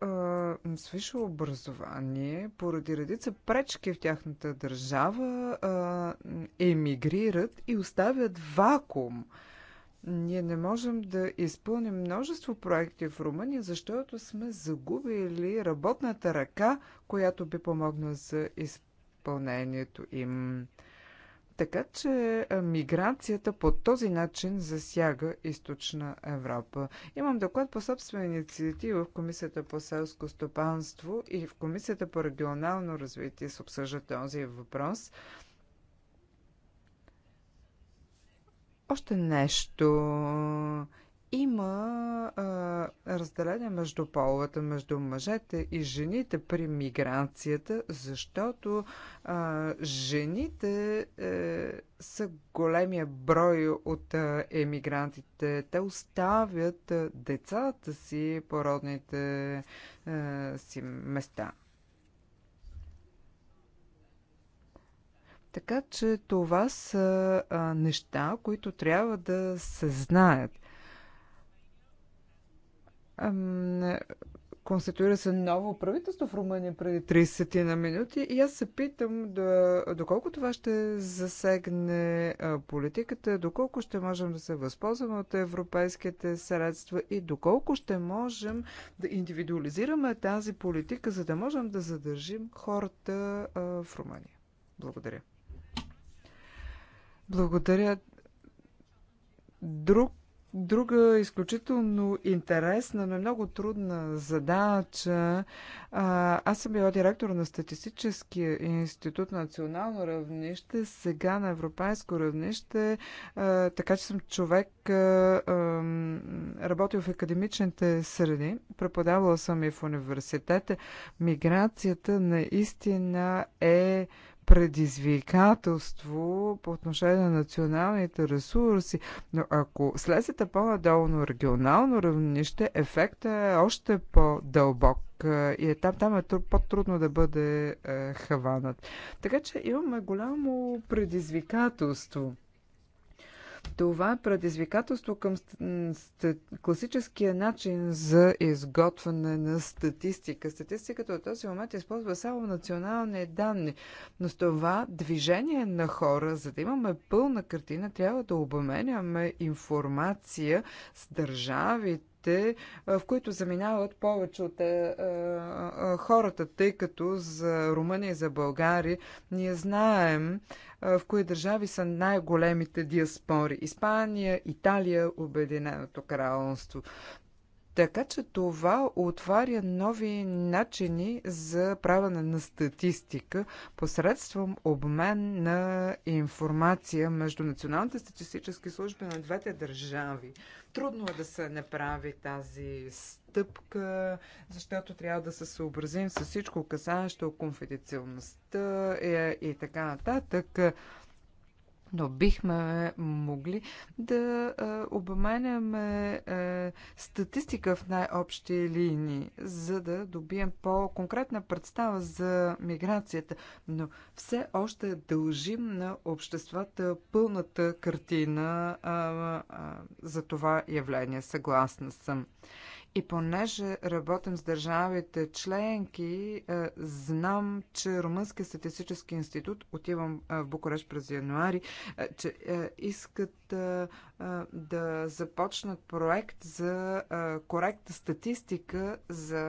а, с висше образование, поради редица пречки в тяхната държава, а, емигрират и оставят вакуум. Ние не можем да изпълним множество проекти в Румъния, защото сме загубили работната ръка, която би помогна за изпълнението им. Така че миграцията по този начин засяга източна Европа. Имам доклад по собствена инициатива в Комисията по селско стопанство и в Комисията по регионално развитие се обсъжда този въпрос. Още нещо има а, разделение между половата, между мъжете и жените при миграцията, защото а, жените е, са големия брой от а, емигрантите. Те оставят а, децата си по родните а, си места. Така че това са а, неща, които трябва да се знаят конституира се ново правителство в Румъния преди 30 на минути и аз се питам да, доколко това ще засегне политиката, доколко ще можем да се възползваме от европейските средства и доколко ще можем да индивидуализираме тази политика, за да можем да задържим хората в Румъния. Благодаря. Благодаря. Друг Друга изключително интересна, но много трудна задача. Аз съм била директор на Статистическия институт на национално равнище, сега на европейско равнище, така че съм човек, работил в академичните среди, преподавала съм и в университета. Миграцията наистина е предизвикателство по отношение на националните ресурси, но ако слезете по-надолу на регионално равнище, ефектът е още по-дълбок и е там, там е по-трудно да бъде е, хаванат. Така че имаме голямо предизвикателство. Това е предизвикателство към класическия начин за изготвяне на статистика. Статистиката от този момент използва само национални данни. Но с това движение на хора, за да имаме пълна картина, трябва да обменяме информация с държавите, страните, в които заминават повече от хората, тъй като за Румъния и за България ние знаем в кои държави са най-големите диаспори. Испания, Италия, Обединеното кралство. Така че това отваря нови начини за правене на статистика посредством обмен на информация между националните статистически служби на двете държави. Трудно е да се направи тази стъпка, защото трябва да се съобразим с всичко, касаещо конфиденциалността и, е, и така нататък но бихме могли да обменяме статистика в най-общи линии, за да добием по-конкретна представа за миграцията. Но все още дължим на обществата пълната картина за това явление. Съгласна съм. И понеже работим с държавите членки, е, знам, че Румънския статистически институт, отивам е, в Букуреш през януари, е, че искат да започнат проект за коректна статистика за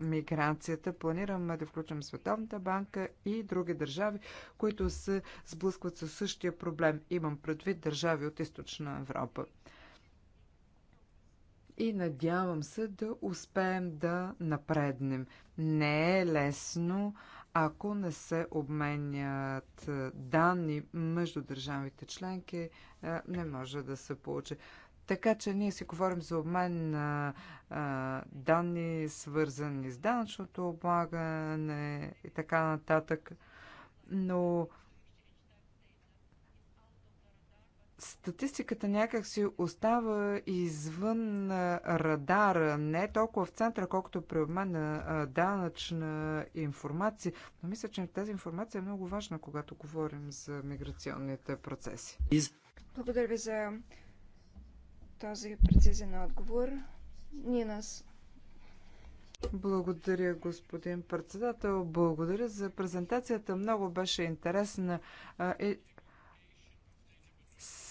миграцията. Планираме да включим Световната банка и други държави, които се сблъскват със същия проблем. Имам предвид държави от източна Европа и надявам се да успеем да напреднем. Не е лесно, ако не се обменят е, данни между държавите членки, е, не може да се получи. Така че ние си говорим за обмен на е, данни, свързани с данъчното облагане и така нататък. Но статистиката някак си остава извън радара, не толкова в центъра, колкото при обмен на данъчна информация. Но мисля, че тази информация е много важна, когато говорим за миграционните процеси. Благодаря ви за този прецизен отговор. Нинас. Благодаря, господин председател. Благодаря за презентацията. Много беше интересна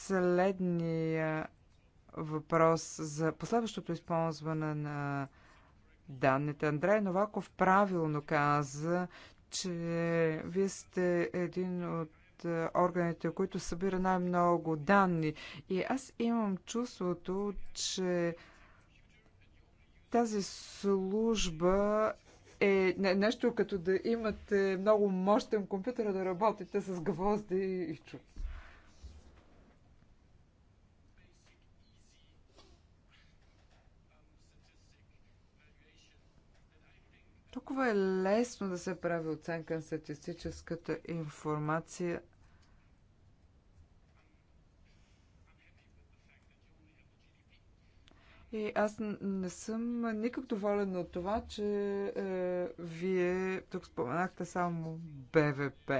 последния въпрос за последващото използване на данните. Андрей Новаков правилно каза, че вие сте един от органите, които събира най-много данни. И аз имам чувството, че тази служба е нещо като да имате много мощен компютър да работите с гвозди и чук. Толкова е лесно да се прави оценка на статистическата информация. И аз не съм никак доволен от това, че е, вие тук споменахте само БВП.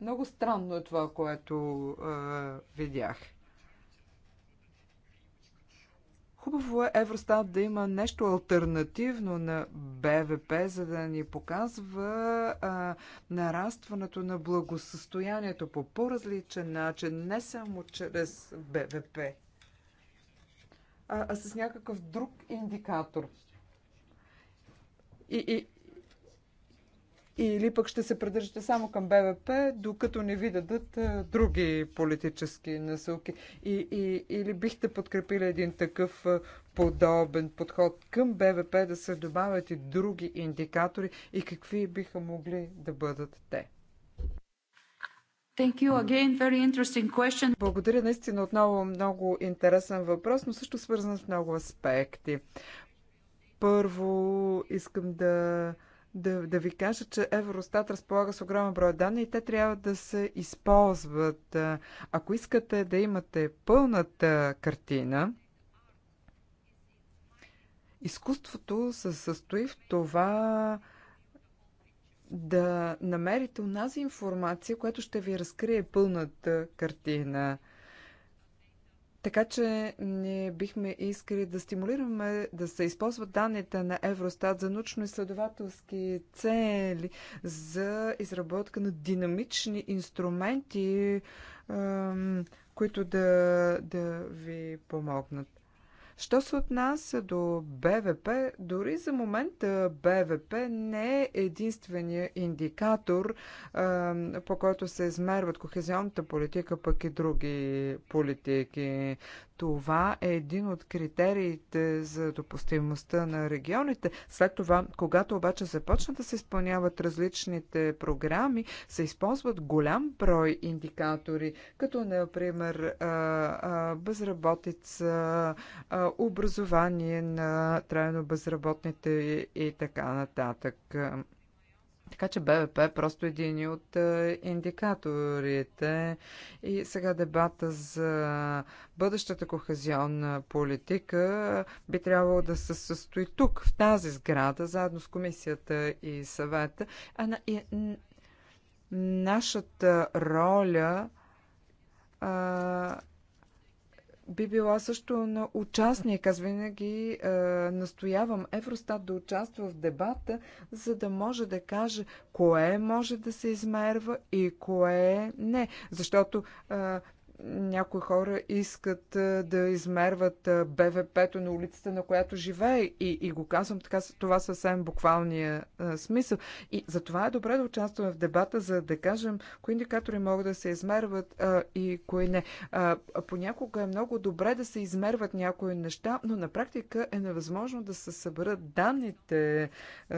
Много странно е това, което е, видях. Хубаво е Евростат да има нещо альтернативно на БВП, за да ни показва а, нарастването на благосъстоянието по по-различен начин, не само чрез БВП, а, а с някакъв друг индикатор. И, и, или пък ще се придържате само към БВП, докато не ви дадат е, други политически насоки. И, и, или бихте подкрепили един такъв е, подобен подход към БВП да се добавят и други индикатори и какви биха могли да бъдат те? Thank you again. Very interesting question. Благодаря наистина отново много интересен въпрос, но също свързан с много аспекти. Първо искам да да, да ви кажа, че Евростат разполага с огромен брой данни и те трябва да се използват. Ако искате да имате пълната картина, изкуството се състои в това да намерите унази информация, която ще ви разкрие пълната картина. Така че не бихме искали да стимулираме да се използват данните на Евростат за научно-изследователски цели, за изработка на динамични инструменти, които да, да ви помогнат. Що се отнася до БВП, дори за момента БВП не е единствения индикатор, по който се измерват кохезионната политика, пък и други политики. Това е един от критериите за допустимостта на регионите. След това, когато обаче започнат да се изпълняват различните програми, се използват голям брой индикатори, като например безработица, образование на трайно безработните и така нататък. Така че БВП е просто един от е, индикаторите. И сега дебата за бъдещата кохезионна политика би трябвало да се състои тук, в тази сграда, заедно с комисията и съвета. А, и, нашата роля а, би била също на участник. Аз винаги е, настоявам Евростат да участва в дебата, за да може да каже кое може да се измерва и кое не. Защото е, някои хора искат да измерват БВП-то на улицата, на която живее. И, и го казвам така, това съвсем буквалния смисъл. И за това е добре да участваме в дебата, за да кажем кои индикатори могат да се измерват а, и кои не. А, понякога е много добре да се измерват някои неща, но на практика е невъзможно да се съберат данните а,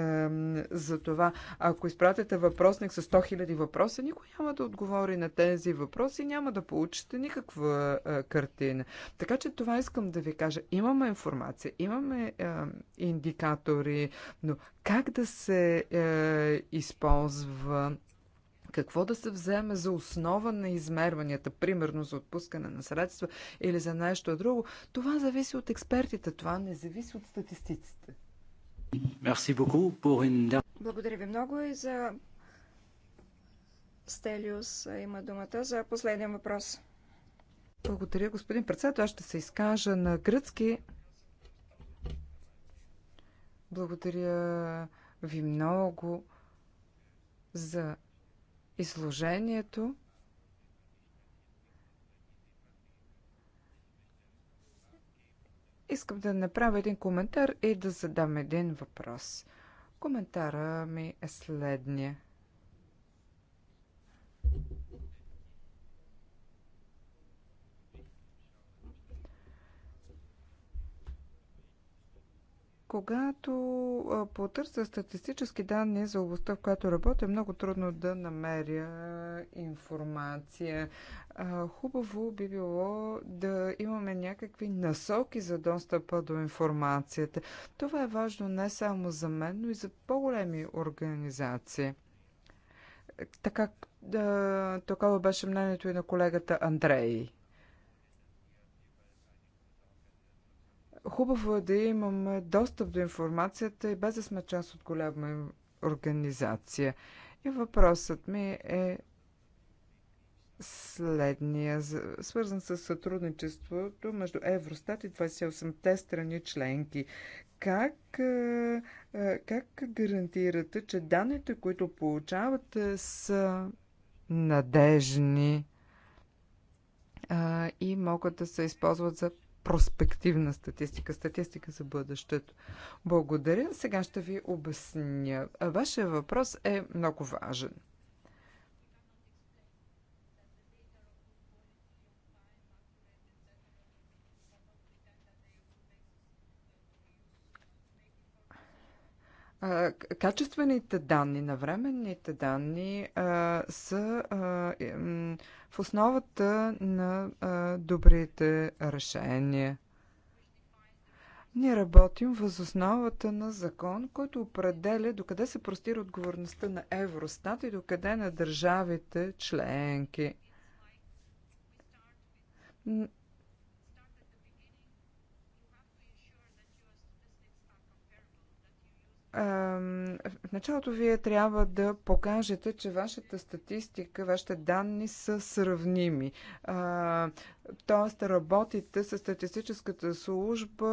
за това. Ако изпратите въпросник с 100 000 въпроса, никой няма да отговори на тези въпроси, няма да получите още никаква а, картина. Така че това искам да ви кажа. Имаме информация, имаме а, индикатори, но как да се а, използва какво да се вземе за основа на измерванията, примерно за отпускане на средства или за нещо друго, това зависи от експертите, това не зависи от статистиците. Благодаря ви много и за Стелиус има думата за последния въпрос. Благодаря, господин председател. Аз ще се изкажа на гръцки. Благодаря ви много за изложението. Искам да направя един коментар и да задам един въпрос. Коментара ми е следния. Когато потърся статистически данни за областта, в която работя, е много трудно да намеря информация. Хубаво би било да имаме някакви насоки за достъпа до информацията. Това е важно не само за мен, но и за по-големи организации. Така, да, такова беше мнението и на колегата Андрей. Хубаво е да имаме достъп до информацията и без да сме част от голяма организация. И въпросът ми е следния, свързан с сътрудничеството между Евростат и 28-те страни членки. Как, е, е, как гарантирате, че данните, които получавате, са надежни е, и могат да се използват за проспективна статистика, статистика за бъдещето. Благодаря. Сега ще ви обясня. Вашия въпрос е много важен. Качествените данни, навременните данни са в основата на добрите решения. Ние работим въз основата на закон, който определя докъде се простира отговорността на Евростат и докъде на държавите членки в началото вие трябва да покажете, че вашата статистика, вашите данни са сравними. Тоест, работите с статистическата служба,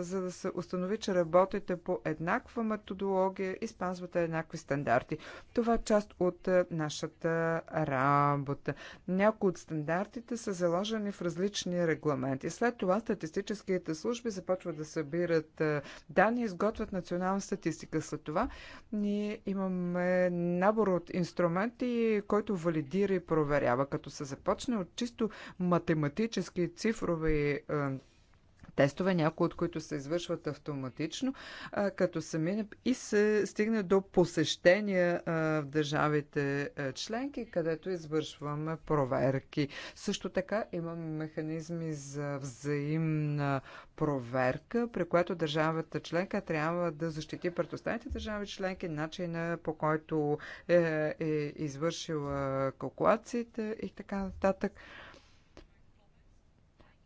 за да се установи, че работите по еднаква методология и спазвате еднакви стандарти. Това е част от нашата работа. Някои от стандартите са заложени в различни регламенти. След това статистическите служби започват да събират данни, изготвят национални статистика. След това ние имаме набор от инструменти, който валидира и проверява. Като се започне от чисто математически цифрови е, тестове, някои от които се извършват автоматично, като се мине и се стигне до посещения в държавите членки, където извършваме проверки. Също така имаме механизми за взаимна проверка, при която държавата членка трябва да защити пред останалите държави членки начина по който е, е извършила калкулациите и така нататък.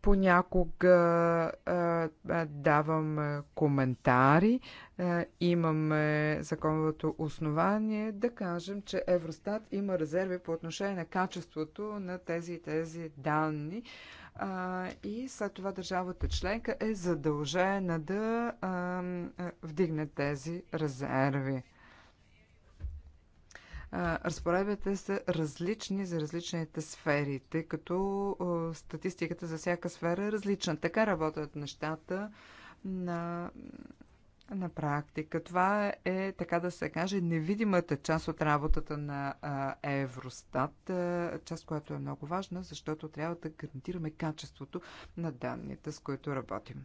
Понякога а, давам коментари, а, имаме законовото основание да кажем, че Евростат има резерви по отношение на качеството на тези и тези данни а, и след това държавата членка е задължена да а, а, вдигне тези резерви разпоредбите са различни за различните сфери, тъй като статистиката за всяка сфера е различна. Така работят нещата на, на практика. Това е, така да се каже, невидимата част от работата на Евростат, част, която е много важна, защото трябва да гарантираме качеството на данните, с които работим.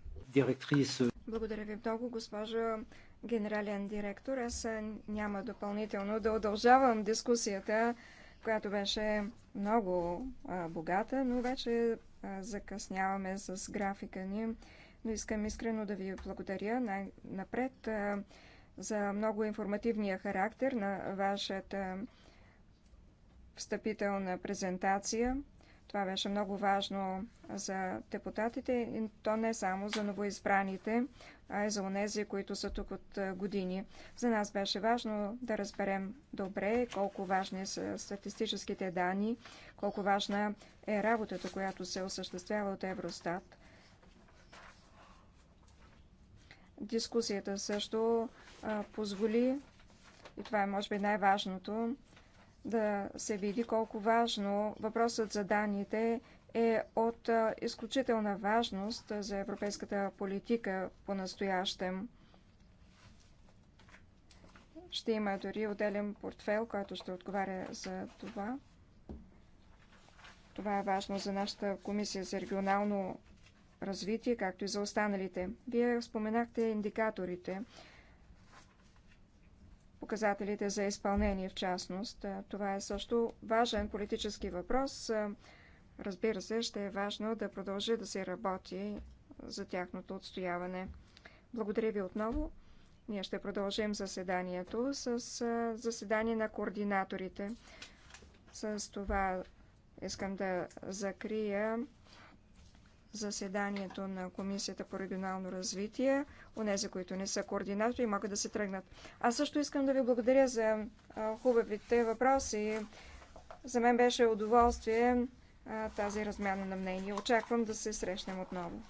Благодаря ви много, госпожа генерален директор. Аз няма допълнително да удължавам дискусията, която беше много а, богата, но вече а, закъсняваме с графика ни. Но искам искрено да ви благодаря най-напред за много информативния характер на вашата встъпителна презентация. Това беше много важно за депутатите, и то не само за новоизбраните, а и за онези, които са тук от години. За нас беше важно да разберем добре колко важни са статистическите данни, колко важна е работата, която се осъществява от Евростат. Дискусията също позволи, и това е може би най-важното, да се види колко важно въпросът за данните е от изключителна важност за европейската политика по-настоящем. Ще има дори отделен портфел, който ще отговаря за това. Това е важно за нашата комисия за регионално развитие, както и за останалите. Вие споменахте индикаторите показателите за изпълнение в частност. Това е също важен политически въпрос. Разбира се, ще е важно да продължи да се работи за тяхното отстояване. Благодаря ви отново. Ние ще продължим заседанието с заседание на координаторите. С това искам да закрия заседанието на Комисията по регионално развитие. Онези, които не са координатори, могат да се тръгнат. Аз също искам да ви благодаря за хубавите въпроси. За мен беше удоволствие тази размяна на мнение. Очаквам да се срещнем отново.